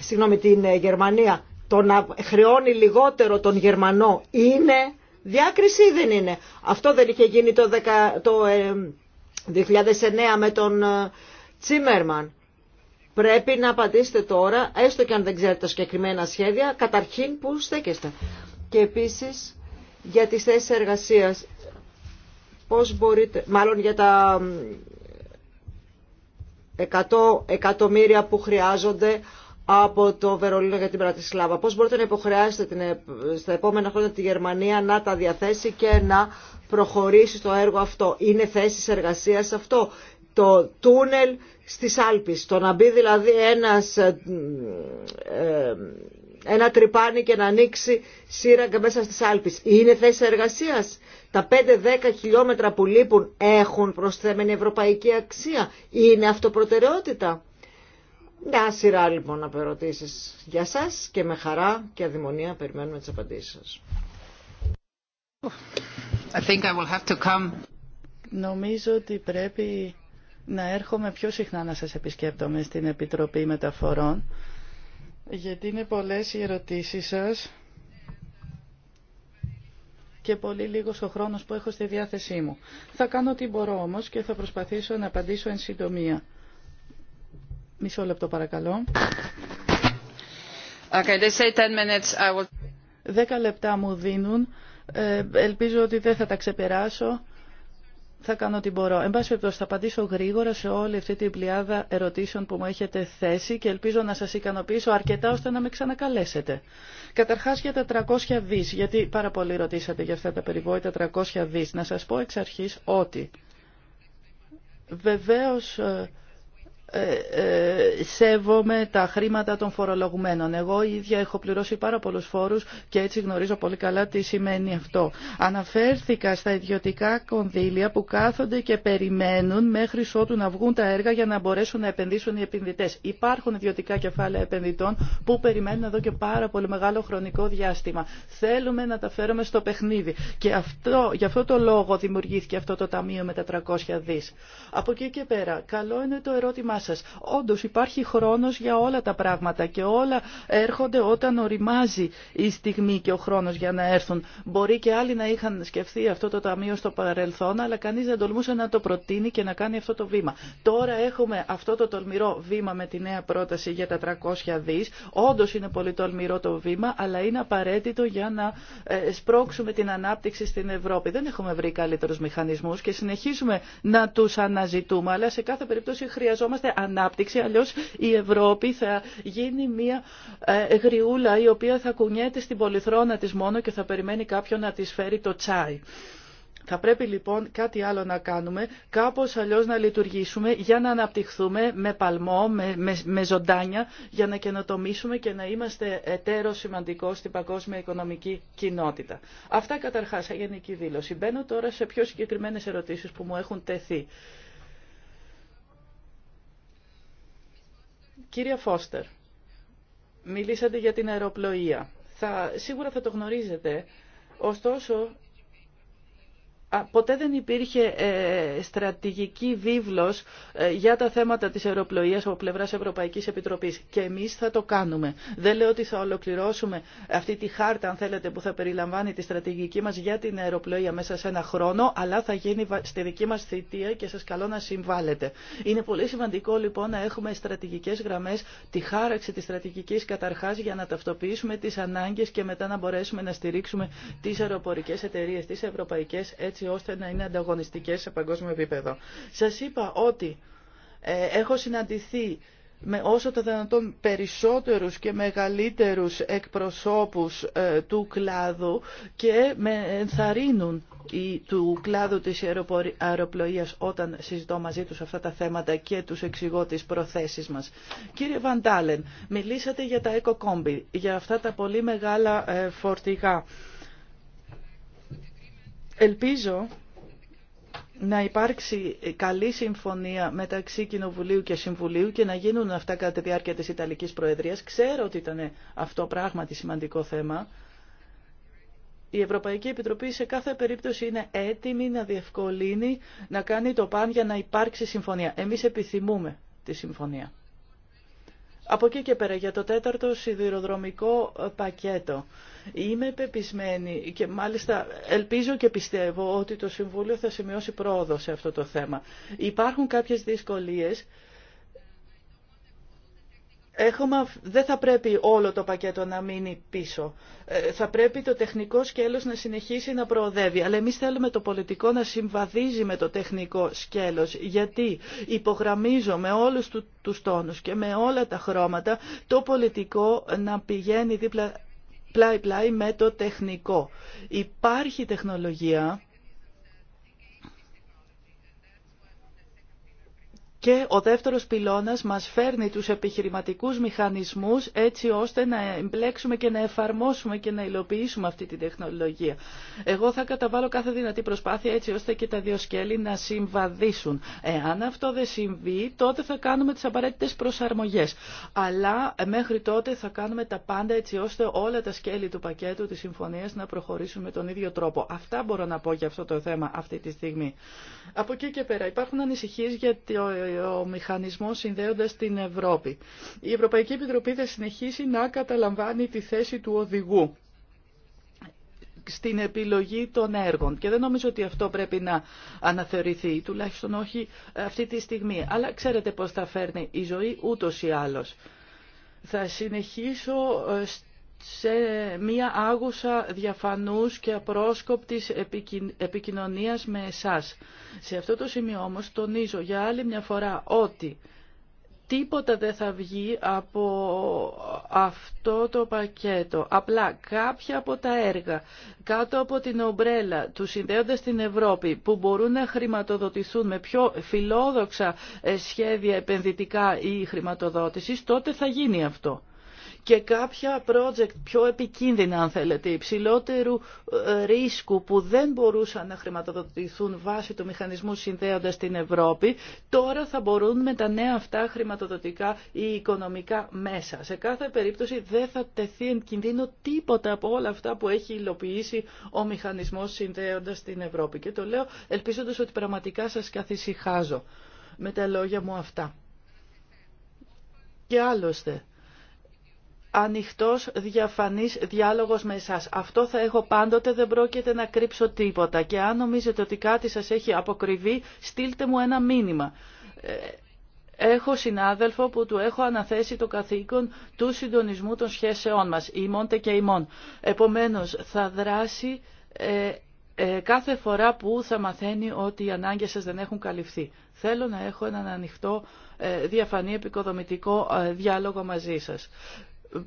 Speaker 1: συγγνώμη, την ε, Γερμανία, το να χρεώνει λιγότερο τον Γερμανό είναι διάκριση ή δεν είναι. Αυτό δεν είχε γίνει το 2009 ε, με τον ε, Τσίμερμαν Πρέπει να απαντήσετε τώρα, έστω και αν δεν ξέρετε τα συγκεκριμένα σχέδια, καταρχήν που στέκεστε. Και επίσης για τις θέσεις εργασίας, πώς μπορείτε, μάλλον για τα 100 εκατομμύρια που χρειάζονται από το Βερολίνο για την Πρατισλάβα. Πώς μπορείτε να υποχρεάσετε την, ε, στα επόμενα χρόνια τη Γερμανία να τα διαθέσει και να προχωρήσει στο έργο αυτό. Είναι θέσεις εργασίας αυτό. Το τούνελ στις Άλπεις. Το να μπει δηλαδή ένας, ε, ε, ένα τρυπάνι και να ανοίξει σύραγγα μέσα στις Άλπεις. Είναι θέση εργασίας. Τα 5-10 χιλιόμετρα που λείπουν έχουν προσθέμενη ευρωπαϊκή αξία. Είναι αυτοπροτεραιότητα. Μια σειρά λοιπόν να ερωτήσει για σας και με χαρά και αδημονία περιμένουμε τις απαντήσεις σας.
Speaker 2: Νομίζω ότι πρέπει να έρχομαι πιο συχνά να σας επισκέπτομαι στην Επιτροπή Μεταφορών, γιατί είναι πολλές οι ερωτήσεις σας και πολύ λίγος ο χρόνος που έχω στη διάθεσή μου. Θα κάνω ό,τι μπορώ όμως και θα προσπαθήσω να απαντήσω εν συντομία. Μισό λεπτό παρακαλώ. 10 Δέκα λεπτά μου δίνουν. Ε, ελπίζω ότι δεν θα τα ξεπεράσω θα κάνω ό,τι μπορώ. Εν πάση περιπτώσει, θα απαντήσω γρήγορα σε όλη αυτή την πλειάδα ερωτήσεων που μου έχετε θέσει και ελπίζω να σα ικανοποιήσω αρκετά ώστε να με ξανακαλέσετε. Καταρχά για τα 300 δι, γιατί πάρα πολλοί ρωτήσατε για αυτά τα περιβόητα 300 δι. Να σα πω εξ αρχή ότι βεβαίω. Ε, ε, ε, σέβομαι τα χρήματα των φορολογουμένων. Εγώ ίδια έχω πληρώσει πάρα πολλούς φόρους και έτσι γνωρίζω πολύ καλά τι σημαίνει αυτό. Αναφέρθηκα στα ιδιωτικά κονδύλια που κάθονται και περιμένουν μέχρι ότου να βγουν τα έργα για να μπορέσουν να επενδύσουν οι επενδυτές. Υπάρχουν ιδιωτικά κεφάλαια επενδυτών που περιμένουν εδώ και πάρα πολύ μεγάλο χρονικό διάστημα. Θέλουμε να τα φέρουμε στο παιχνίδι. Και αυτό, γι' αυτό το λόγο δημιουργήθηκε αυτό το ταμείο με τα 300 δις. Από εκεί και πέρα, καλό είναι το ερώτημα σας. Όντως υπάρχει χρόνος για όλα τα πράγματα και όλα έρχονται όταν οριμάζει η στιγμή και ο χρόνος για να έρθουν. Μπορεί και άλλοι να είχαν σκεφτεί αυτό το ταμείο στο παρελθόν, αλλά κανείς δεν τολμούσε να το προτείνει και να κάνει αυτό το βήμα. Τώρα έχουμε αυτό το τολμηρό βήμα με τη νέα πρόταση για τα 300 δις. Όντως είναι πολύ τολμηρό το βήμα, αλλά είναι απαραίτητο για να ε, σπρώξουμε την ανάπτυξη στην Ευρώπη. Δεν έχουμε βρει καλύτερους μηχανισμούς και συνεχίζουμε να τους αναζητούμε, αλλά σε κάθε περίπτωση χρειαζόμαστε ανάπτυξη, αλλιώς η Ευρώπη θα γίνει μια ε, γριούλα η οποία θα κουνιέται στην πολυθρόνα της μόνο και θα περιμένει κάποιον να της φέρει το τσάι. Θα πρέπει λοιπόν κάτι άλλο να κάνουμε, κάπως αλλιώς να λειτουργήσουμε για να αναπτυχθούμε με παλμό, με, με, ζωντάνια, για να καινοτομήσουμε και να είμαστε εταίρος σημαντικό στην παγκόσμια οικονομική κοινότητα. Αυτά καταρχάς, γενική δήλωση. Μπαίνω τώρα σε πιο συγκεκριμένες ερωτήσεις που μου έχουν τεθεί. Κύριε Φώστερ, μιλήσατε για την αεροπλοεία. Θα, σίγουρα θα το γνωρίζετε, ωστόσο Ποτέ δεν υπήρχε ε, στρατηγική βίβλος ε, για τα θέματα της αεροπλοείας από πλευράς Ευρωπαϊκής Επιτροπής και εμείς θα το κάνουμε. Δεν λέω ότι θα ολοκληρώσουμε αυτή τη χάρτα, αν θέλετε, που θα περιλαμβάνει τη στρατηγική μας για την αεροπλοεία μέσα σε ένα χρόνο, αλλά θα γίνει στη δική μας θητεία και σας καλώ να συμβάλλετε. Είναι πολύ σημαντικό λοιπόν να έχουμε στρατηγικές γραμμές, τη χάραξη της στρατηγικής καταρχάς για να ταυτοποιήσουμε τις ανάγκες και μετά να μπορέσουμε να στηρίξουμε τις αεροπορικές εταιρείες, τις ευρωπαϊκές ώστε να είναι ανταγωνιστικές σε παγκόσμιο επίπεδο. Σας είπα ότι ε, έχω συναντηθεί με όσο το δυνατόν περισσότερους και μεγαλύτερους εκπροσώπους ε, του κλάδου και με ενθαρρύνουν του κλάδου της αεροπλοείας όταν συζητώ μαζί τους αυτά τα θέματα και τους εξηγώ τις προθέσεις μας. Κύριε Βαντάλεν, μιλήσατε για τα εκοκόμπι, για αυτά τα πολύ μεγάλα ε, φορτηγά Ελπίζω να υπάρξει καλή συμφωνία μεταξύ Κοινοβουλίου και Συμβουλίου και να γίνουν αυτά κατά τη διάρκεια της Ιταλικής Προεδρίας. Ξέρω ότι ήταν αυτό πράγματι σημαντικό θέμα. Η Ευρωπαϊκή Επιτροπή σε κάθε περίπτωση είναι έτοιμη να διευκολύνει, να κάνει το παν για να υπάρξει συμφωνία. Εμείς επιθυμούμε τη συμφωνία. Από εκεί και πέρα, για το τέταρτο σιδηροδρομικό ε, πακέτο. Είμαι πεπισμένη και μάλιστα ελπίζω και πιστεύω ότι το Συμβούλιο θα σημειώσει πρόοδο σε αυτό το θέμα. Υπάρχουν κάποιες δυσκολίες Έχουμε, δεν θα πρέπει όλο το πακέτο να μείνει πίσω. Ε, θα πρέπει το τεχνικό σκέλος να συνεχίσει να προοδεύει. Αλλά εμείς θέλουμε το πολιτικό να συμβαδίζει με το τεχνικό σκέλος. Γιατί υπογραμμίζω με όλους του, τους τόνους και με όλα τα χρώματα το πολιτικό να πηγαίνει δίπλα πλάι-πλάι με το τεχνικό. Υπάρχει τεχνολογία Και ο δεύτερος πυλώνας μας φέρνει τους επιχειρηματικούς μηχανισμούς έτσι ώστε να εμπλέξουμε και να εφαρμόσουμε και να υλοποιήσουμε αυτή την τεχνολογία. Εγώ θα καταβάλω κάθε δυνατή προσπάθεια έτσι ώστε και τα δύο σκέλη να συμβαδίσουν. Εάν αυτό δεν συμβεί, τότε θα κάνουμε τις απαραίτητες προσαρμογές. Αλλά ε, μέχρι τότε θα κάνουμε τα πάντα έτσι ώστε όλα τα σκέλη του πακέτου της συμφωνίας να προχωρήσουν με τον ίδιο τρόπο. Αυτά μπορώ να πω για αυτό το θέμα αυτή τη στιγμή. Από εκεί και πέρα υπάρχουν ανησυχίες για ο μηχανισμός συνδέοντας την Ευρώπη. Η Ευρωπαϊκή Επιτροπή θα συνεχίσει να καταλαμβάνει τη θέση του οδηγού στην επιλογή των έργων. Και δεν νομίζω ότι αυτό πρέπει να αναθεωρηθεί, τουλάχιστον όχι αυτή τη στιγμή. Αλλά ξέρετε πώς θα φέρνει η ζωή ούτως ή άλλως. Θα συνεχίσω ε, σε μία άγουσα διαφανούς και απρόσκοπτης επικοινωνίας με εσάς. Σε αυτό το σημείο όμως τονίζω για άλλη μια φορά ότι τίποτα δεν θα βγει από αυτό το πακέτο. Απλά κάποια από τα έργα κάτω από την ομπρέλα του συνδέοντα στην Ευρώπη που μπορούν να χρηματοδοτηθούν με πιο φιλόδοξα ε, σχέδια επενδυτικά ή χρηματοδότησης, τότε θα γίνει αυτό και κάποια project πιο επικίνδυνα αν θέλετε, υψηλότερου ε, ρίσκου που δεν μπορούσαν να χρηματοδοτηθούν βάσει του μηχανισμού συνδέοντας την Ευρώπη, τώρα θα μπορούν με τα νέα αυτά χρηματοδοτικά ή οικονομικά μέσα. Σε κάθε περίπτωση δεν θα τεθεί εν κινδύνο τίποτα από όλα αυτά που έχει υλοποιήσει ο μηχανισμός συνδέοντας την Ευρώπη. Και το λέω ελπίζοντας ότι πραγματικά σας καθησυχάζω με τα λόγια μου αυτά. Και άλλωστε, ανοιχτός διαφανής διάλογος με εσάς. Αυτό θα έχω πάντοτε, δεν πρόκειται να κρύψω τίποτα. Και αν νομίζετε ότι κάτι σας έχει αποκριβεί, στείλτε μου ένα μήνυμα. Ε, έχω συνάδελφο που του έχω αναθέσει το καθήκον του συντονισμού των σχέσεών μας, ημώντε και ημών. Επομένως, θα δράσει ε, ε, κάθε φορά που θα μαθαίνει ότι οι ανάγκες σας δεν έχουν καλυφθεί. Θέλω να έχω έναν ανοιχτό, διαφανή, επικοδομητικό διάλογο μαζί σας.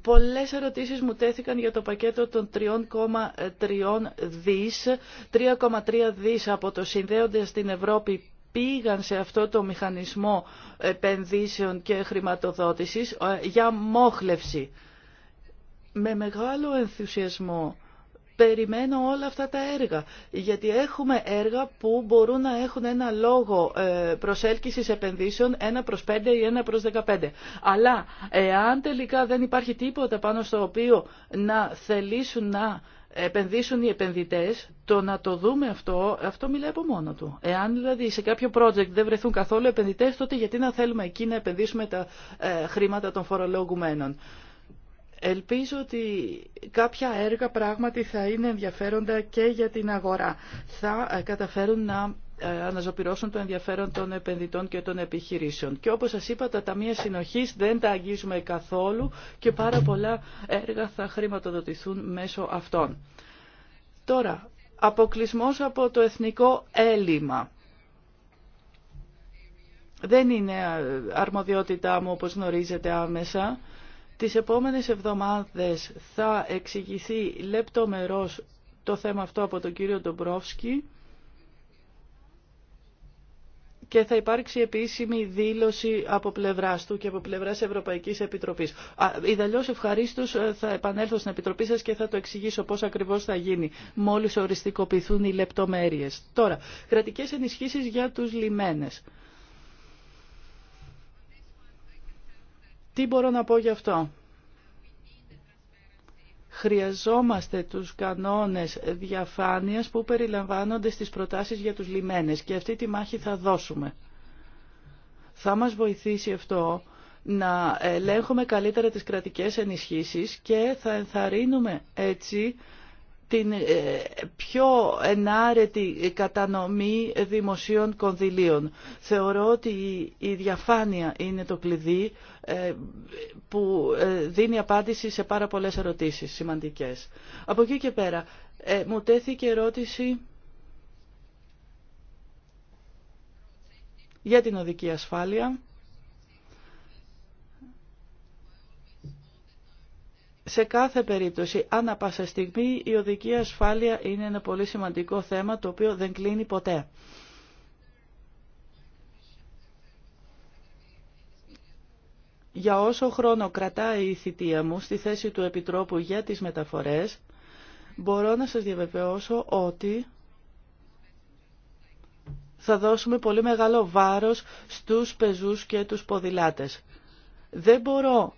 Speaker 2: Πολλές ερωτήσεις μου τέθηκαν για το πακέτο των 3,3 δις. 3,3 δις από το συνδέονται στην Ευρώπη πήγαν σε αυτό το μηχανισμό επενδύσεων και χρηματοδότησης ε, για μόχλευση. Με μεγάλο ενθουσιασμό περιμένω όλα αυτά τα έργα. Γιατί έχουμε έργα που μπορούν να έχουν ένα λόγο ε, προσέλκυσης επενδύσεων 1 προς 5 ή 1 προς 15. Αλλά εάν τελικά δεν υπάρχει τίποτα πάνω στο οποίο να θελήσουν να επενδύσουν οι επενδυτές, το να το δούμε αυτό, αυτό μιλάει από μόνο του. Εάν δηλαδή σε κάποιο project δεν βρεθούν καθόλου επενδυτές, τότε γιατί να θέλουμε εκεί να επενδύσουμε τα ε, χρήματα των φορολογουμένων. Ελπίζω ότι κάποια έργα πράγματι θα είναι ενδιαφέροντα και για την αγορά. Θα ε, καταφέρουν να ε, αναζωπυρώσουν το ενδιαφέρον των επενδυτών και των επιχειρήσεων. Και όπως σας είπα, τα ταμεία συνοχής δεν τα αγγίζουμε καθόλου και πάρα πολλά έργα θα χρηματοδοτηθούν μέσω αυτών. Τώρα, αποκλεισμό από το εθνικό έλλειμμα. Δεν είναι ε, αρμοδιότητά μου, όπως γνωρίζετε άμεσα. Τις επόμενες εβδομάδες θα εξηγηθεί λεπτομερώς το θέμα αυτό από τον κύριο Ντομπρόφσκι και θα υπάρξει επίσημη δήλωση από πλευρά του και από πλευρά Ευρωπαϊκή Επιτροπής. Ιδαλλιώς ευχαρίστω ε, θα επανέλθω στην Επιτροπή σας και θα το εξηγήσω πώ ακριβώς θα γίνει μόλις οριστικοποιηθούν οι λεπτομέρειες. Τώρα, κρατικές ενισχύσεις για τους λιμένες. Τι μπορώ να πω γι' αυτό. Χρειαζόμαστε τους κανόνες διαφάνειας που περιλαμβάνονται στις προτάσεις για τους λιμένες και αυτή τη μάχη θα δώσουμε. Θα μας βοηθήσει αυτό να ελέγχουμε καλύτερα τις κρατικές ενισχύσεις και θα ενθαρρύνουμε έτσι την ε, πιο ενάρετη κατανομή δημοσίων κονδυλίων. Θεωρώ ότι η διαφάνεια είναι το κλειδί ε, που ε, δίνει απάντηση σε πάρα πολλές ερωτήσεις σημαντικές. Από εκεί και πέρα, ε, μου τέθηκε ερώτηση για την οδική ασφάλεια. Σε κάθε περίπτωση, ανά πάσα στιγμή, η οδική ασφάλεια είναι ένα πολύ σημαντικό θέμα το οποίο δεν κλείνει ποτέ. για όσο χρόνο κρατάει η θητεία μου στη θέση του Επιτρόπου για τις μεταφορές, μπορώ να σας διαβεβαιώσω ότι θα δώσουμε πολύ μεγάλο βάρος στους πεζούς και τους ποδηλάτες. Δεν μπορώ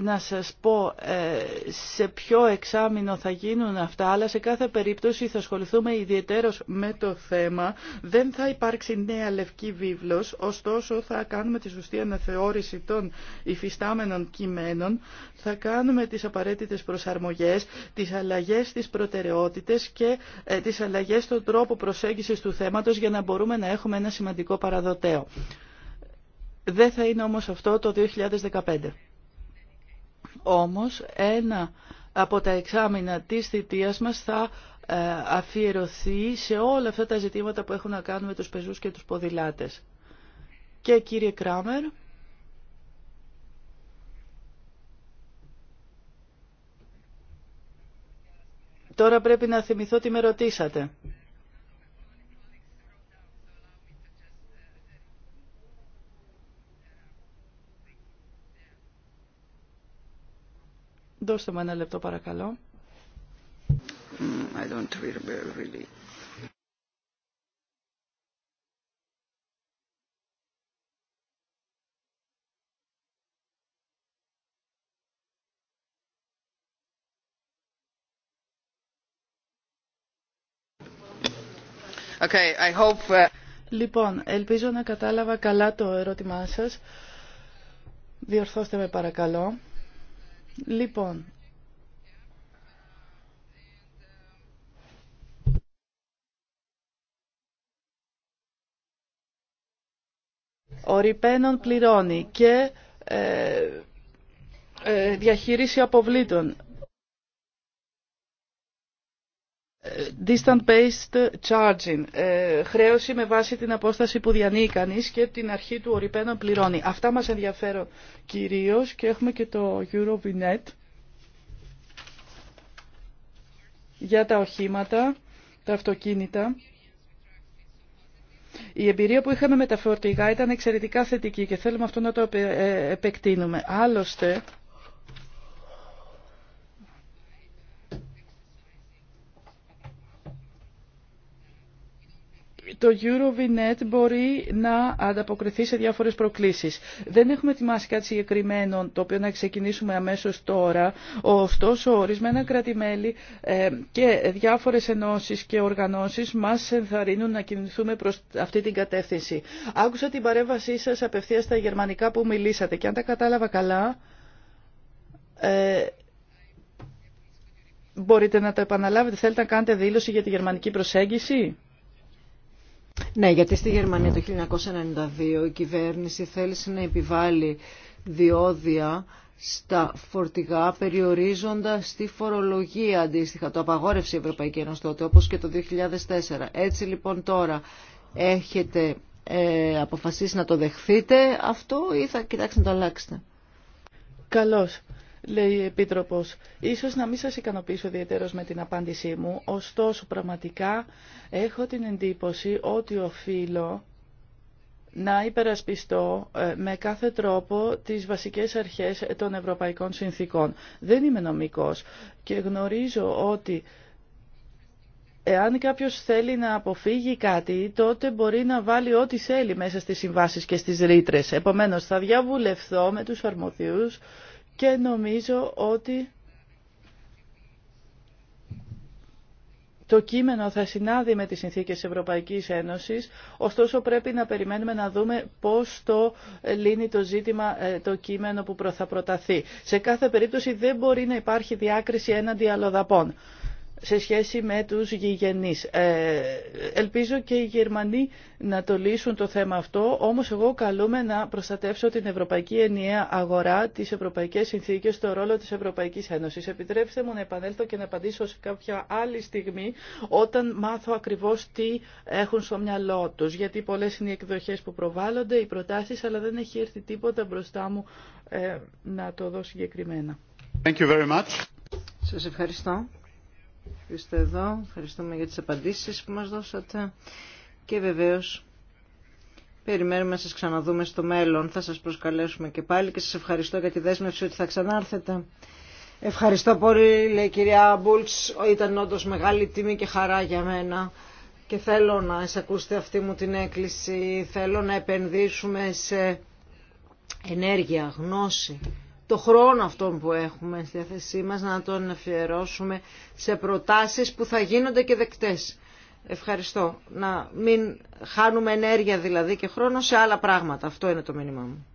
Speaker 2: να σας πω ε, σε ποιο εξάμεινο θα γίνουν αυτά, αλλά σε κάθε περίπτωση θα ασχοληθούμε ιδιαίτερος με το θέμα. Δεν θα υπάρξει νέα λευκή βίβλος, ωστόσο θα κάνουμε τη σωστή αναθεώρηση των υφιστάμενων κειμένων, θα κάνουμε τις απαραίτητες προσαρμογές, τις αλλαγές στις προτεραιότητες και ε, τις αλλαγές στον τρόπο προσέγγισης του θέματος για να μπορούμε να έχουμε ένα σημαντικό παραδοτέο. Δεν θα είναι όμως αυτό το 2015. Όμως ένα από τα εξάμεινα της θητείας μας θα ε, αφιερωθεί σε όλα αυτά τα ζητήματα που έχουν να κάνουν με τους πεζούς και τους ποδηλάτες. Και κύριε Κράμερ... Τώρα πρέπει να θυμηθώ τι με ρωτήσατε. Δώστε μου ένα λεπτό παρακαλώ. Mm, okay, I hope... Uh, λοιπόν, ελπίζω να κατάλαβα καλά το ερώτημά σας. Διορθώστε με παρακαλώ. Λοιπόν, ο Ριπένον πληρώνει και ε, ε διαχείριση αποβλήτων distant based charging, ε, χρέωση με βάση την απόσταση που διανύει κανείς και την αρχή του ορυπαίνων πληρώνει. Αυτά μας ενδιαφέρουν κυρίως και έχουμε και το Eurovinet για τα οχήματα, τα αυτοκίνητα. Η εμπειρία που είχαμε με τα φορτηγά ήταν εξαιρετικά θετική και θέλουμε αυτό να το ε, επεκτείνουμε. Άλλωστε, το Eurovinet μπορεί να ανταποκριθεί σε διάφορες προκλήσεις. Δεν έχουμε ετοιμάσει κάτι συγκεκριμένο το οποίο να ξεκινήσουμε αμέσως τώρα. Ωστόσο, ορισμένα κρατημέλη ε, και διάφορες ενώσεις και οργανώσεις μας ενθαρρύνουν να κινηθούμε προς αυτή την κατεύθυνση. Άκουσα την παρέμβασή σας απευθείας στα γερμανικά που μιλήσατε και αν τα κατάλαβα καλά... Ε, μπορείτε να το επαναλάβετε, θέλετε να κάνετε δήλωση για τη γερμανική προσέγγιση. Ναι, γιατί στη Γερμανία το
Speaker 1: 1992 η κυβέρνηση θέλησε να επιβάλλει διόδια στα φορτηγά περιορίζοντας τη φορολογία αντίστοιχα. Το απαγόρευσε η Ευρωπαϊκή Ένωση τότε, όπως και το 2004. Έτσι λοιπόν τώρα έχετε
Speaker 2: ε, αποφασίσει να το δεχθείτε αυτό ή θα κοιτάξετε να το αλλάξετε. Καλώς λέει η Επίτροπος. Ίσως να μην σας ικανοποιήσω ιδιαίτερως με την απάντησή μου, ωστόσο πραγματικά έχω την εντύπωση ότι οφείλω να υπερασπιστώ ε, με κάθε τρόπο τις βασικές αρχές των ευρωπαϊκών συνθήκων. Δεν είμαι νομικός και γνωρίζω ότι εάν κάποιος θέλει να αποφύγει κάτι, τότε μπορεί να βάλει ό,τι θέλει μέσα στις συμβάσεις και στις ρήτρε. Επομένως, θα διαβουλευθώ με τους αρμοδιούς και νομίζω ότι το κείμενο θα συνάδει με τις συνθήκες Ευρωπαϊκής Ένωσης, ωστόσο πρέπει να περιμένουμε να δούμε πώς το λύνει το ζήτημα ε, το κείμενο που θα προταθεί. Σε κάθε περίπτωση δεν μπορεί να υπάρχει διάκριση έναντι αλλοδαπών σε σχέση με τους γηγενείς. Ε, ελπίζω και οι Γερμανοί να το λύσουν το θέμα αυτό, όμως εγώ καλούμε να προστατεύσω την Ευρωπαϊκή Ενιαία Αγορά, τις Ευρωπαϊκές Συνθήκες, το ρόλο της Ευρωπαϊκής Ένωσης. Επιτρέψτε μου να επανέλθω και να απαντήσω σε κάποια άλλη στιγμή, όταν μάθω ακριβώς τι έχουν στο μυαλό τους, γιατί πολλές είναι οι εκδοχές που προβάλλονται, οι προτάσεις, αλλά δεν έχει έρθει τίποτα μπροστά μου ε, να το δω συγκεκριμένα. Thank you very much. Σας ευχαριστώ. Είστε
Speaker 1: εδώ. Ευχαριστούμε για τις απαντήσεις που μας δώσατε. Και βεβαίως περιμένουμε να σας ξαναδούμε στο μέλλον. Θα σας προσκαλέσουμε και πάλι και σας ευχαριστώ για τη δέσμευση ότι θα ξανάρθετε. Ευχαριστώ πολύ, λέει η κυρία Μπούλτς. Ήταν όντω μεγάλη τιμή και χαρά για μένα. Και θέλω να εισακούσετε αυτή μου την έκκληση. Θέλω να επενδύσουμε σε ενέργεια, γνώση, το χρόνο αυτό που έχουμε στη θέση μας να τον αφιερώσουμε σε προτάσεις που θα γίνονται και δεκτές. Ευχαριστώ. Να μην χάνουμε ενέργεια δηλαδή και χρόνο σε άλλα πράγματα. Αυτό είναι το μήνυμά μου.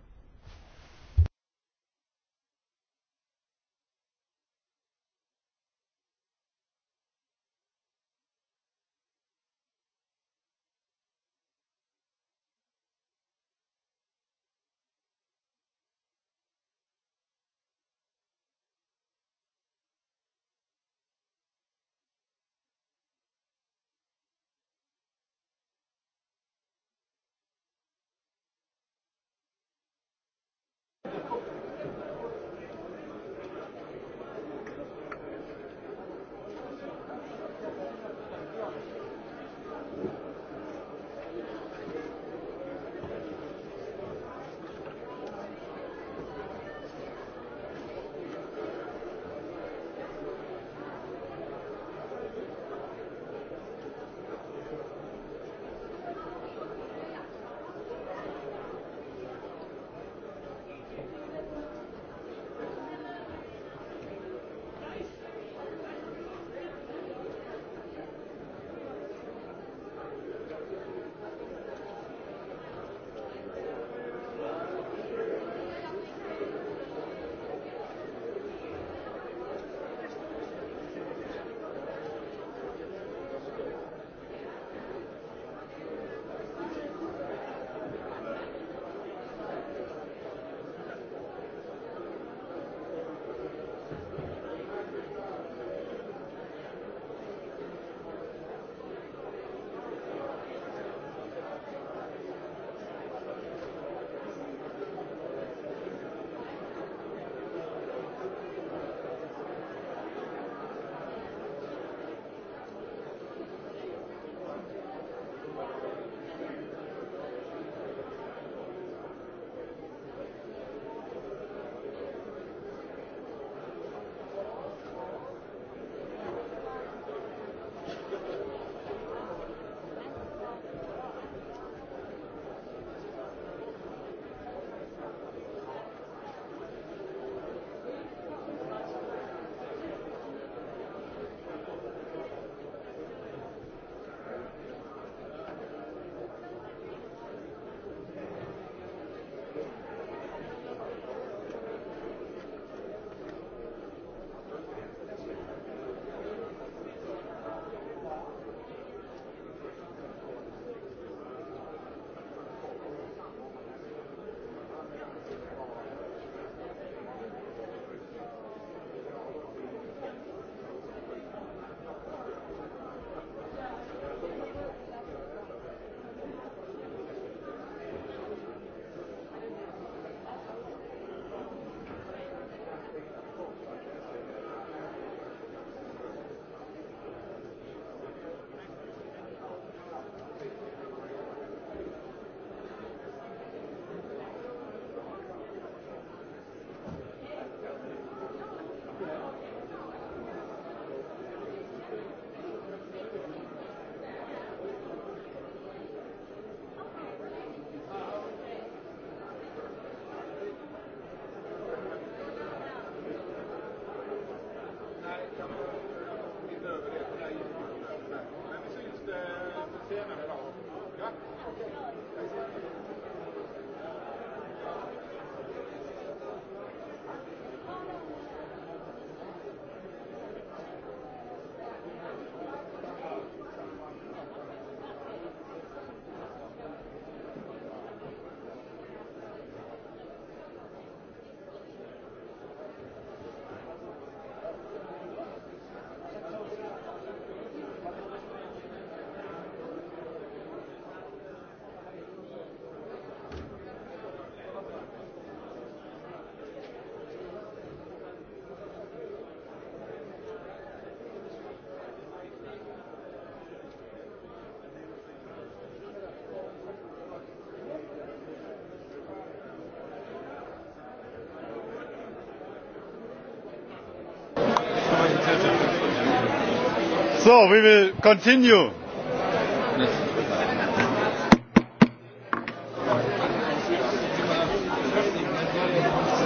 Speaker 3: So, we
Speaker 2: will continue.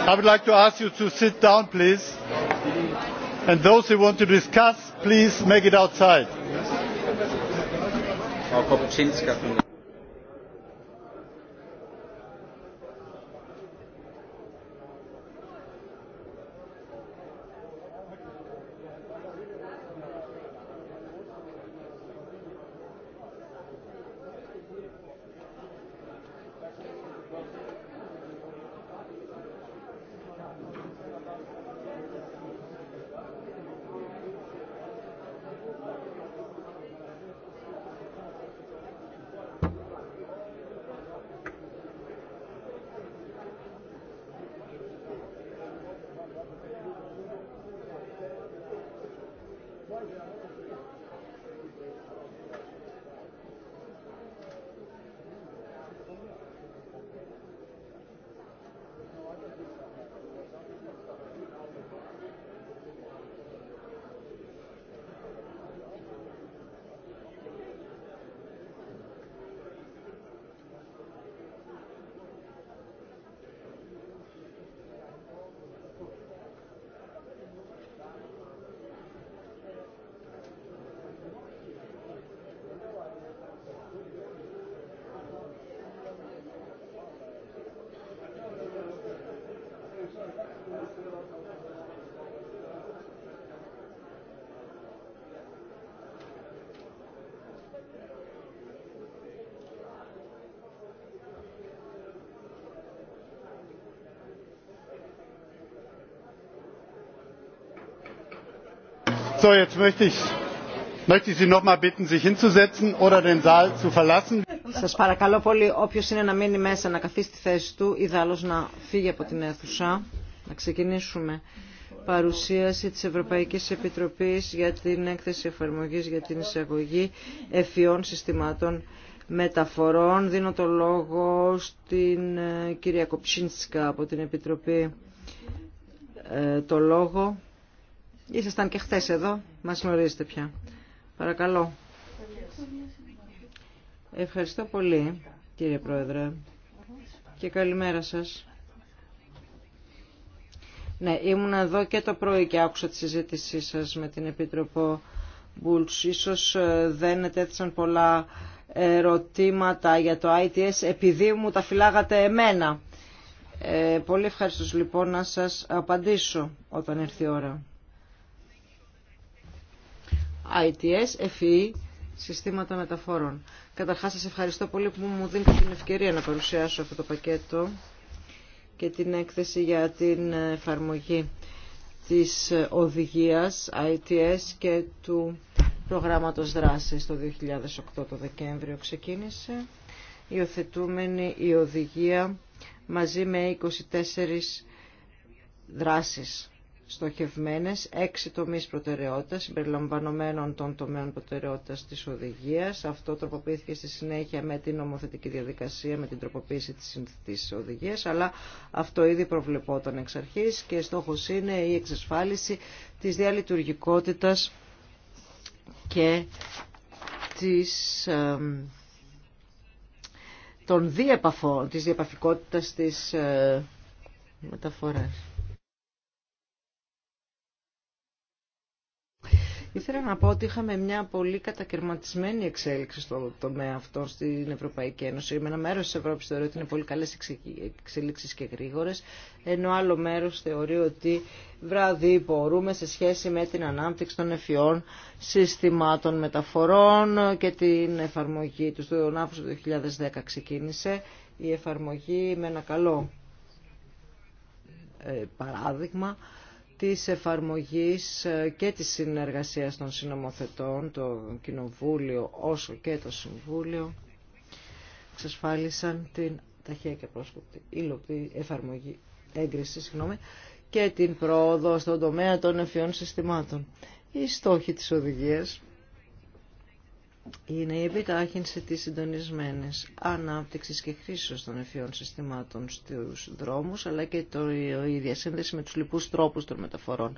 Speaker 2: I would like to ask you to sit down, please. And those who want to discuss, please make it outside. So,
Speaker 1: Σας παρακαλώ πολύ όποιος είναι να μείνει μέσα να καθίσει στη θέση του ή δάλλως να φύγει από την αίθουσα. Να ξεκινήσουμε παρουσίαση της Ευρωπαϊκής Επιτροπής για την έκθεση εφαρμογής για την εισαγωγή εφιών συστημάτων μεταφορών. Δίνω το λόγο στην ε, κυρία Κοψίνσκα από την Επιτροπή. Ε, το λόγο. Ήσασταν και χθες εδώ, μας γνωρίζετε πια. Παρακαλώ. Ευχαριστώ πολύ, κύριε Πρόεδρε. Και καλημέρα σας. Ναι, ήμουν εδώ και το πρωί και άκουσα τη συζήτησή σας με την Επίτροπο Μπούλτς. Ίσως ε, δεν ετέθησαν πολλά ερωτήματα για το ITS επειδή μου τα φυλάγατε εμένα. Ε, πολύ ευχαριστώ λοιπόν να σας απαντήσω όταν έρθει η ώρα. ITS, FEE, συστήματα μεταφορών. Καταρχάς σας ευχαριστώ πολύ που μου δίνετε την ευκαιρία να παρουσιάσω αυτό το πακέτο και την έκθεση για την εφαρμογή της οδηγίας ITS και του προγράμματος δράσης το 2008 το Δεκέμβριο ξεκίνησε υιοθετούμενη η οδηγία μαζί με 24 δράσεις Στοχευμένε έξι τομείς προτεραιότητας συμπεριλαμβανομένων των τομέων προτεραιότητας της οδηγίας. Αυτό τροποποιήθηκε στη συνέχεια με την νομοθετική διαδικασία, με την τροποποίηση της οδηγίας, αλλά αυτό ήδη προβλεπόταν εξ αρχής και στόχος είναι η εξασφάλιση της διαλειτουργικότητας και της των διεπαφών, της διεπαφικότητας της ε, μεταφοράς. Ήθελα να πω ότι είχαμε μια πολύ κατακαιρματισμένη εξέλιξη στο τομέα αυτό στην Ευρωπαϊκή Ένωση. Με ένα μέρο τη Ευρώπη θεωρεί ότι είναι πολύ καλέ εξελίξει και γρήγορε, ενώ άλλο μέρο θεωρεί ότι βράδυ μπορούμε σε σχέση με την ανάπτυξη των εφιών συστημάτων μεταφορών και την εφαρμογή του. Το Αύγουστο του 2010 ξεκίνησε η εφαρμογή με ένα καλό ε, παράδειγμα της εφαρμογής ε, και της συνεργασίας των συνομοθετών, το Κοινοβούλιο όσο και το Συμβούλιο, εξασφάλισαν την ταχεία και πρόσκοπτη εφαρμογή, έγκριση, συγγνώμη, και την πρόοδο στον τομέα των ευφυών συστημάτων. Οι στόχοι της οδηγίας είναι η επιτάχυνση της συντονισμένης ανάπτυξης και χρήσης των ευφυών συστημάτων στους δρόμους, αλλά και το, η διασύνδεση με τους λοιπούς τρόπους των μεταφορών.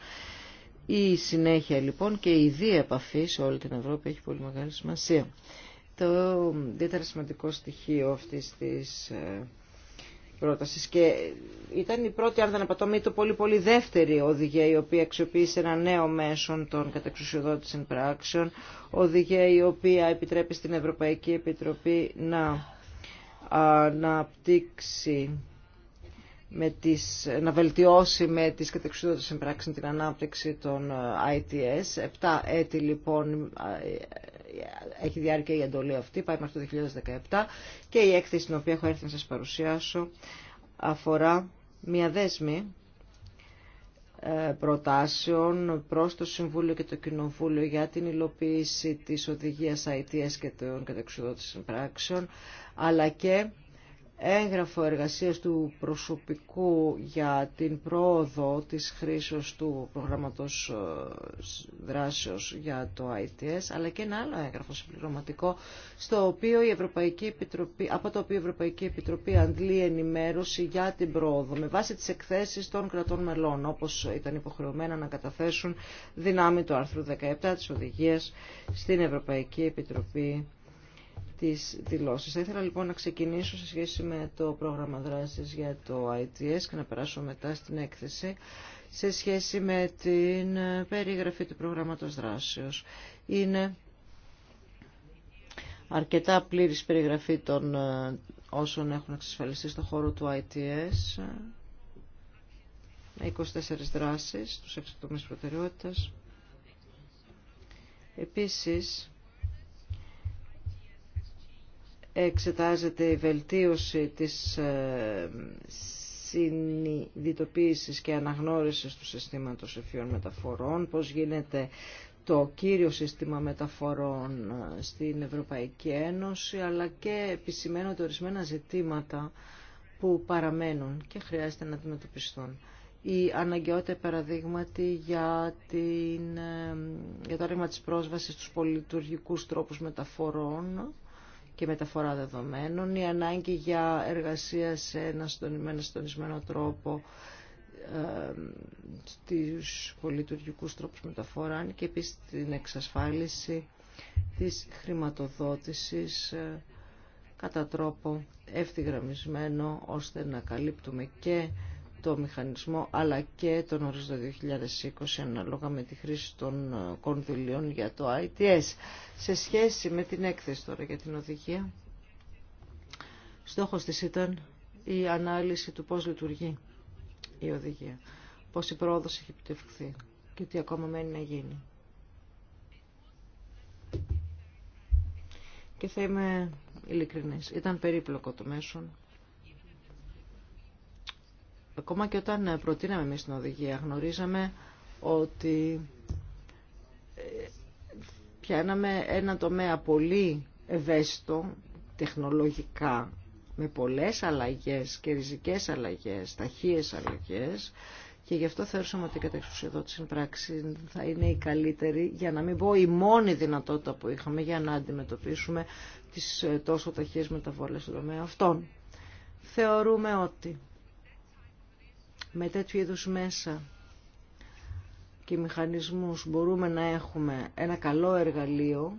Speaker 1: Η συνέχεια λοιπόν και η διεπαφή επαφή σε όλη την Ευρώπη έχει πολύ μεγάλη σημασία. Το ιδιαίτερα σημαντικό στοιχείο αυτής της ε, και ήταν η πρώτη, αν δεν το πολύ πολύ δεύτερη οδηγία η οποία αξιοποίησε ένα νέο μέσο των κατεξουσιοδοτησεων πράξεων, οδηγία η οποία επιτρέπει στην Ευρωπαϊκή Επιτροπή να αναπτύξει με τις, να βελτιώσει με τις κατεξουδότητες συμπράξεων την ανάπτυξη των ε, ITS. Επτά έτη λοιπόν έχει διάρκεια η εντολή αυτή, πάει μέχρι το 2017 και η έκθεση την οποία έχω έρθει να σας παρουσιάσω αφορά μια δέσμη ε, προτάσεων προς το Συμβούλιο και το Κοινοβούλιο για την υλοποίηση της οδηγίας ITS και των κατεξουδότησης πράξεων, αλλά και έγγραφο εργασίας του προσωπικού για την πρόοδο της χρήσης του προγράμματος ε, δράσεως για το ITS, αλλά και ένα άλλο έγγραφο συμπληρωματικό, στο οποίο η Ευρωπαϊκή Επιτροπή, από το οποίο η Ευρωπαϊκή Επιτροπή αντλεί ενημέρωση για την πρόοδο, με βάση τις εκθέσεις των κρατών μελών, όπως ήταν υποχρεωμένα να καταθέσουν δυνάμει του άρθρου 17 της οδηγίας στην Ευρωπαϊκή Επιτροπή τις δηλώσεις. Θα ήθελα λοιπόν να ξεκινήσω σε σχέση με το πρόγραμμα δράσης για το ITS και να περάσω μετά στην έκθεση σε σχέση με την περιγραφή του προγράμματος δράσεως. Είναι αρκετά πλήρης περιγραφή των ε, όσων έχουν εξασφαλιστεί στο χώρο του ITS με 24 δράσεις, τους 6 τομείς προτεραιότητας. Επίσης, εξετάζεται η βελτίωση της ε, συνειδητοποίησης και αναγνώρισης του συστήματος ευφυών μεταφορών, πώς γίνεται το κύριο σύστημα μεταφορών ε, στην Ευρωπαϊκή Ένωση, αλλά και επισημαίνονται ορισμένα ζητήματα που παραμένουν και χρειάζεται να αντιμετωπιστούν. Η αναγκαιότητα, παραδείγματι, για, την, ε, για το ρήμα της πρόσβασης στους πολιτουργικούς τρόπους μεταφορών, και μεταφορά δεδομένων, η ανάγκη για εργασία σε ένα στονισμένο τρόπο, στους πολιτουργικούς τρόπους μεταφορά και επίσης την εξασφάλιση της χρηματοδότησης ε, κατά τρόπο ευθυγραμμισμένο ώστε να καλύπτουμε και το μηχανισμό αλλά και τον ορίζοντα 2020 ανάλογα με τη χρήση των ε, κονδυλίων για το ITS. Σε σχέση με την έκθεση τώρα για την οδηγία, στόχος της ήταν η ανάλυση του πώς λειτουργεί η οδηγία, πώς η πρόοδος έχει επιτευχθεί και τι ακόμα μένει να γίνει. Και θα είμαι ειλικρινής. Ήταν περίπλοκο το μέσον ακόμα και όταν ε, προτείναμε εμείς την οδηγία, γνωρίζαμε ότι ε, πιάναμε ένα τομέα πολύ ευαίσθητο τεχνολογικά με πολλές αλλαγές και ριζικές αλλαγές, ταχύες αλλαγές και γι' αυτό θεωρούσαμε ότι η κατεξουσιοδότηση πράξη θα είναι η καλύτερη για να μην πω η μόνη δυνατότητα που είχαμε για να αντιμετωπίσουμε τις ε, τόσο ταχείες μεταβόλες στον τομέα αυτών. Θεωρούμε ότι με τέτοιου είδους μέσα και μηχανισμούς μπορούμε να έχουμε ένα καλό εργαλείο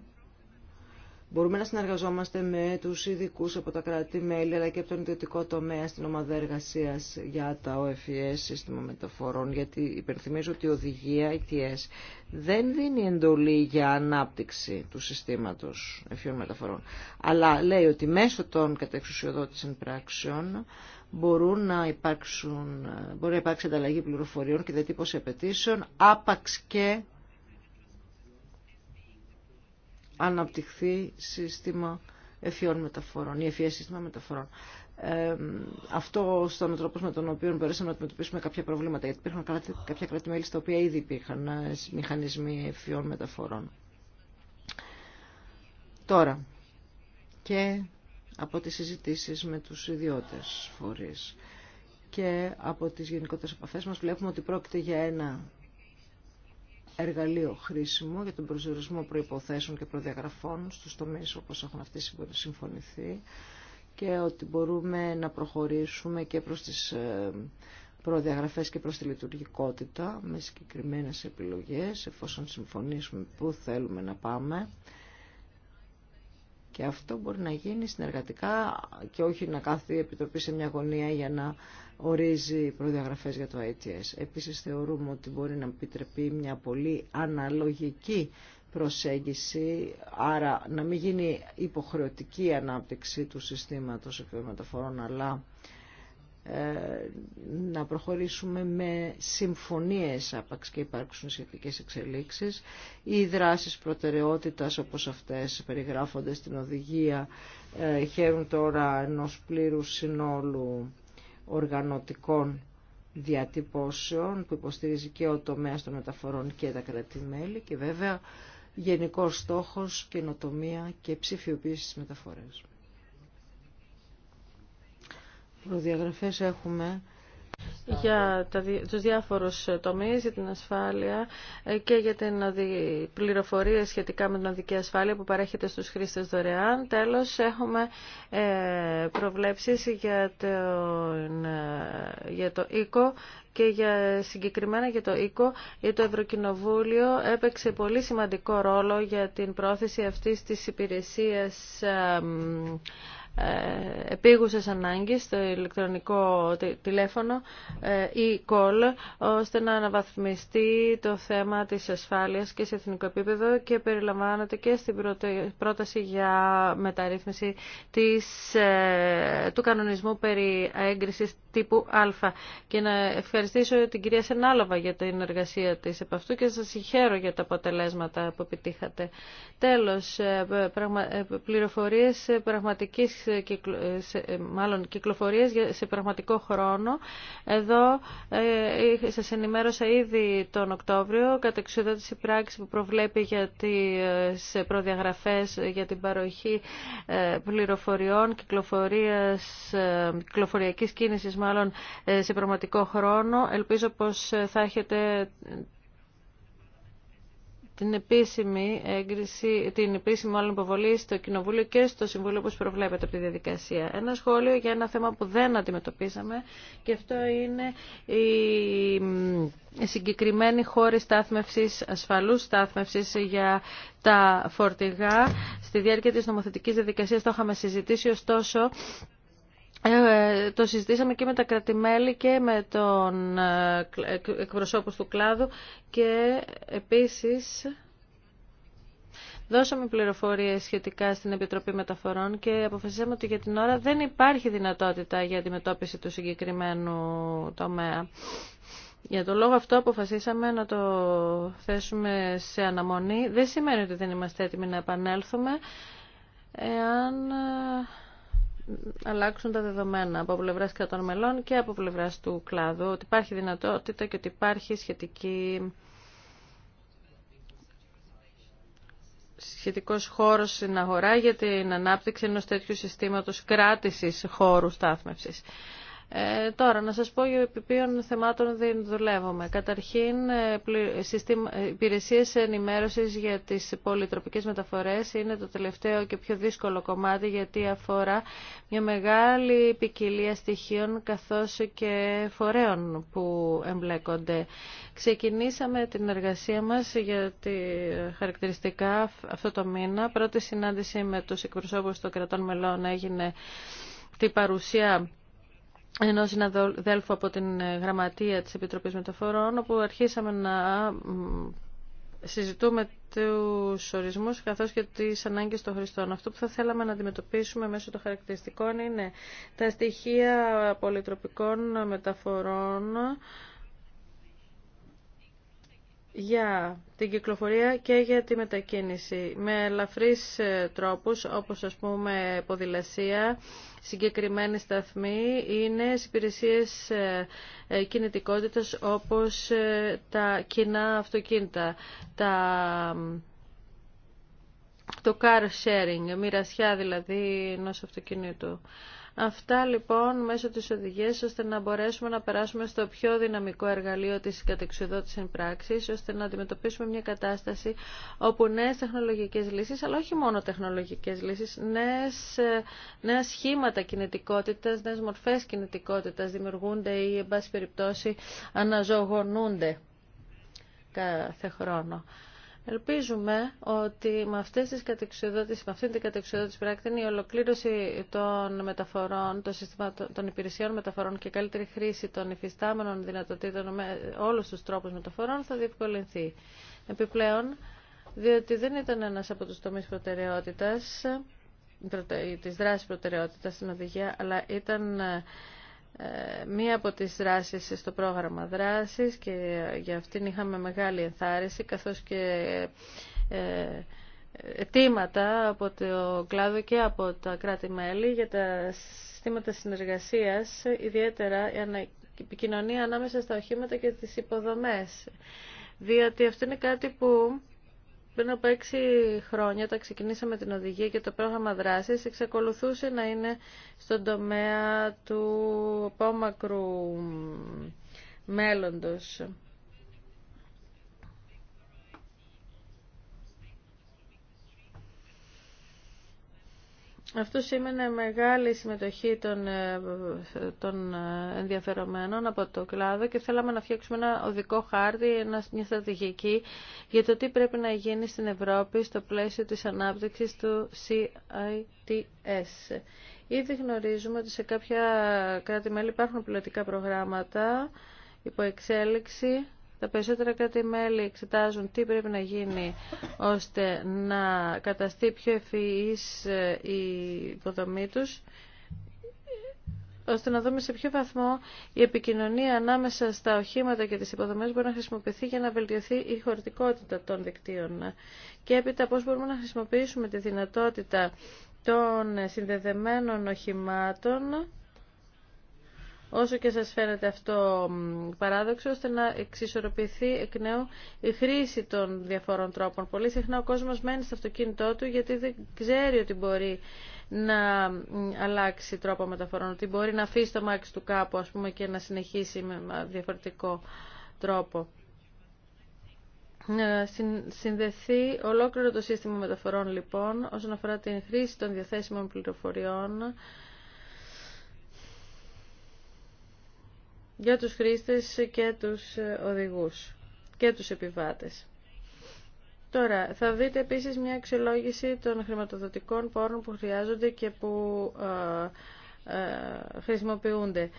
Speaker 1: Μπορούμε να συνεργαζόμαστε με τους ειδικού από τα κράτη-μέλη αλλά και από τον ιδιωτικό τομέα στην ομάδα εργασία για τα OFES, σύστημα μεταφορών, γιατί υπενθυμίζω ότι η οδηγία ITS δεν δίνει εντολή για ανάπτυξη του συστήματος εφιών μεταφορών, αλλά λέει ότι μέσω των κατεξουσιοδότησης πράξεων μπορούν να υπάρξουν, μπορεί να υπάρξει ανταλλαγή πληροφοριών και διατύπωση απαιτήσεων, άπαξ και αναπτυχθεί σύστημα ευφυών μεταφορών, η ευφυές σύστημα μεταφορών. Ε, αυτό στον τρόπο με τον οποίο μπορέσαμε να αντιμετωπίσουμε κάποια προβλήματα, γιατί κράτη, κάποια κράτη-μέλη στα οποία ήδη υπήρχαν ε, μηχανισμοί ευφυών μεταφορών. Τώρα, και από τις συζητήσεις με τους ιδιώτες φορείς. Και από τις γενικότερες επαφές μας βλέπουμε ότι πρόκειται για ένα εργαλείο χρήσιμο για τον προσδιορισμό προϋποθέσεων και προδιαγραφών στους τομείς όπως έχουν αυτές συμφωνηθεί και ότι μπορούμε να προχωρήσουμε και προς τις ε, προδιαγραφές και προς τη λειτουργικότητα με συγκεκριμένες επιλογές εφόσον συμφωνήσουμε πού θέλουμε να πάμε και αυτό μπορεί να γίνει συνεργατικά και όχι να κάθεται η Επιτροπή σε μια γωνία για να ορίζει προδιαγραφές για το ITS. Επίσης θεωρούμε ότι μπορεί να επιτρεπεί μια πολύ αναλογική προσέγγιση, άρα να μην γίνει υποχρεωτική ανάπτυξη του συστήματος επιμεταφορών, αλλά ε, να προχωρήσουμε με συμφωνίες άπαξ και υπάρξουν σχετικές εξελίξεις. Οι δράσεις προτεραιότητας όπως αυτές περιγράφονται στην οδηγία ε, χαίρουν τώρα ενός πλήρου συνόλου οργανωτικών διατυπώσεων που υποστηρίζει και ο τομέας των μεταφορών και τα κρατημέλη και βέβαια γενικός στόχος καινοτομία και ψηφιοποίηση μεταφορές προδιαγραφές έχουμε
Speaker 3: για τα, τους διάφορους τομείς, για την ασφάλεια ε, και για την πληροφορία σχετικά με την οδική ασφάλεια που παρέχεται στους χρήστες δωρεάν. Τέλος, έχουμε ε, προβλέψεις για το, ε, για το και για, συγκεκριμένα για το οίκο, για το Ευρωκοινοβούλιο έπαιξε πολύ σημαντικό ρόλο για την πρόθεση αυτής της υπηρεσίας ε, επίγουσες ανάγκες στο ηλεκτρονικό τηλέφωνο ε, ή call ώστε να αναβαθμιστεί το θέμα της ασφάλειας και σε εθνικό επίπεδο και περιλαμβάνεται και στην πρόταση για μεταρρύθμιση της, ε, του κανονισμού περί έγκρισης τύπου Α. Και να ευχαριστήσω την κυρία Σενάλοβα για την εργασία της επ' αυτού και σας συγχαίρω για τα αποτελέσματα που επιτύχατε. Τέλος, πληροφορίες πραγματικής ε, ε, ε, μάλλον κυκλοφορίες σε πραγματικό χρόνο. Εδώ σας ενημέρωσα ήδη τον Οκτώβριο κατά εξοδότηση πράξη που προβλέπει για τις προδιαγραφές για την παροχή πληροφοριών κυκλοφορίας, κυκλοφοριακής κίνησης μάλλον σε πραγματικό χρόνο. Ελπίζω πως θα έχετε την επίσημη έγκριση, την επίσημη μάλλον υποβολή στο Κοινοβούλιο και στο Συμβούλιο όπως προβλέπεται από τη διαδικασία. Ένα σχόλιο για ένα θέμα που δεν αντιμετωπίσαμε και αυτό είναι η συγκεκριμένη χώρη στάθμευσης, ασφαλούς στάθμευσης για τα φορτηγά. Στη διάρκεια της νομοθετικής διαδικασίας το είχαμε συζητήσει, ωστόσο ε, το συζητήσαμε και με τα κρατημέλη και με τον ε, εκπροσώπους του κλάδου και επίσης δώσαμε πληροφορίες σχετικά στην Επιτροπή Μεταφορών και αποφασίσαμε ότι για την ώρα δεν υπάρχει δυνατότητα για αντιμετώπιση του συγκεκριμένου τομέα. Για τον λόγο αυτό αποφασίσαμε να το θέσουμε σε αναμονή. Δεν σημαίνει ότι δεν είμαστε έτοιμοι να επανέλθουμε εάν αλλάξουν τα δεδομένα από πλευρά κρατών μελών και από πλευρά του κλάδου, ότι υπάρχει δυνατότητα και ότι υπάρχει σχετική σχετικός χώρος στην αγορά για την ανάπτυξη ενός τέτοιου συστήματος κράτηση χώρου στάθμευσης. Ε, τώρα, να σας πω για ποιον θεμάτων δεν δουλεύουμε. Καταρχήν, ε, ε, υπηρεσίες ενημέρωσης για τις πολυτροπικές μεταφορές είναι το τελευταίο και πιο δύσκολο κομμάτι γιατί αφορά μια μεγάλη ποικιλία στοιχείων καθώς και φορέων που εμπλέκονται. Ξεκινήσαμε την εργασία μας γιατί χαρακτηριστικά αυτό το μήνα. Πρώτη συνάντηση με τους εκπροσώπους των κρατών μελών έγινε τη παρουσία ενός συναδέλφου από την ε, γραμματεία της Επιτροπής Μεταφορών, όπου αρχίσαμε να συζητούμε τους ορισμούς καθώς και τις ανάγκες των χρηστών. Αυτό που θα θέλαμε να αντιμετωπίσουμε μέσω των χαρακτηριστικών είναι τα στοιχεία πολυτροπικών μεταφορών, για την κυκλοφορία και για τη μετακίνηση με ελαφρύς ε, τρόπους όπως ας πούμε ποδηλασία, συγκεκριμένη σταθμή ή νέες υπηρεσίες ε, ε, κινητικότητας όπως τα κοινά αυτοκίνητα, τα το car sharing, μοιρασιά δηλαδή ενός αυτοκινήτου. Αυτά λοιπόν μέσω της οδηγίας ώστε να μπορέσουμε να περάσουμε στο πιο δυναμικό εργαλείο της κατεξουδότησης πράξης ώστε να αντιμετωπίσουμε μια κατάσταση όπου νέες τεχνολογικές λύσεις αλλά όχι μόνο τεχνολογικές λύσεις, νέες, ε, νέα σχήματα κινητικότητας, νέες μορφές κινητικότητας δημιουργούνται ή εν πάση περιπτώσει αναζωογονούνται κάθε χρόνο. Ελπίζουμε ότι με, αυτές τις με αυτήν την κατεξοδότηση πράκτηνη η ολοκλήρωση των, μεταφορών, των, των υπηρεσιών μεταφορών και καλύτερη χρήση των υφιστάμενων δυνατοτήτων με όλους τους τρόπους μεταφορών θα διευκολυνθεί. Επιπλέον, διότι δεν ήταν ένας από τους τομείς προτεραιότητας, ε, της δράσης προτεραιότητας στην οδηγία, αλλά ήταν ε, ε, μία από τις δράσεις στο πρόγραμμα δράσης και για αυτήν είχαμε μεγάλη ενθάρρυνση καθώς και ε, αιτήματα από το κλάδο και από τα κράτη-μέλη για τα συστήματα συνεργασίας, ιδιαίτερα η επικοινωνία ανάμεσα στα οχήματα και τις υποδομές. Διότι αυτό είναι κάτι που πριν από έξι χρόνια, όταν ξεκινήσαμε την οδηγία και το πρόγραμμα δράσης, εξακολουθούσε να είναι στον τομέα του απόμακρου μέλλοντος. Αυτό σήμαινε μεγάλη συμμετοχή των, ε, των ε, ενδιαφερομένων από το κλάδο και θέλαμε να φτιάξουμε ένα οδικό χάρτη, μια στρατηγική για το τι πρέπει να γίνει στην Ευρώπη στο πλαίσιο της ανάπτυξης του CITS. Ήδη γνωρίζουμε ότι σε κάποια κράτη-μέλη υπάρχουν πιλωτικά προγράμματα υπό εξέλιξη τα περισσότερα κράτη-μέλη εξετάζουν τι πρέπει να γίνει ώστε να καταστεί πιο ευφυής ε, η υποδομή τους ώστε να δούμε σε ποιο βαθμό η επικοινωνία ανάμεσα στα οχήματα και τις υποδομές μπορεί να χρησιμοποιηθεί για να βελτιωθεί η χωρητικότητα των δικτύων. Και έπειτα πώς μπορούμε να χρησιμοποιήσουμε τη δυνατότητα των συνδεδεμένων οχημάτων όσο και σας φαίνεται αυτό παράδοξο, ώστε να εξισορροπηθεί εκ νέου η χρήση των διαφόρων τρόπων. Πολύ συχνά ο κόσμος μένει στο αυτοκίνητό του γιατί δεν ξέρει ότι μπορεί να αλλάξει τρόπο μεταφορών, ότι μπορεί να αφήσει το μάξι του κάπου ας πούμε, και να συνεχίσει με διαφορετικό τρόπο ε, να συνδεθεί ολόκληρο το σύστημα μεταφορών λοιπόν όσον αφορά την χρήση των διαθέσιμων πληροφοριών για τους χρήστες και τους ε, οδηγούς και τους επιβάτες. Τώρα, θα δείτε επίσης μια αξιολόγηση των χρηματοδοτικών πόρων που χρειάζονται και που ε, ε, χρησιμοποιούνται.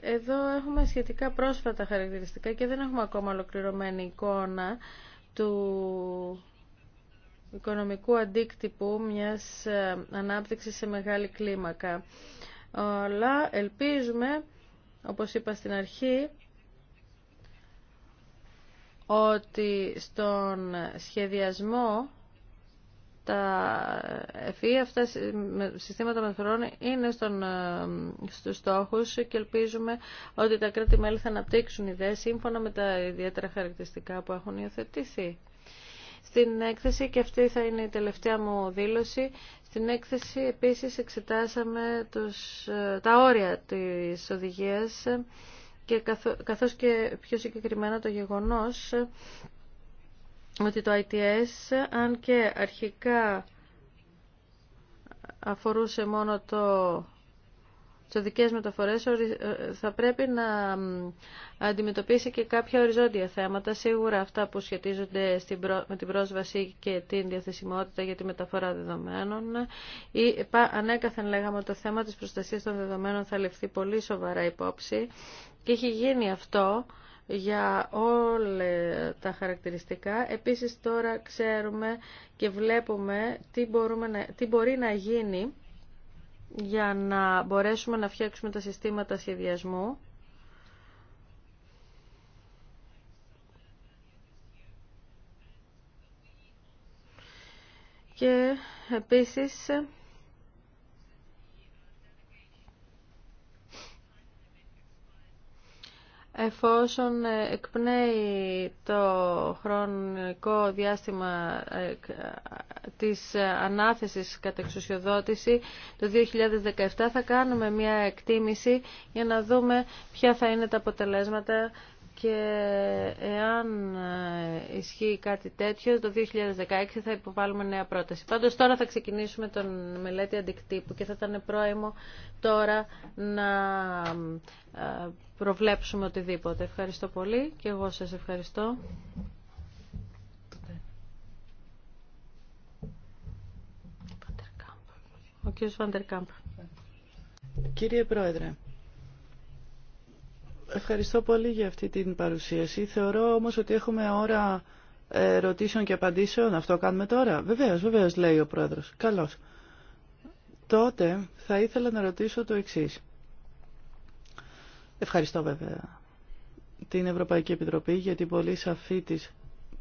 Speaker 3: Εδώ έχουμε σχετικά πρόσφατα χαρακτηριστικά και δεν έχουμε ακόμα ολοκληρωμένη εικόνα του οικονομικού αντίκτυπου μιας ανάπτυξης σε μεγάλη κλίμακα. Αλλά ελπίζουμε όπως είπα στην αρχή, ότι στον σχεδιασμό τα ευφύ e, αυτά συστήματα μεταφορών είναι στον, ε, στους στόχους και ελπίζουμε ότι τα κράτη-μέλη θα αναπτύξουν ιδέες σύμφωνα με τα ιδιαίτερα χαρακτηριστικά που έχουν υιοθετηθεί. Στην έκθεση, και αυτή θα είναι η τελευταία μου δήλωση, στην έκθεση επίσης εξετάσαμε τους, ε, τα όρια της οδηγίας και καθώς και πιο συγκεκριμένα το γεγονός ότι το ITS, αν και αρχικά αφορούσε μόνο το οδικές μεταφορές ε, θα πρέπει να αντιμετωπίσει και κάποια οριζόντια θέματα, σίγουρα αυτά που σχετίζονται με την πρόσβαση και την διαθεσιμότητα για τη μεταφορά δεδομένων. Ή, ανέκαθεν λέγαμε ότι το θέμα της προστασίας των δεδομένων θα ληφθεί πολύ σοβαρά υπόψη και έχει γίνει αυτό για όλα τα χαρακτηριστικά. Επίσης τώρα ξέρουμε και βλέπουμε τι, να, τι μπορεί να γίνει για να μπορέσουμε να φτιάξουμε τα συστήματα σχεδιασμού και επίσης εφόσον ε, εκπνέει το χρονικό διάστημα ε, της ε, ανάθεσης κατά εξουσιοδότηση το 2017 θα κάνουμε μια εκτίμηση για να δούμε ποια θα είναι τα αποτελέσματα και εάν ε, ισχύει κάτι τέτοιο, το 2016 θα υποβάλουμε νέα πρόταση. Πάντως τώρα θα ξεκινήσουμε τον μελέτη αντικτύπου και θα ήταν πρόημο τώρα να ε, προβλέψουμε οτιδήποτε. Ευχαριστώ πολύ και εγώ σας ευχαριστώ.
Speaker 2: Ο κύριος Βαντερκάμπ. Κύριε Πρόεδρε, Ευχαριστώ πολύ για αυτή την παρουσίαση. Θεωρώ όμως ότι έχουμε ώρα ε, ερωτήσεων και απαντήσεων. Αυτό κάνουμε τώρα. Βεβαίως, βεβαίως λέει ο Πρόεδρος. Καλώς. Τότε θα ήθελα να ρωτήσω το εξής. Ευχαριστώ βέβαια την Ευρωπαϊκή Επιτροπή για την πολύ σαφή της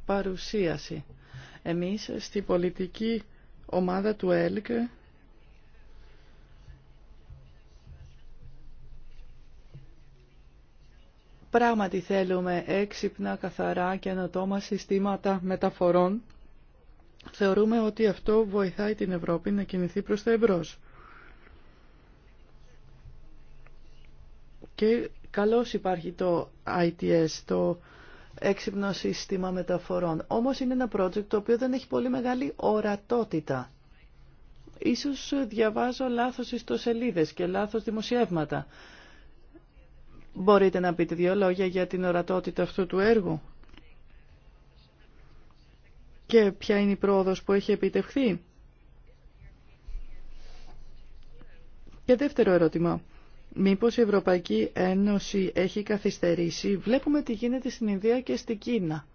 Speaker 2: παρουσίαση. Εμείς στη πολιτική ομάδα του ΕΛΚ Πράγματι θέλουμε έξυπνα, καθαρά και ανατόμα συστήματα μεταφορών. Θεωρούμε ότι αυτό βοηθάει την Ευρώπη να κινηθεί προς τα εμπρός. Και καλώς υπάρχει το ITS, το έξυπνο σύστημα μεταφορών. Όμως είναι ένα project το οποίο δεν έχει πολύ μεγάλη ορατότητα. Ίσως διαβάζω λάθος ιστοσελίδες και λάθος δημοσιεύματα. Μπορείτε να πείτε δύο λόγια για την ορατότητα αυτού του έργου και ποια είναι η πρόοδος που έχει επιτευχθεί. Και δεύτερο ερώτημα. Μήπως η Ευρωπαϊκή Ένωση έχει καθυστερήσει. Βλέπουμε τι γίνεται στην Ινδία και στην Κίνα.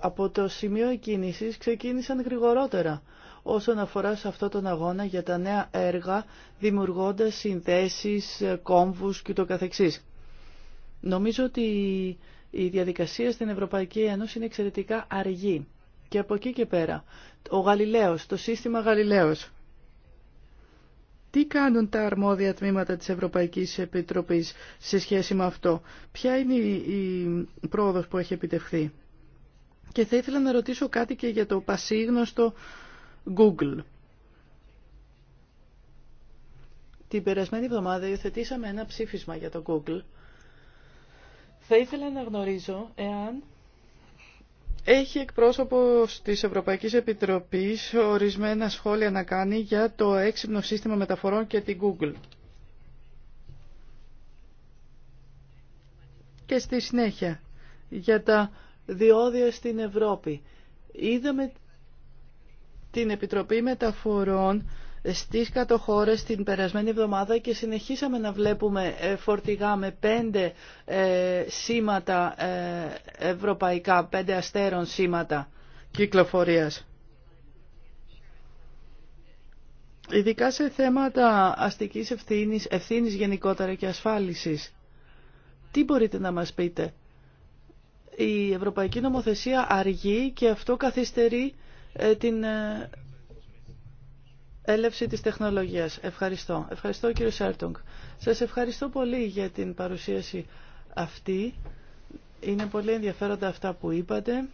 Speaker 2: Από το σημείο εκκίνησης ξεκίνησαν γρηγορότερα όσον αφορά σε αυτόν τον αγώνα για τα νέα έργα, δημιουργώντας συνδέσεις, ε, κόμβους το καθεξής. Νομίζω ότι η διαδικασία στην Ευρωπαϊκή Ένωση είναι εξαιρετικά αργή. Και από εκεί και πέρα, ο Γαλιλαίος, το σύστημα Γαλιλαίος, τι κάνουν τα αρμόδια τμήματα της Ευρωπαϊκής Επιτροπής σε σχέση με αυτό. Ποια είναι η πρόοδος που έχει επιτευχθεί. Και θα ήθελα να ρωτήσω κάτι και για το πασίγνωστο Google. Την περασμένη εβδομάδα υιοθετήσαμε ένα ψήφισμα για το Google. Θα ήθελα να γνωρίζω εάν έχει εκπρόσωπο της Ευρωπαϊκής Επιτροπής ορισμένα σχόλια να κάνει για το έξυπνο σύστημα μεταφορών και την Google. Και στη συνέχεια για τα διόδια στην Ευρώπη. Είδαμε την Επιτροπή Μεταφορών στις κατοχώρες την περασμένη εβδομάδα και συνεχίσαμε να βλέπουμε ε, φορτηγά με πέντε ε, σήματα ε, ευρωπαϊκά, πέντε αστέρων σήματα κυκλοφορίας. Ειδικά σε θέματα αστικής ευθύνης, ευθύνης γενικότερα και ασφάλισης. Τι μπορείτε να μας πείτε. Η Ευρωπαϊκή Νομοθεσία αργεί και αυτό καθυστερεί ε, την ε, έλευση της τεχνολογίας. Ευχαριστώ. Ευχαριστώ κύριο Σέρτογκ. Σας ευχαριστώ πολύ για την παρουσίαση αυτή. Είναι πολύ ενδιαφέροντα αυτά που είπατε.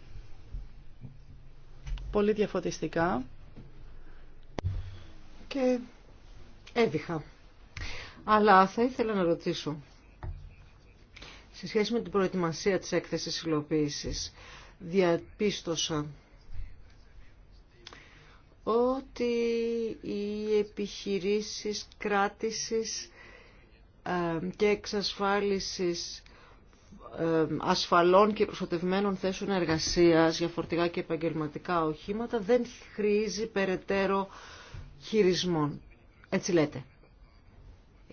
Speaker 2: Πολύ διαφωτιστικά. Και έβηχα. Αλλά θα ήθελα να ρωτήσω
Speaker 1: σε σχέση με την προετοιμασία της έκθεσης υλοποίησης. Διαπίστωσα ότι οι επιχειρήσεις κράτησης και εξασφάλισης ασφαλών και προστατευμένων θέσεων εργασίας για φορτηγά και επαγγελματικά οχήματα δεν χρήζει περαιτέρω χειρισμών. Έτσι λέτε.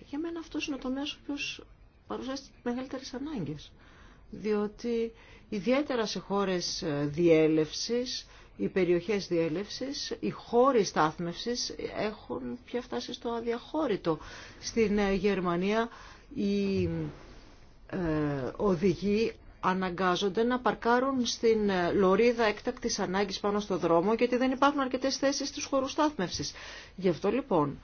Speaker 1: Για μένα αυτό είναι το μέσο ο παρουσιάζει μεγαλύτερες ανάγκες. Διότι ιδιαίτερα σε χώρες ε, διέλευσης οι περιοχές διέλευσης, οι χώροι στάθμευσης έχουν πια φτάσει στο αδιαχώρητο. Στην ε, Γερμανία οι ε, οδηγοί αναγκάζονται να παρκάρουν στην ε, λωρίδα έκτακτης ανάγκης πάνω στο δρόμο γιατί δεν υπάρχουν αρκετές θέσεις στους χώρους στάθμευσης. Γι' αυτό λοιπόν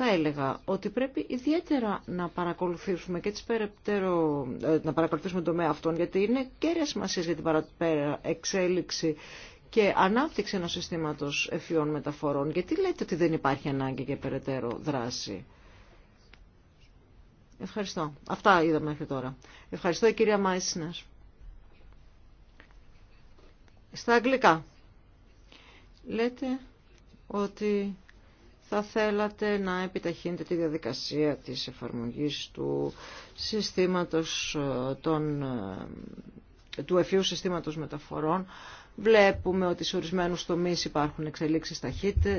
Speaker 1: θα έλεγα ότι πρέπει ιδιαίτερα να παρακολουθήσουμε και τις περαιτέρω, ε, να παρακολουθήσουμε το τομέα αυτών, γιατί είναι κέρια σημασία για την παραπέρα εξέλιξη και ανάπτυξη ενός συστήματος ευφυών μεταφορών. Γιατί λέτε ότι δεν υπάρχει ανάγκη για περαιτέρω δράση. Ευχαριστώ. Αυτά είδαμε μέχρι τώρα. Ευχαριστώ η κυρία Μάισνερ. Στα αγγλικά. Λέτε ότι θα θέλατε να επιταχύνετε τη διαδικασία της εφαρμογής του συστήματος ε, των, ε, του συστήματος μεταφορών Βλέπουμε ότι σε ορισμένους τομείς υπάρχουν εξελίξεις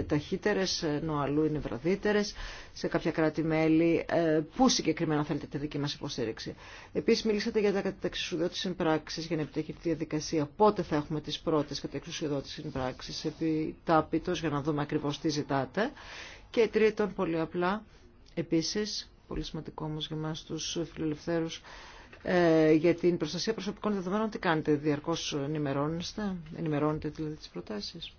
Speaker 1: ταχύτερες, ενώ αλλού είναι βραδύτερες, σε κάποια κράτη-μέλη. Ε, πού συγκεκριμένα θέλετε τη δική μας υποστήριξη. Επίσης μιλήσατε για τα κατεξουσιοδότηση συμπράξης για να επιτέχει τη διαδικασία. Πότε θα έχουμε τις πρώτες κατεξουσιοδότηση συμπράξης επί τάπητος, για να δούμε ακριβώς τι ζητάτε. Και τρίτον, πολύ απλά, επίσης, πολύ σημαντικό όμως για εμάς τους φιλελευθέρους, ε, για την προστασία προσωπικών δεδομένων, τι κάνετε, διαρκώς ενημερώνεστε, ενημερώνετε δηλαδή τις προτάσεις.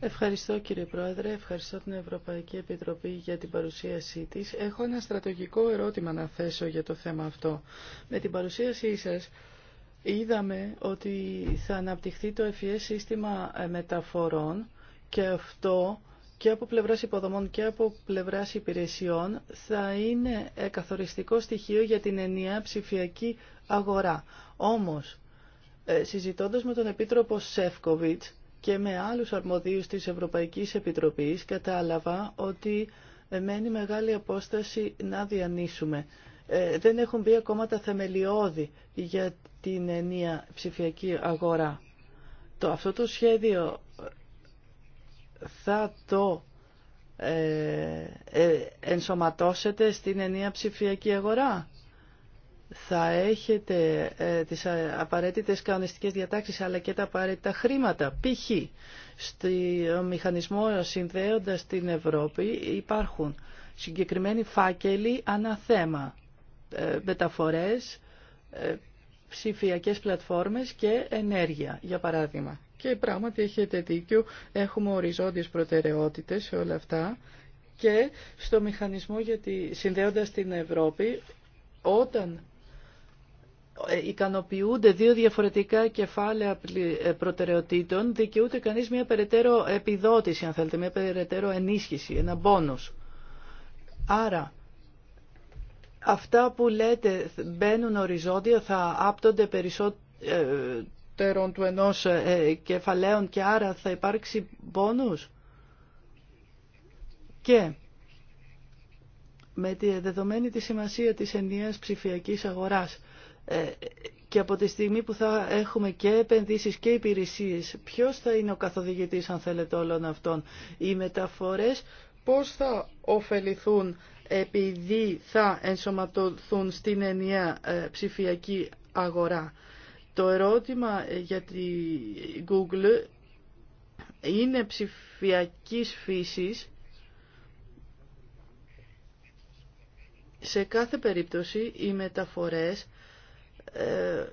Speaker 2: Ευχαριστώ κύριε Πρόεδρε, ευχαριστώ την Ευρωπαϊκή Επιτροπή για την παρουσίασή της. Έχω ένα στρατογικό ερώτημα να θέσω για το θέμα αυτό. Με την παρουσίασή σας είδαμε ότι θα αναπτυχθεί το FES σύστημα ε, μεταφορών και αυτό και από πλευράς υποδομών και από πλευράς υπηρεσιών θα είναι ε, καθοριστικό στοιχείο για την ενιαία ψηφιακή αγορά. Όμως, ε, συζητώντας με τον Επίτροπο Σεύκοβιτς και με άλλους αρμοδίους της Ευρωπαϊκής Επιτροπής, κατάλαβα ότι ε, μένει μεγάλη απόσταση να διανύσουμε. Δεν έχουν μπει ακόμα τα θεμελιώδη για την ενιαία ψηφιακή αγορά. Το, αυτό το σχέδιο θα το ε, ε, ενσωματώσετε στην ενία ψηφιακή αγορά. Θα έχετε ε, τις απαραίτητες κανονιστικές διατάξεις αλλά και τα απαραίτητα χρήματα. Π.χ. στο μηχανισμό συνδέοντας την Ευρώπη υπάρχουν συγκεκριμένοι φάκελοι αναθέμα, μεταφορές, ψηφιακές πλατφόρμες και ενέργεια, για παράδειγμα. Και πράγματι έχετε δίκιο, έχουμε οριζόντιες προτεραιότητες σε όλα αυτά και στο μηχανισμό γιατί συνδέοντας την Ευρώπη όταν ε, ικανοποιούνται δύο διαφορετικά κεφάλαια ε, προτεραιοτήτων, δικαιούται κανείς μια περαιτέρω επιδότηση, αν θέλετε, μια περαιτέρω ενίσχυση, ένα μπόνους. Άρα, αυτά που λέτε μπαίνουν οριζόντια, θα άπτονται περισσότερο ε, ανώτερων του ενός ε, ε, κεφαλαίων και άρα θα υπάρξει πόνους. Και με τη δεδομένη τη σημασία της ενιαίας ψηφιακής αγοράς ε, και από τη στιγμή που θα έχουμε και επενδύσεις και υπηρεσίες, ποιος θα είναι ο καθοδηγητής αν θέλετε όλων αυτών. Οι μεταφορές πώς θα ωφεληθούν επειδή θα ενσωματωθούν στην ενιαία ψηφιακή αγορά. Το ερώτημα ε, για τη Google είναι ψηφιακής φύσης. Σε κάθε περίπτωση οι μεταφορές ε,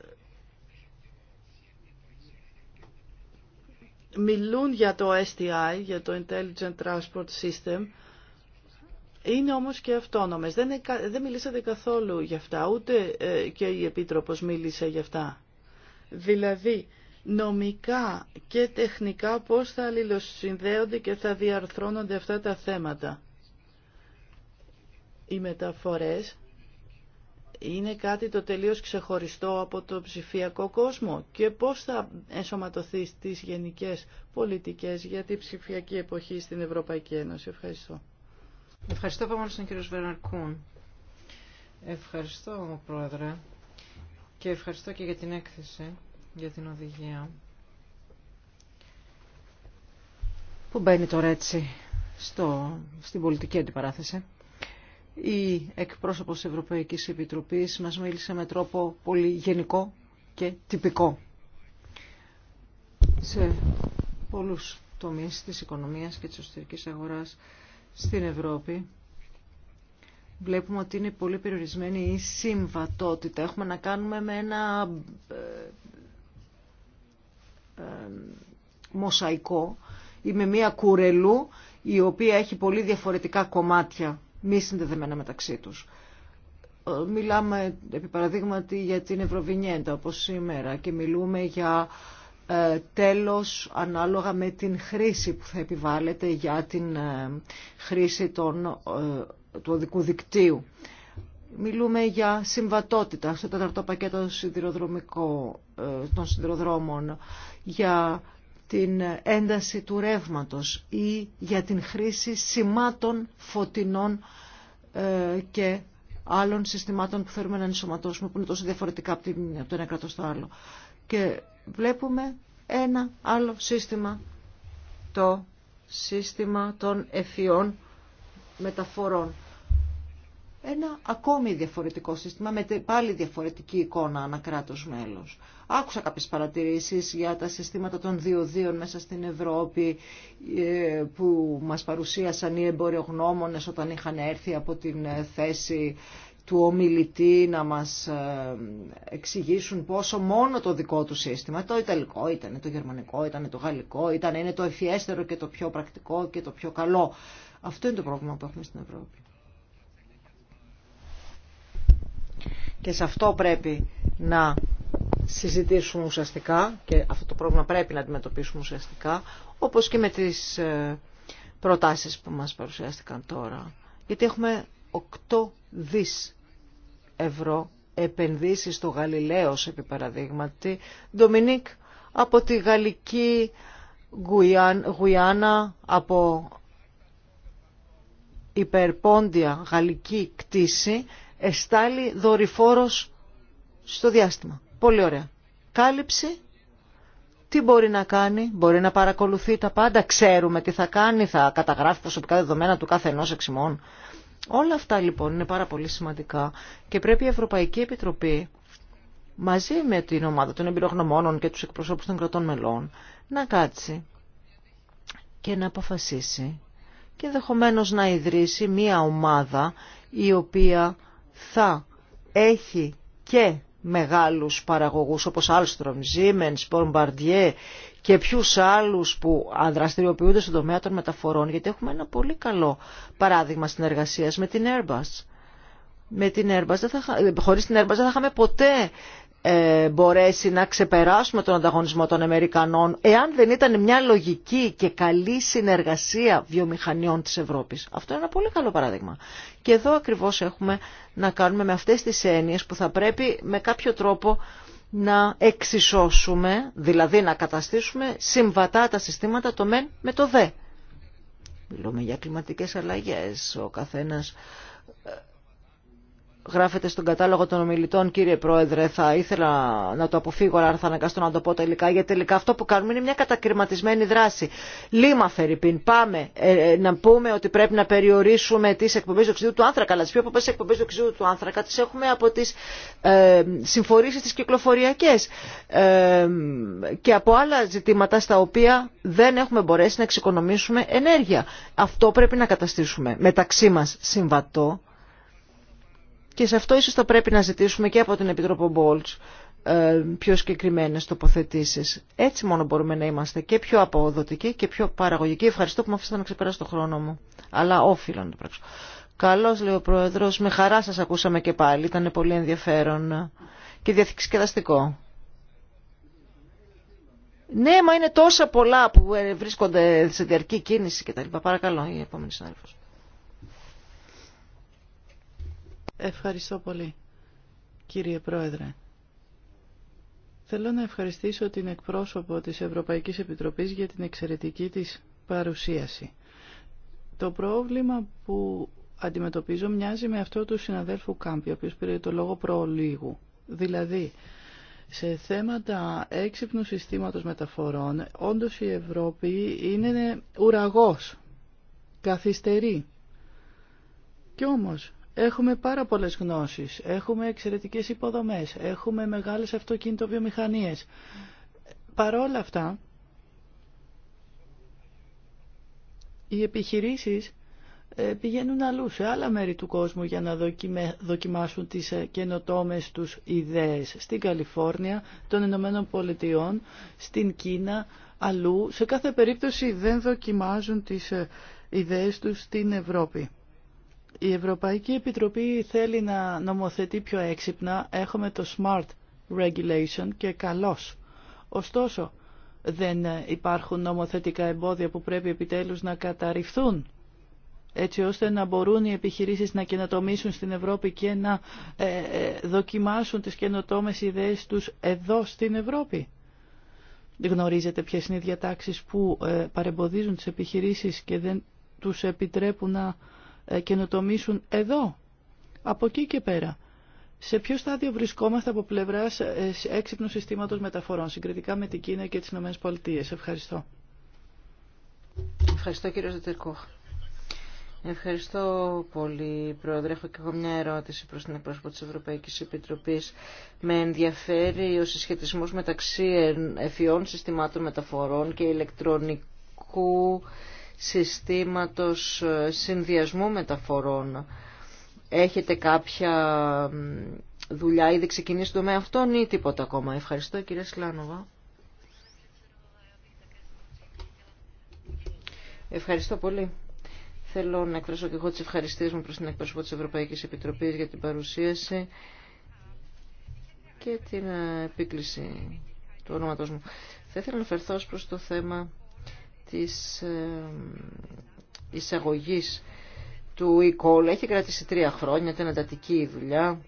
Speaker 2: μιλούν για το STI, για το Intelligent Transport System, είναι όμως και αυτόνομες. Δεν, δεν μιλήσατε καθόλου για αυτά, ούτε ε, και η Επίτροπος μίλησε για αυτά. Δηλαδή, νομικά και τεχνικά πώς θα αλληλοσυνδέονται και θα διαρθρώνονται αυτά τα θέματα. Οι μεταφορές είναι κάτι το τελείως ξεχωριστό από το ψηφιακό κόσμο και πώς θα ενσωματωθεί στις γενικές πολιτικές για την ψηφιακή εποχή στην Ευρωπαϊκή Ένωση. Ευχαριστώ.
Speaker 1: Ευχαριστώ πάμε τον κύριο Ευχαριστώ, Πρόεδρε και ευχαριστώ και για την έκθεση, για την οδηγία που μπαίνει τώρα έτσι στο, στην πολιτική αντιπαράθεση. Η εκπρόσωπος της Ευρωπαϊκής Επιτροπής μας μίλησε με τρόπο πολύ γενικό και τυπικό σε πολλούς τομείς της οικονομίας και της εσωτερικής αγοράς στην Ευρώπη βλέπουμε ότι είναι πολύ περιορισμένη η συμβατότητα. Έχουμε να κάνουμε με ένα ε, ε, μοσαϊκό ή με μία κουρελού η οποία έχει πολύ διαφορετικά κομμάτια μη συνδεδεμένα μεταξύ τους. Ε, μιλάμε επί παραδείγματι για την Ευρωβινιέντα όπως σήμερα και μιλούμε για τέλος ανάλογα με την χρήση που θα επιβάλλεται για την χρήση των του οδικού δικτύου. Μιλούμε για συμβατότητα στο τέταρτο πακέτο σιδηροδρομικό, ε, των σιδηροδρόμων, για την ένταση του ρεύματος ή για την χρήση σημάτων φωτεινών ε, και άλλων συστημάτων που θέλουμε να ενσωματώσουμε που είναι τόσο διαφορετικά από, την, το ένα κράτος στο άλλο. Και βλέπουμε ένα άλλο σύστημα, το σύστημα των εφιών μεταφορών. Ένα ακόμη διαφορετικό σύστημα με πάλι διαφορετική εικόνα κράτος μέλος. Άκουσα κάποιες παρατηρήσεις για τα συστήματα των διοδίων μέσα στην Ευρώπη ε, που μας παρουσίασαν οι εμπορογνώμονες όταν είχαν έρθει από την ε, θέση του ομιλητή να μας ε, εξηγήσουν πόσο μόνο το δικό του σύστημα, το ιταλικό ήταν, το γερμανικό ήταν, το γαλλικό ήταν, είναι το ευφιέστερο και το πιο πρακτικό και το πιο καλό αυτό είναι το πρόβλημα που έχουμε στην Ευρώπη. Και σε αυτό πρέπει να συζητήσουμε ουσιαστικά και αυτό το πρόβλημα πρέπει να αντιμετωπίσουμε ουσιαστικά όπως και με τις ε, προτάσεις που μας παρουσιάστηκαν τώρα. Γιατί έχουμε 8 δις ευρώ επενδύσεις στο Γαλιλαίος επί παραδείγματι. Ντομινίκ από τη Γαλλική Γουιάν, Γουιάννα, από υπερπόντια γαλλική κτήση εστάλει δορυφόρος στο διάστημα. Πολύ ωραία. Κάλυψη. Τι μπορεί να κάνει, μπορεί να παρακολουθεί τα πάντα, ξέρουμε τι θα κάνει, θα καταγράφει προσωπικά δεδομένα του κάθε ενός εξημών. Όλα αυτά λοιπόν είναι πάρα πολύ σημαντικά και πρέπει η Ευρωπαϊκή Επιτροπή μαζί με την ομάδα των εμπειρογνωμόνων και τους εκπροσώπους των κρατών μελών να κάτσει και να αποφασίσει και ενδεχομένω να ιδρύσει μία ομάδα η οποία θα έχει και μεγάλους παραγωγούς όπως Alstrom, Siemens, Bombardier και ποιου άλλους που δραστηριοποιούνται στον τομέα των μεταφορών γιατί έχουμε ένα πολύ καλό παράδειγμα συνεργασίας με την Airbus. Με την Airbus δεν θα, χωρίς την Airbus δεν θα είχαμε ποτέ ε, μπορέσει να ξεπεράσουμε τον ανταγωνισμό των Αμερικανών εάν δεν ήταν μια λογική και καλή συνεργασία βιομηχανιών της Ευρώπης. Αυτό είναι ένα πολύ καλό παράδειγμα. Και εδώ ακριβώς έχουμε να κάνουμε με αυτές τις έννοιες που θα πρέπει με κάποιο τρόπο να εξισώσουμε, δηλαδή να καταστήσουμε συμβατά τα συστήματα το μεν με το δε. Μιλούμε για κλιματικές αλλαγές, ο καθένας Γράφεται στον κατάλογο των ομιλητών, κύριε Πρόεδρε, θα ήθελα να το αποφύγω, αλλά θα αναγκαστώ να το πω τελικά, γιατί τελικά αυτό που κάνουμε είναι μια κατακριματισμένη δράση. Λίμα, Φερρυπίν, πάμε ε, ε, να πούμε ότι πρέπει να περιορίσουμε τι εκπομπέ οξυδίου του άνθρακα, αλλά τι πιο πολλέ εκπομπέ οξυδίου του άνθρακα τι έχουμε από τι ε, συμφορήσει τι κυκλοφοριακέ ε, και από άλλα ζητήματα στα οποία δεν έχουμε μπορέσει να εξοικονομήσουμε ενέργεια. Αυτό πρέπει να καταστήσουμε μεταξύ μα συμβατό και σε αυτό ίσως θα πρέπει να ζητήσουμε και από την Επίτροπο Μπόλτς ε, πιο συγκεκριμένες τοποθετήσεις. Έτσι μόνο μπορούμε να είμαστε και πιο αποδοτικοί και πιο παραγωγικοί. Ευχαριστώ που με αφήσατε να ξεπεράσω το χρόνο μου. Αλλά όφιλα να το πράξω. Καλώς λέει ο Πρόεδρος. Με χαρά σας ακούσαμε και πάλι. Ήταν πολύ ενδιαφέρον και διαθυξικεδαστικό. Ναι, μα είναι τόσα πολλά που ε, βρίσκονται σε διαρκή κίνηση κτλ. Παρακαλώ, η επόμενη συνάδελφος.
Speaker 2: Ευχαριστώ πολύ, κύριε Πρόεδρε. Θέλω να ευχαριστήσω την εκπρόσωπο της Ευρωπαϊκής Επιτροπής για την εξαιρετική της παρουσίαση. Το πρόβλημα που αντιμετωπίζω μοιάζει με αυτό του συναδέλφου Κάμπη, ο οποίος πήρε το λόγο προλίγου. Δηλαδή, σε θέματα έξυπνου συστήματος μεταφορών, όντως η Ευρώπη είναι ουραγός, καθυστερή. Κι όμως, Έχουμε πάρα πολλές γνώσεις, έχουμε εξαιρετικές υποδομές, έχουμε μεγάλες αυτοκινητοβιομηχανίες. Παρόλα αυτά, οι επιχειρήσεις ε, πηγαίνουν αλλού σε άλλα μέρη του κόσμου για να δοκιμάσουν τις ε, καινοτόμες τους ιδέες στην Καλιφόρνια, των Ηνωμένων Πολιτειών, στην Κίνα, αλλού. Σε κάθε περίπτωση δεν δοκιμάζουν τις ε, ιδέες τους στην Ευρώπη. Η Ευρωπαϊκή Επιτροπή θέλει να νομοθετεί πιο έξυπνα. Έχουμε το Smart Regulation και καλώς. Ωστόσο, δεν υπάρχουν νομοθετικά εμπόδια που πρέπει επιτέλους να καταρριφθούν έτσι ώστε να μπορούν οι επιχειρήσεις να καινοτομήσουν στην Ευρώπη και να ε, ε, δοκιμάσουν τις καινοτόμες ιδέες τους εδώ στην Ευρώπη. Γνωρίζετε ποιες είναι οι διατάξεις που ε, παρεμποδίζουν τις επιχειρήσεις και δεν τους επιτρέπουν να ε, καινοτομήσουν εδώ, από εκεί και πέρα. Σε ποιο στάδιο βρισκόμαστε από πλευρά ε, έξυπνου συστήματο μεταφορών συγκριτικά με την Κίνα και τι ΗΠΑ. Ευχαριστώ. Ευχαριστώ κύριε Ζετερκόχ.
Speaker 1: Ευχαριστώ πολύ, Πρόεδρε. Έχω και εγώ μια ερώτηση προς την εκπρόσωπο της Ευρωπαϊκής Επιτροπής. Με ενδιαφέρει ο συσχετισμός μεταξύ εφιών συστημάτων μεταφορών και ηλεκτρονικού συστήματος συνδυασμού μεταφορών. Έχετε κάποια δουλειά ήδη ξεκινήσει το με αυτόν ή τίποτα ακόμα. Ευχαριστώ κύριε Σλάνοβα. Ευχαριστώ πολύ. Θέλω να εκφράσω και εγώ τις ευχαριστίες μου προς την εκπρόσωπο της Ευρωπαϊκής Επιτροπής για την παρουσίαση και την ε, επίκληση του ονόματός μου. Θα ήθελα να φερθώ προς το θέμα της ε, εισαγωγής του e-call. Έχει κρατήσει τρία χρόνια, ήταν εντατική η δουλειά.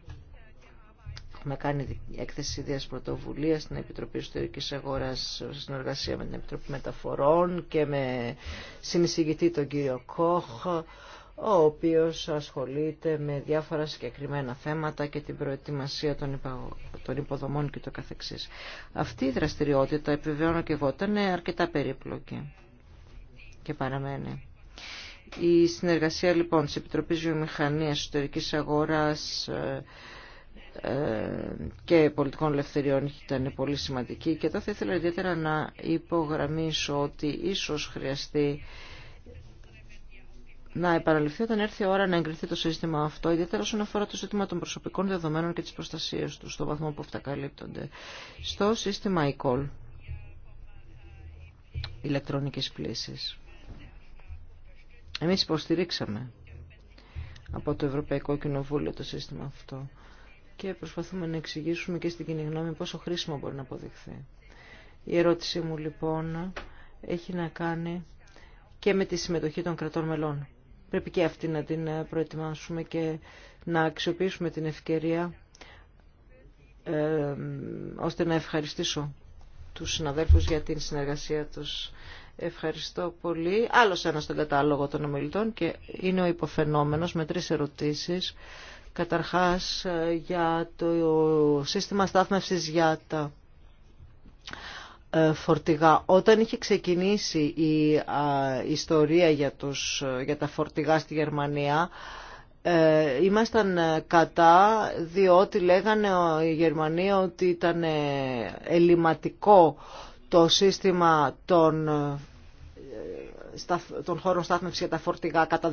Speaker 1: Έχουμε κάνει έκθεση ιδέας πρωτοβουλία στην Επιτροπή Ιστορικής Αγοράς σε συνεργασία με την Επιτροπή Μεταφορών και με συνεισηγητή τον κύριο Κόχ ο οποίος ασχολείται με διάφορα συγκεκριμένα θέματα και την προετοιμασία των υποδομών και το καθεξής. Αυτή η δραστηριότητα, επιβεβαιώνω και εγώ, ήταν αρκετά περίπλοκη και παραμένει. Η συνεργασία λοιπόν της Επιτροπής Βιομηχανίας, Εσωτερικής Αγοράς ε, ε, και πολιτικών ελευθεριών ήταν πολύ σημαντική και εδώ θα ήθελα ιδιαίτερα να υπογραμμίσω ότι ίσως χρειαστεί να επαναληφθεί όταν έρθει η ώρα να εγκριθεί το σύστημα αυτό, ιδιαίτερα όσον αφορά το ζήτημα των προσωπικών δεδομένων και τη προστασία του, στον βαθμό που αυτά καλύπτονται, στο σύστημα e-call ηλεκτρονικής πλήσης. Εμείς υποστηρίξαμε από το Ευρωπαϊκό Κοινοβούλιο το σύστημα αυτό και προσπαθούμε να εξηγήσουμε και στην κοινή γνώμη πόσο χρήσιμο μπορεί να αποδειχθεί. Η ερώτησή μου λοιπόν έχει να κάνει και με τη συμμετοχή των κρατών μελών. Πρέπει και αυτή να την προετοιμάσουμε και να αξιοποιήσουμε την ευκαιρία ώστε να ευχαριστήσω τους συναδέλφους για την συνεργασία τους Ευχαριστώ πολύ. Άλλος ένας στον κατάλογο των ομιλητών και είναι ο υποφαινόμενος με τρεις ερωτήσεις. Καταρχάς ε, για το σύστημα στάθμευσης για τα ε, φορτηγά. Όταν είχε ξεκινήσει η ιστορία για, τους, για τα φορτηγά στη Γερμανία, ε, ήμασταν κατά διότι λέγανε η Γερμανία ότι ήταν ελληματικό το σύστημα των των χώρων στάθμευση για τα φορτηγά κατά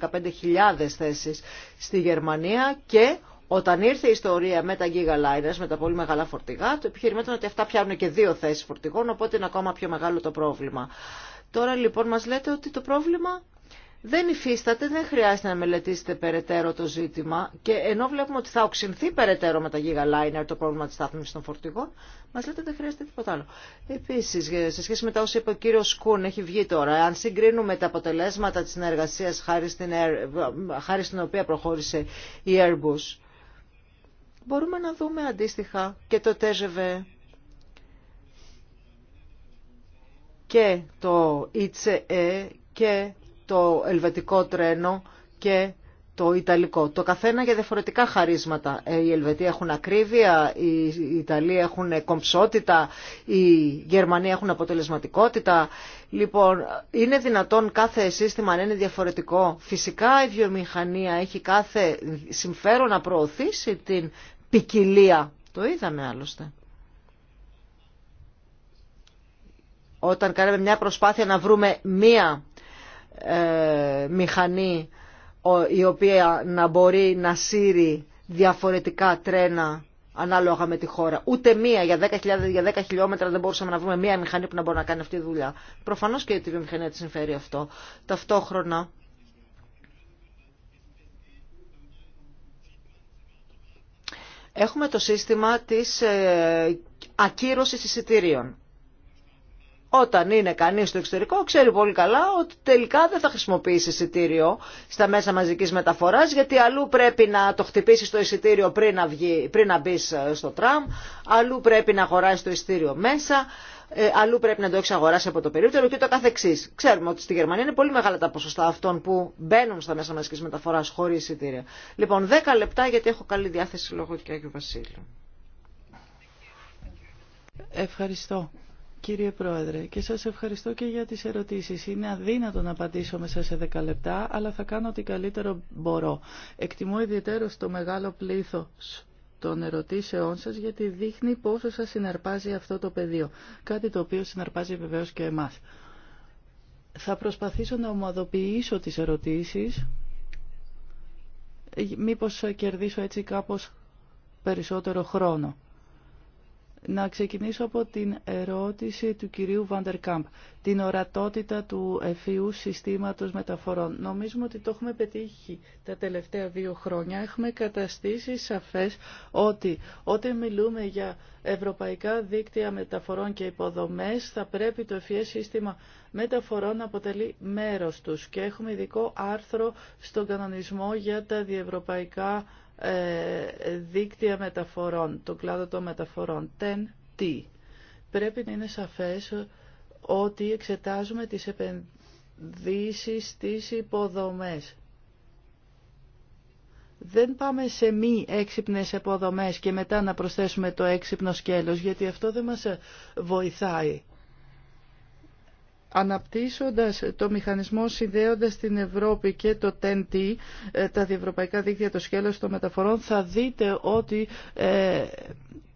Speaker 1: 14-15 θέσεις στη Γερμανία και όταν ήρθε η ιστορία με τα gigaliners, με τα πολύ μεγάλα φορτηγά, το επιχείρημα ήταν ότι αυτά πιάνουν και δύο θέσεις φορτηγών, οπότε είναι ακόμα πιο μεγάλο το πρόβλημα. Τώρα λοιπόν μας λέτε ότι το πρόβλημα δεν υφίσταται, δεν χρειάζεται να μελετήσετε περαιτέρω το ζήτημα και ενώ βλέπουμε ότι θα οξυνθεί περαιτέρω με τα γίγα το πρόβλημα της στάθμισης των φορτηγών, μας λέτε δεν χρειάζεται τίποτα άλλο. Επίσης, σε σχέση με τα όσα είπε ο κύριος Κούν, έχει βγει τώρα, αν συγκρίνουμε τα αποτελέσματα της συνεργασίας χάρη στην, Air, στην οποία προχώρησε η Airbus, μπορούμε να δούμε αντίστοιχα και το TGV και το ICE και το ελβετικό τρένο και το Ιταλικό. Το καθένα για διαφορετικά χαρίσματα. Ε, οι Ελβετοί έχουν ακρίβεια, οι Ιταλοί έχουν κομψότητα, οι Γερμανοί έχουν αποτελεσματικότητα. Λοιπόν, είναι δυνατόν κάθε σύστημα να είναι διαφορετικό. Φυσικά η βιομηχανία έχει κάθε συμφέρον να προωθήσει την ποικιλία. Το είδαμε άλλωστε. Όταν κάναμε μια προσπάθεια να βρούμε μία ε, μηχανή η οποία να μπορεί να σύρει διαφορετικά τρένα ανάλογα με τη χώρα. Ούτε μία για 10.000, για 10 χιλιόμετρα δεν μπορούσαμε να βρούμε μία μηχανή που να μπορεί να κάνει αυτή τη δουλειά. Προφανώς και τη βιομηχανία τη συμφέρει αυτό. Ταυτόχρονα έχουμε το σύστημα της ε, ακύρωσης εισιτήριων όταν είναι κανείς στο εξωτερικό ξέρει πολύ καλά ότι τελικά δεν θα χρησιμοποιήσει εισιτήριο στα μέσα μαζικής μεταφοράς γιατί αλλού πρέπει να το χτυπήσει το εισιτήριο πριν να, βγει, πριν μπεις ε, στο τραμ, αλλού πρέπει να αγοράσει το εισιτήριο μέσα, ε, αλλού πρέπει να το έχει αγοράσει από το περίπτερο και το καθεξής. Ξέρουμε ότι στη Γερμανία είναι πολύ μεγάλα τα ποσοστά αυτών που μπαίνουν στα μέσα μαζικής μεταφοράς χωρίς εισιτήριο. Λοιπόν, 10 λεπτά γιατί έχω καλή διάθεση λόγω και Κιάκη Βασίλειου.
Speaker 2: Ευχαριστώ κύριε Πρόεδρε, και σας ευχαριστώ και για τις ερωτήσεις. Είναι αδύνατο να απαντήσω μέσα σε 10 λεπτά, αλλά θα κάνω ό,τι καλύτερο μπορώ. Εκτιμώ ιδιαίτερο το μεγάλο πλήθος των ερωτήσεών σας, γιατί δείχνει πόσο σας συναρπάζει αυτό το πεδίο. Κάτι το οποίο συναρπάζει βεβαίως και εμάς. Θα προσπαθήσω να ομαδοποιήσω τις ερωτήσεις, μήπως κερδίσω έτσι κάπως περισσότερο χρόνο. Να ξεκινήσω από την ερώτηση του κυρίου Βαντερκάμπ. Την ορατότητα του εφιού συστήματος μεταφορών. Νομίζουμε ότι το έχουμε πετύχει τα τελευταία δύο χρόνια. Έχουμε καταστήσει σαφές ότι όταν μιλούμε για ευρωπαϊκά δίκτυα μεταφορών και υποδομές θα πρέπει το ευφυές σύστημα μεταφορών να αποτελεί μέρος τους και έχουμε ειδικό άρθρο στον κανονισμό για τα διευρωπαϊκά ε, δίκτυα μεταφορών, τον κλάδο των μεταφορων τέν TEN-T. Πρέπει να είναι σαφές ότι εξετάζουμε τις επενδύσεις στις υποδομές. Δεν πάμε σε μη έξυπνες υποδομές και μετά να προσθέσουμε το έξυπνο σκέλος, γιατί αυτό δεν μας βοηθάει. Αναπτύσσοντας το μηχανισμό συνδέοντας την Ευρώπη και το ten ε, τα διευρωπαϊκά δίκτυα, το σκέλος των μεταφορών, θα δείτε ότι ε,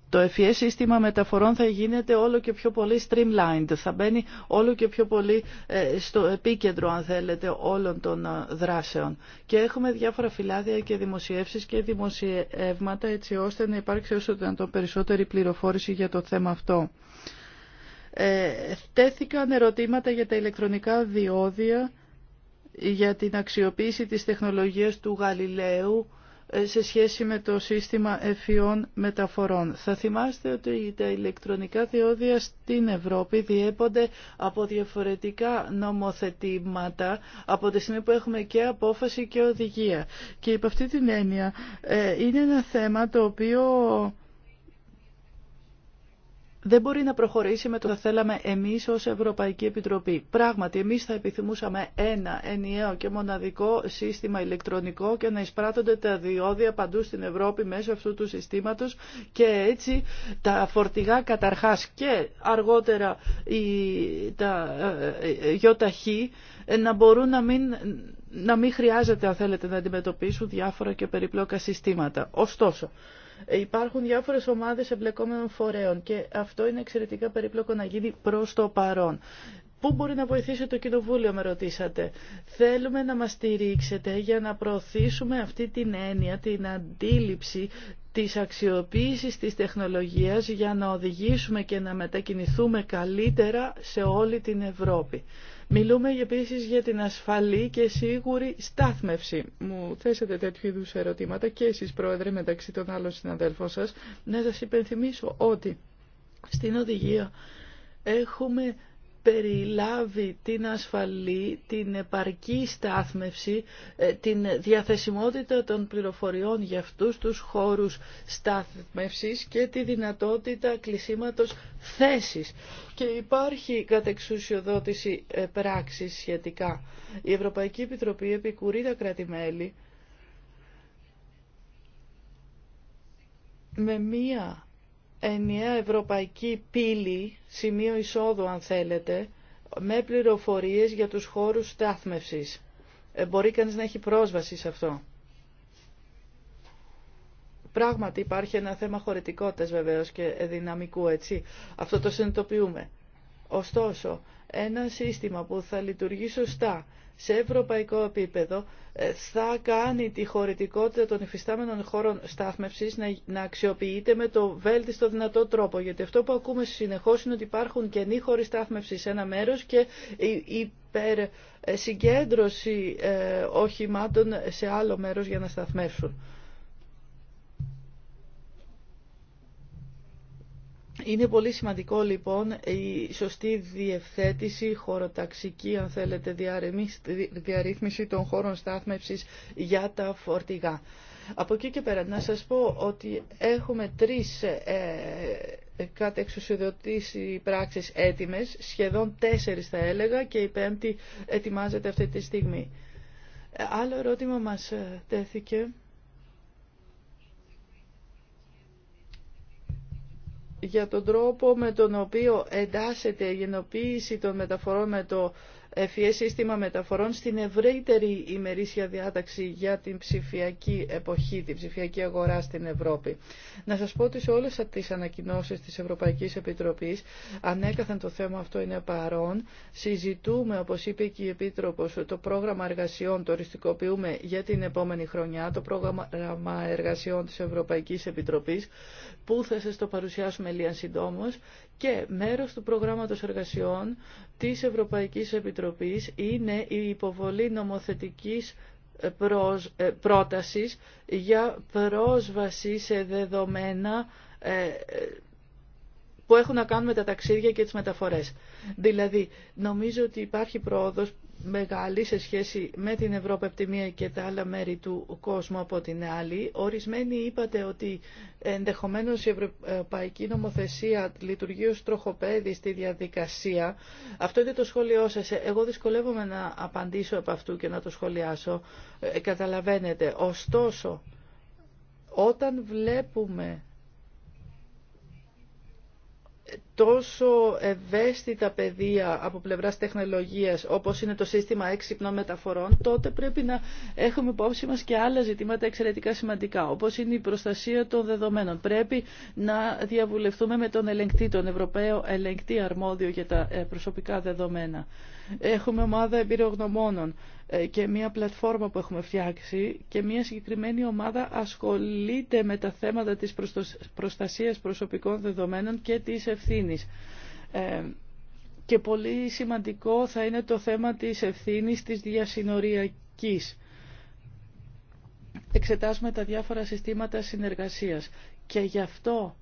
Speaker 2: το FES σύστημα μεταφορών θα γίνεται όλο και πιο πολύ streamlined, θα μπαίνει όλο και πιο πολύ ε, στο επίκεντρο, αν θέλετε, όλων των δράσεων. Και έχουμε διάφορα φυλάδια και δημοσιεύσεις και δημοσιεύματα, έτσι ώστε να υπάρξει όσο το περισσότερη πληροφόρηση για το θέμα αυτό. Ε, τέθηκαν ερωτήματα για τα ηλεκτρονικά διόδια, για την αξιοποίηση της τεχνολογίας του Γαλιλαίου ε, σε σχέση με το σύστημα εφιών μεταφορών. Θα θυμάστε ότι τα ηλεκτρονικά διόδια στην Ευρώπη διέπονται από διαφορετικά νομοθετήματα από τη στιγμή που έχουμε και απόφαση και οδηγία. Και υπ' αυτή την έννοια ε, είναι ένα θέμα το οποίο δεν μπορεί να προχωρήσει με το θα θέλαμε εμείς ως Ευρωπαϊκή Επιτροπή. Πράγματι, εμείς θα επιθυμούσαμε ένα ενιαίο και μοναδικό σύστημα ηλεκτρονικό και να εισπράττονται τα διόδια παντού στην Ευρώπη μέσω αυτού του συστήματος και έτσι τα φορτηγά καταρχάς και αργότερα η, τα γιοταχή ε, ε, ε, να μπορούν να μην να μην χρειάζεται, αν θέλετε, να αντιμετωπίσουν διάφορα και περιπλόκα συστήματα. Ωστόσο, Υπάρχουν διάφορες ομάδες εμπλεκόμενων φορέων και αυτό είναι εξαιρετικά περίπλοκο να γίνει προς το παρόν. Πού μπορεί να βοηθήσει το Κοινοβούλιο, με ρωτήσατε. Θέλουμε να μας στηρίξετε για να προωθήσουμε αυτή την έννοια, την αντίληψη της αξιοποίησης της τεχνολογίας για να οδηγήσουμε και να μετακινηθούμε καλύτερα σε όλη την Ευρώπη. Μιλούμε επίση για την ασφαλή και σίγουρη στάθμευση. Μου θέσατε τέτοιου είδου ερωτήματα και εσεί, Πρόεδρε, μεταξύ των άλλων συναδέλφων σα, να σα υπενθυμίσω ότι στην οδηγία έχουμε περιλάβει την ασφαλή, την επαρκή στάθμευση, ε, την διαθεσιμότητα των πληροφοριών για αυτούς τους χώρους στάθμευσης και τη δυνατότητα κλεισίματος θέσης. Και υπάρχει κατεξουσιοδότηση ε, πράξης σχετικά. Η Ευρωπαϊκή Επιτροπή επικουρεί τα κρατη με μία ενιαία ευρωπαϊκή πύλη, σημείο εισόδου αν θέλετε, με πληροφορίες για τους χώρους στάθμευσης. Ε, μπορεί κανείς να έχει πρόσβαση σε αυτό. Πράγματι υπάρχει ένα θέμα χωρητικότητας βεβαίως και δυναμικού, έτσι. Αυτό το συνειδητοποιούμε. Ωστόσο, ένα σύστημα που θα λειτουργεί σωστά σε ευρωπαϊκό επίπεδο ε, θα κάνει τη χωρητικότητα των υφιστάμενων χώρων στάθμευσης να, να αξιοποιείται με το βέλτιστο δυνατό τρόπο. Γιατί αυτό που ακούμε συνεχώς είναι ότι υπάρχουν καινοί χώροι στάθμευσης σε ένα μέρος και υπερσυγκέντρωση ε, οχημάτων σε άλλο μέρος για να σταθμεύσουν. Είναι πολύ σημαντικό λοιπόν η σωστή διευθέτηση, χωροταξική αν θέλετε διαρρύθμιση των χώρων στάθμευσης για τα φορτηγά. Από εκεί και πέρα να σας πω ότι έχουμε τρεις ε, ε εξουσιοδοτήσει πράξεις έτοιμες, σχεδόν τέσσερις θα έλεγα και η πέμπτη ετοιμάζεται αυτή τη στιγμή. Ε, άλλο ερώτημα μας ε, τέθηκε. για τον τρόπο με τον οποίο εντάσσεται η γενοποίηση των μεταφορών με το ΕΦΙΕ e σύστημα μεταφορών στην ευρύτερη ημερήσια διάταξη για την ψηφιακή εποχή, την ψηφιακή αγορά στην Ευρώπη. Να σας πω ότι σε όλες τις ανακοινώσεις της Ευρωπαϊκής Επιτροπής ανέκαθεν το θέμα αυτό είναι παρόν. Συζητούμε, όπως είπε και η Επίτροπος, το πρόγραμμα εργασιών, το οριστικοποιούμε για την επόμενη χρονιά, το πρόγραμμα εργασιών της Ευρωπαϊκής Επιτροπής, που θα σας το παρουσιάσουμε λίγα συντόμω και μέρος του προγράμματος εργασιών της Ευρωπαϊκής Επιτροπής είναι η υποβολή νομοθετικής ε, ε, πρότασης για πρόσβαση σε δεδομένα ε, που έχουν να κάνουν με τα ταξίδια και τις μεταφορές. Δηλαδή, νομίζω ότι υπάρχει πρόοδος μεγάλη σε σχέση με την Ευρώπη από τη μία και τα άλλα μέρη του κόσμου από την άλλη. Ορισμένοι είπατε ότι ενδεχομένως η Ευρωπαϊκή Νομοθεσία λειτουργεί ως τροχοπέδι στη διαδικασία. Αυτό είναι το σχόλιο σας. Εγώ δυσκολεύομαι να απαντήσω από αυτού και να το σχολιάσω. Ε, καταλαβαίνετε. Ωστόσο, όταν βλέπουμε τόσο ευαίσθητα πεδία από πλευράς τεχνολογίας όπως είναι το σύστημα έξυπνων μεταφορών, τότε πρέπει να έχουμε υπόψη μας και άλλα ζητήματα εξαιρετικά σημαντικά, όπως είναι η προστασία των δεδομένων. Πρέπει να διαβουλευτούμε με τον ελεγκτή, τον Ευρωπαίο ελεγκτή αρμόδιο για τα ε, προσωπικά δεδομένα. Έχουμε ομάδα εμπειρογνωμόνων ε, και μια πλατφόρμα που έχουμε φτιάξει και μια συγκεκριμένη ομάδα ασχολείται με τα θέματα της προστασίας προσωπικών δεδομένων και της ευθύνη ε, και πολύ σημαντικό θα είναι το θέμα της ευθύνης της διασυνοριακής. Εξετάζουμε τα διάφορα συστήματα συνεργασίας και γι' αυτό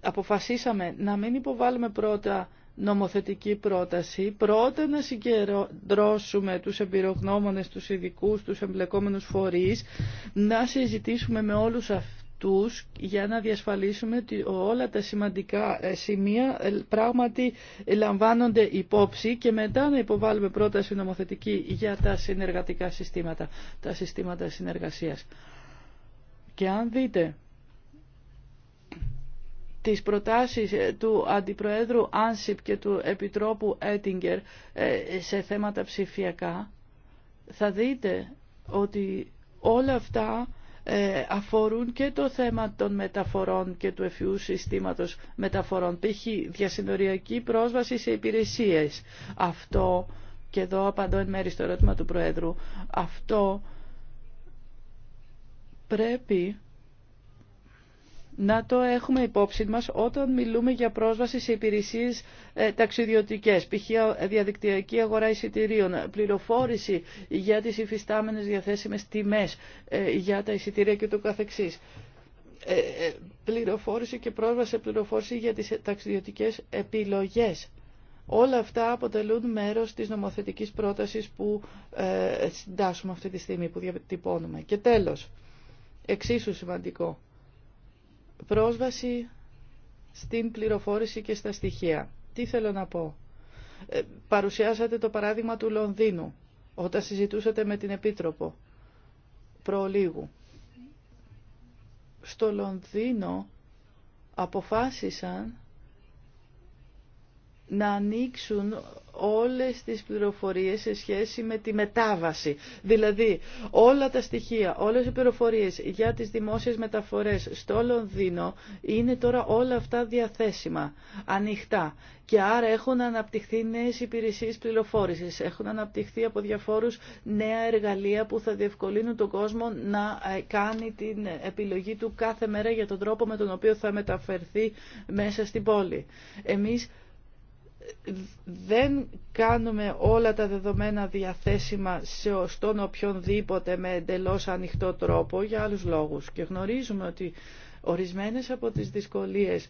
Speaker 2: αποφασίσαμε να μην υποβάλουμε πρώτα νομοθετική πρόταση, πρώτα να συγκεντρώσουμε τους εμπειρογνώμονες, τους ειδικούς, τους εμπλεκόμενους φορείς, να συζητήσουμε με όλους αυτούς τους για να διασφαλίσουμε ότι όλα τα σημαντικά ε, σημεία ε, πράγματι λαμβάνονται υπόψη και μετά να υποβάλουμε πρόταση νομοθετική για τα συνεργατικά συστήματα, τα συστήματα συνεργασίας. Και αν δείτε τις προτάσεις ε, του Αντιπροέδρου Άνσιπ και του Επιτρόπου Έτιγκερ σε θέματα ψηφιακά, θα δείτε ότι όλα αυτά ε, αφορούν και το θέμα των μεταφορών και του εφιού συστήματος μεταφορών, π.χ. διασυνοριακή πρόσβαση σε υπηρεσίες. Αυτό, και εδώ απαντώ εν μέρη στο ερώτημα του Προέδρου, αυτό πρέπει να το έχουμε υπόψη μας όταν μιλούμε για πρόσβαση σε υπηρεσίες ε, ταξιδιωτικές, π.χ. διαδικτυακή αγορά εισιτηρίων, πληροφόρηση για τις υφιστάμενες διαθέσιμες τιμές ε, για τα εισιτηρία και το καθεξής ε, πληροφόρηση και πρόσβαση σε πληροφόρηση για τις ταξιδιωτικές επιλογές. Όλα αυτά αποτελούν μέρος της νομοθετικής πρότασης που συντάσσουμε αυτή τη στιγμή, που διατυπώνουμε. Και τέλος, εξίσου σημαντικό, πρόσβαση στην πληροφόρηση και στα στοιχεία. Τι θέλω να πω. Ε, παρουσιάσατε το παράδειγμα του Λονδίνου όταν συζητούσατε με την Επίτροπο προλίγου. Στο Λονδίνο αποφάσισαν να ανοίξουν όλες τις πληροφορίες σε σχέση με τη μετάβαση. Δηλαδή όλα τα στοιχεία, όλες οι πληροφορίες για τις δημόσιες μεταφορές στο Λονδίνο είναι τώρα όλα αυτά διαθέσιμα, ανοιχτά. Και άρα έχουν αναπτυχθεί νέες υπηρεσίες πληροφόρησης, έχουν αναπτυχθεί από διαφόρους νέα εργαλεία που θα διευκολύνουν τον κόσμο να ε, κάνει την επιλογή του κάθε μέρα για τον τρόπο με τον οποίο θα μεταφερθεί μέσα στην πόλη. Εμείς δεν κάνουμε όλα τα δεδομένα διαθέσιμα σε, στον οποιονδήποτε με εντελώς ανοιχτό τρόπο για άλλους λόγους. Και γνωρίζουμε ότι ορισμένες από τις δυσκολίες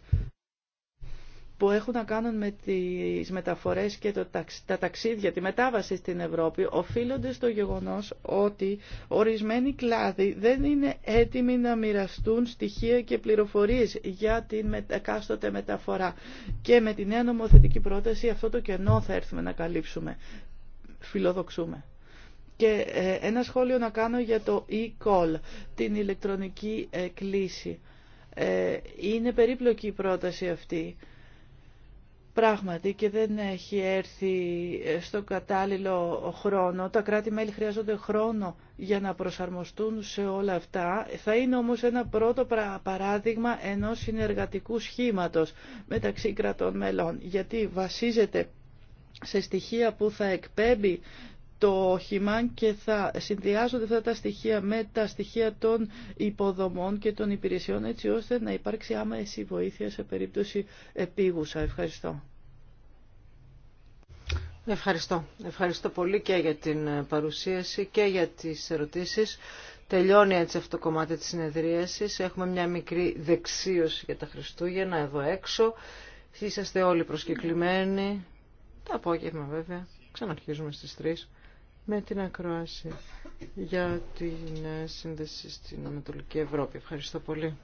Speaker 2: που έχουν να κάνουν με τις μεταφορές και το, τα ταξίδια, τη μετάβαση στην Ευρώπη, οφείλονται στο γεγονός ότι ορισμένοι κλάδοι δεν είναι έτοιμοι να μοιραστούν στοιχεία και πληροφορίες για την εκάστοτε μεταφορά. Και με τη νέα νομοθετική πρόταση αυτό το κενό θα έρθουμε να καλύψουμε. Φιλοδοξούμε. Και ε, ένα σχόλιο να κάνω για το e-call, την ηλεκτρονική ε, κλήση. Ε, είναι περίπλοκη η πρόταση αυτή Πράγματι και δεν έχει έρθει στο κατάλληλο χρόνο. Τα κράτη-μέλη χρειάζονται χρόνο για να προσαρμοστούν σε όλα αυτά. Θα είναι όμως ένα πρώτο παράδειγμα ενός συνεργατικού σχήματος μεταξύ κρατών μελών, γιατί βασίζεται σε στοιχεία που θα εκπέμπει το όχημα και θα συνδυάζονται αυτά τα στοιχεία με τα στοιχεία των υποδομών και των υπηρεσιών έτσι ώστε να υπάρξει άμεση βοήθεια σε περίπτωση επίγουσα. Ευχαριστώ.
Speaker 1: Ευχαριστώ. Ευχαριστώ πολύ και για την παρουσίαση και για τις ερωτήσεις. Τελειώνει έτσι αυτό το κομμάτι της συνεδρίασης. Έχουμε μια μικρή δεξίωση για τα Χριστούγεννα εδώ έξω. Είσαστε όλοι προσκεκλημένοι. Τα απόγευμα βέβαια. Ξαναρχίζουμε στις 3 με την ακρόαση για την σύνδεση στην Ανατολική Ευρώπη. Ευχαριστώ πολύ.